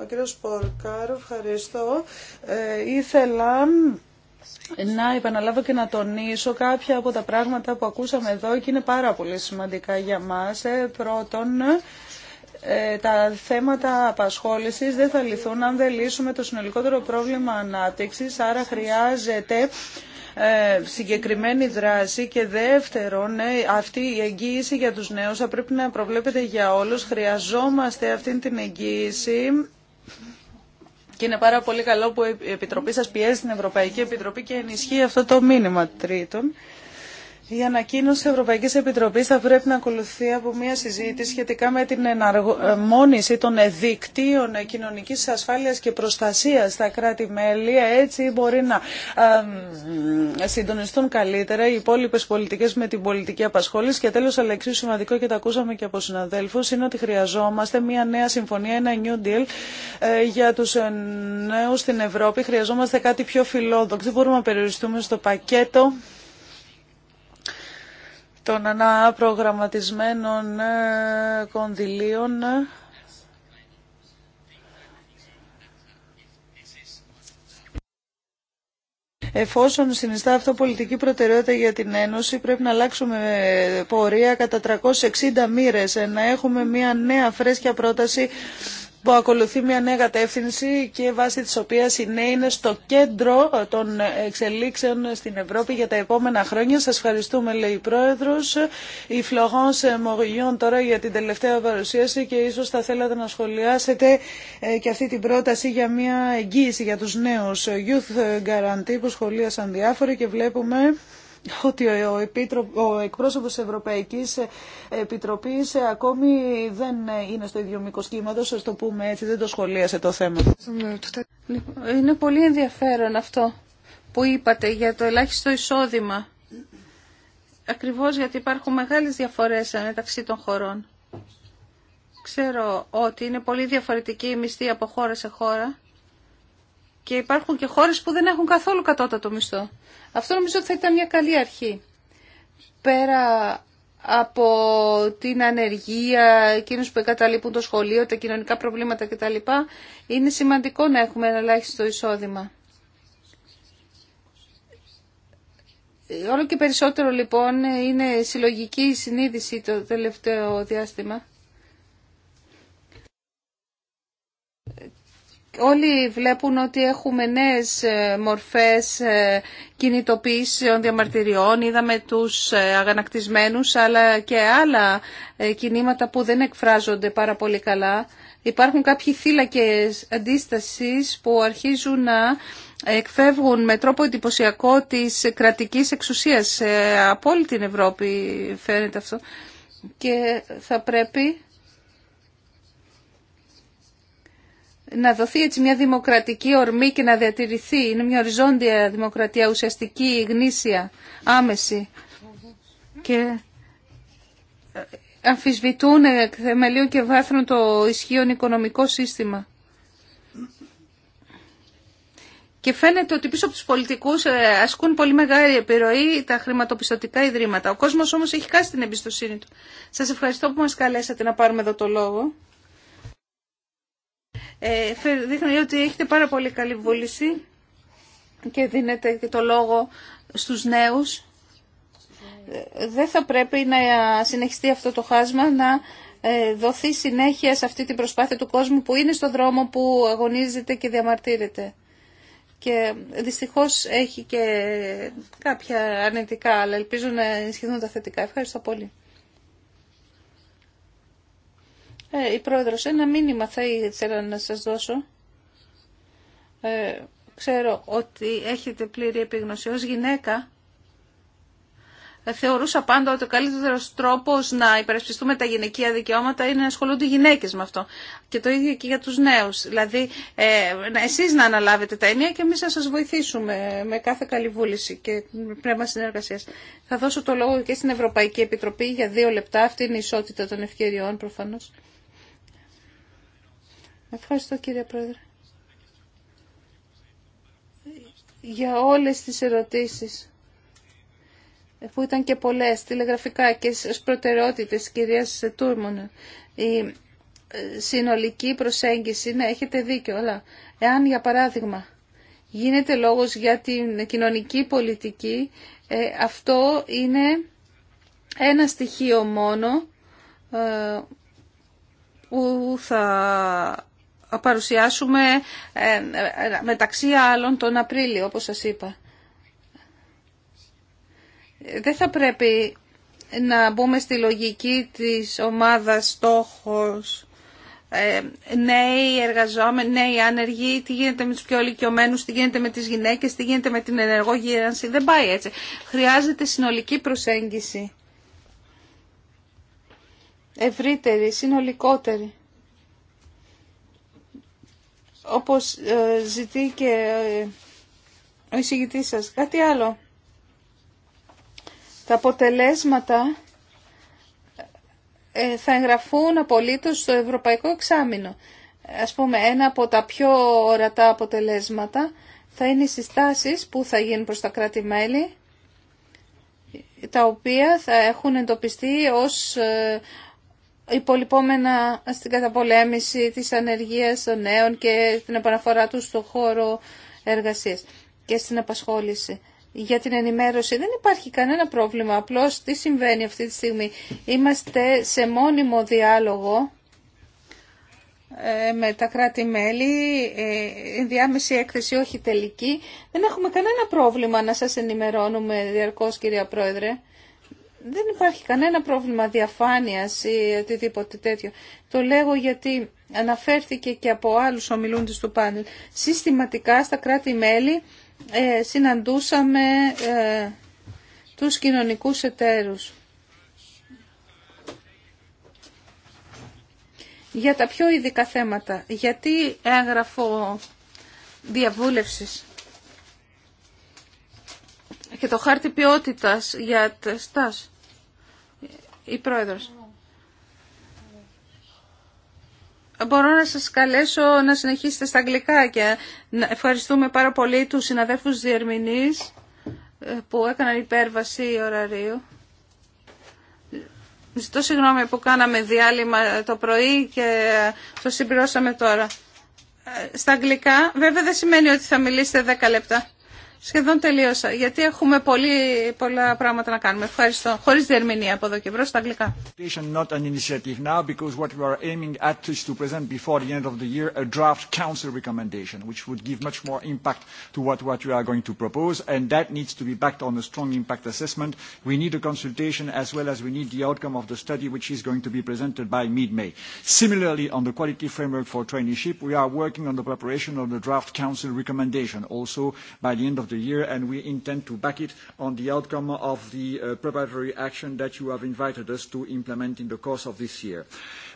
Ο κύριος Πορκάρο, ευχαριστώ. Ε, ήθελα να επαναλάβω και να τονίσω κάποια από τα πράγματα που ακούσαμε εδώ και είναι πάρα πολύ σημαντικά για μας. Ε, πρώτον, ε, τα θέματα απασχόλησης δεν θα λυθούν αν δεν λύσουμε το συνολικότερο πρόβλημα ανάπτυξης, άρα χρειάζεται ε, συγκεκριμένη δράση και δεύτερον ε, αυτή η εγγύηση για τους νέους θα πρέπει να προβλέπεται για όλους. Χρειαζόμαστε αυτή την εγγύηση και είναι πάρα πολύ καλό που η Επιτροπή σας πιέζει την Ευρωπαϊκή Επιτροπή και ενισχύει αυτό το μήνυμα τρίτον. Η ανακοίνωση Ευρωπαϊκής Επιτροπής θα πρέπει να ακολουθεί από μια συζήτηση σχετικά με την εναρμόνιση των δικτύων κοινωνικής ασφάλειας και προστασίας στα κράτη-μέλη. Έτσι μπορεί να συντονιστούν καλύτερα οι υπόλοιπες πολιτικές με την πολιτική απασχόληση. Και τέλος, αλλά εξίσου σημαντικό και το ακούσαμε και από συναδέλφους, είναι ότι χρειαζόμαστε μια νέα συμφωνία, ένα new deal ε, για τους ε, νέους στην Ευρώπη. Χρειαζόμαστε κάτι πιο φιλόδοξο. Δεν μπορούμε να περιοριστούμε στο πακέτο των αναπρογραμματισμένων ε, κονδυλίων Εφόσον συνιστά αυτό πολιτική προτεραιότητα για την Ένωση, πρέπει να αλλάξουμε πορεία κατά 360 μοίρες, ε, να έχουμε μια νέα φρέσκια πρόταση που ακολουθεί μια νέα κατεύθυνση και βάσει της οποίας οι νέοι είναι στο κέντρο των εξελίξεων στην Ευρώπη για τα επόμενα χρόνια. Σας ευχαριστούμε, λέει η Πρόεδρος. Η Φλογόνς Μογιόν τώρα για την τελευταία παρουσίαση και ίσως θα θέλατε να σχολιάσετε ε, και αυτή την πρόταση για μια εγγύηση για τους νέους Youth Guarantee που σχολίασαν διάφοροι και βλέπουμε ότι ο, εκπρόσωπο ο εκπρόσωπος της Ευρωπαϊκής Επιτροπής ακόμη δεν είναι στο ίδιο μήκος κύματος, ας το πούμε έτσι, δεν το σχολίασε το θέμα. Είναι πολύ ενδιαφέρον αυτό που είπατε για το ελάχιστο εισόδημα. Ακριβώς γιατί υπάρχουν μεγάλες διαφορές μεταξύ των χωρών. Ξέρω ότι είναι πολύ διαφορετική η μισθή από χώρα σε χώρα και υπάρχουν και χώρες που δεν έχουν καθόλου κατώτατο μισθό. Αυτό νομίζω ότι θα ήταν μια καλή αρχή. Πέρα από την ανεργία, εκείνου που εγκαταλείπουν το σχολείο, τα κοινωνικά προβλήματα κτλ. Είναι σημαντικό να έχουμε ένα ελάχιστο εισόδημα. Όλο και περισσότερο λοιπόν είναι συλλογική συνείδηση το τελευταίο διάστημα Όλοι βλέπουν ότι έχουμε νέες ε, μορφές ε, κινητοποίησεων διαμαρτυριών, είδαμε τους ε, αγανακτισμένους, αλλά και άλλα κινήματα που δεν εκφράζονται πάρα πολύ καλά. Υπάρχουν κάποιοι θύλακες αντίστασης που αρχίζουν να εκφεύγουν με τρόπο εντυπωσιακό της κρατικής εξουσίας. Από όλη την Ευρώπη φαίνεται αυτό. Και θα πρέπει να δοθεί έτσι μια δημοκρατική ορμή και να διατηρηθεί. Είναι μια οριζόντια δημοκρατία, ουσιαστική, γνήσια, άμεση. Και ε, αμφισβητούν ε, θεμελίων και βάθρων το ισχύον οικονομικό σύστημα. Και φαίνεται ότι πίσω από τους πολιτικούς ε, ασκούν πολύ μεγάλη επιρροή τα χρηματοπιστωτικά ιδρύματα. Ο κόσμος όμως έχει χάσει την εμπιστοσύνη του. Σας ευχαριστώ που μας καλέσατε να πάρουμε εδώ το λόγο. Ε, δείχνει ότι έχετε πάρα πολύ καλή βούληση και δίνετε και το λόγο στους νέους. Ε, δεν θα πρέπει να συνεχιστεί αυτό το χάσμα, να ε, δοθεί συνέχεια σε αυτή την προσπάθεια του κόσμου που είναι στο δρόμο που αγωνίζεται και διαμαρτύρεται. Και δυστυχώς έχει και κάποια αρνητικά, αλλά ελπίζω να ενισχυθούν τα θετικά. Ευχαριστώ πολύ. Ε, η Πρόεδρος, ένα μήνυμα θα ήθελα να σας δώσω. Ε, ξέρω ότι έχετε πλήρη επίγνωση. Ως γυναίκα ε, θεωρούσα πάντα ότι ο καλύτερος τρόπος να υπερασπιστούμε τα γυναικεία δικαιώματα είναι να ασχολούνται οι γυναίκες με αυτό. Και το ίδιο και για τους νέους. Δηλαδή, ε, εσείς να αναλάβετε τα ενία και εμείς να σας βοηθήσουμε με κάθε καλή βούληση και πνεύμα συνεργασίας. Θα δώσω το λόγο και στην Ευρωπαϊκή Επιτροπή για δύο λεπτά. Αυτή είναι η ισότητα των ευκαιριών προφανώς. Ευχαριστώ κύριε Πρόεδρε. Για όλες τις ερωτήσεις που ήταν και πολλές τηλεγραφικά και στις προτεραιότητες της κυρίας η ε, συνολική προσέγγιση, ναι έχετε δίκιο, αλλά εάν για παράδειγμα γίνεται λόγος για την κοινωνική πολιτική, ε, αυτό είναι ένα στοιχείο μόνο ε, που θα παρουσιάσουμε ε, ε, μεταξύ άλλων τον Απρίλιο, όπως σας είπα. Δεν θα πρέπει να μπούμε στη λογική της ομάδας στόχος ε, νέοι εργαζόμενοι, νέοι άνεργοι, τι γίνεται με τους πιο ηλικιωμένους, τι γίνεται με τις γυναίκες, τι γίνεται με την ενεργό γύρανση. Δεν πάει έτσι. Χρειάζεται συνολική προσέγγιση. Ευρύτερη, συνολικότερη όπως ε, ζητεί και ε, ο εισηγητής σας. Κάτι άλλο. Τα αποτελέσματα ε, θα εγγραφούν απολύτως στο Ευρωπαϊκό Εξάμεινο. Ας πούμε, ένα από τα πιο ορατά αποτελέσματα θα είναι οι συστάσεις που θα γίνουν προς τα κράτη-μέλη, τα οποία θα έχουν εντοπιστεί ως υπολοιπόμενα στην καταπολέμηση της ανεργίας των νέων και την επαναφορά τους στον χώρο εργασίας και στην απασχόληση. Για την ενημέρωση δεν υπάρχει κανένα πρόβλημα, απλώς τι συμβαίνει αυτή τη στιγμή. Είμαστε σε μόνιμο διάλογο ε, με τα κράτη-μέλη, ε, Διάμεση έκθεση όχι τελική. Δεν έχουμε κανένα πρόβλημα να σας ενημερώνουμε διαρκώς κυρία Πρόεδρε. Δεν υπάρχει κανένα πρόβλημα διαφάνειας ή οτιδήποτε τέτοιο. Το λέγω γιατί αναφέρθηκε και από άλλους ομιλούντες του πάνελ. Συστηματικά στα κράτη-μέλη ε, συναντούσαμε ε, τους κοινωνικούς εταίρους. Για τα πιο ειδικά θέματα. Γιατί έγραφο διαβούλευσης και το χάρτη ποιότητας για τα Η πρόεδρος. Μπορώ να σας καλέσω να συνεχίσετε στα αγγλικά και να ευχαριστούμε πάρα πολύ τους συναδέλφους διερμηνείς ε, που έκαναν υπέρβαση ωραρίου. Ζητώ συγγνώμη που κάναμε διάλειμμα το πρωί και ε, το συμπληρώσαμε τώρα. Ε, στα αγγλικά βέβαια δεν σημαίνει ότι θα μιλήσετε 10 λεπτά. Σχεδόν τελείωσα, γιατί έχουμε πολύ, πολλά πράγματα να κάνουμε. Ευχαριστώ. Χωρίς διερμηνία από εδώ και μπρος στα αγγλικά. Not an initiative now, because what we are aiming at is to present before the end of the year a draft council recommendation, which would give much more impact to what, what we are going to propose, and that needs to be backed on a strong impact assessment. We need a consultation as well as we need the outcome of the study, which is going to be presented by mid-May. Similarly, on the quality framework for traineeship, we are working on the preparation of the draft council recommendation, also by the end of the year, and we intend to back it on the outcome of the preparatory action that you have invited us to implement in the course of this year.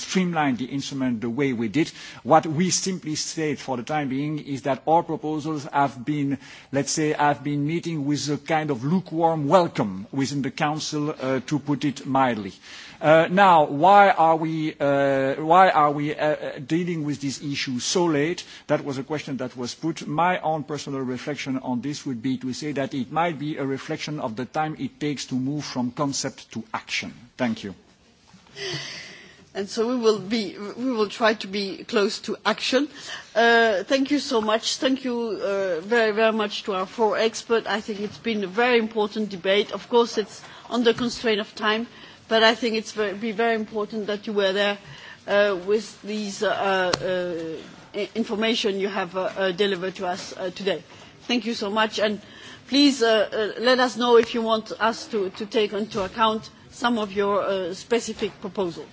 streamline the instrument the way we did. What we simply said for the time being is that our proposals have been, let's say, have been meeting with a kind of lukewarm welcome within the Council, to put it mildly. Now, why are we dealing with this issue so late? That was a question that was put. My own personal reflection on this would be to say that it might be a reflection of the time it takes to move from concept to action. Thank you and so we will try to be close to action. thank you so much. thank you very very much to our four experts. i think it's been a very important debate. of course it's under constraint of time but i think it it's be very important that you were there with these information you have delivered to us today. thank you so much and please let us know if you want us to take into account some of your specific proposals.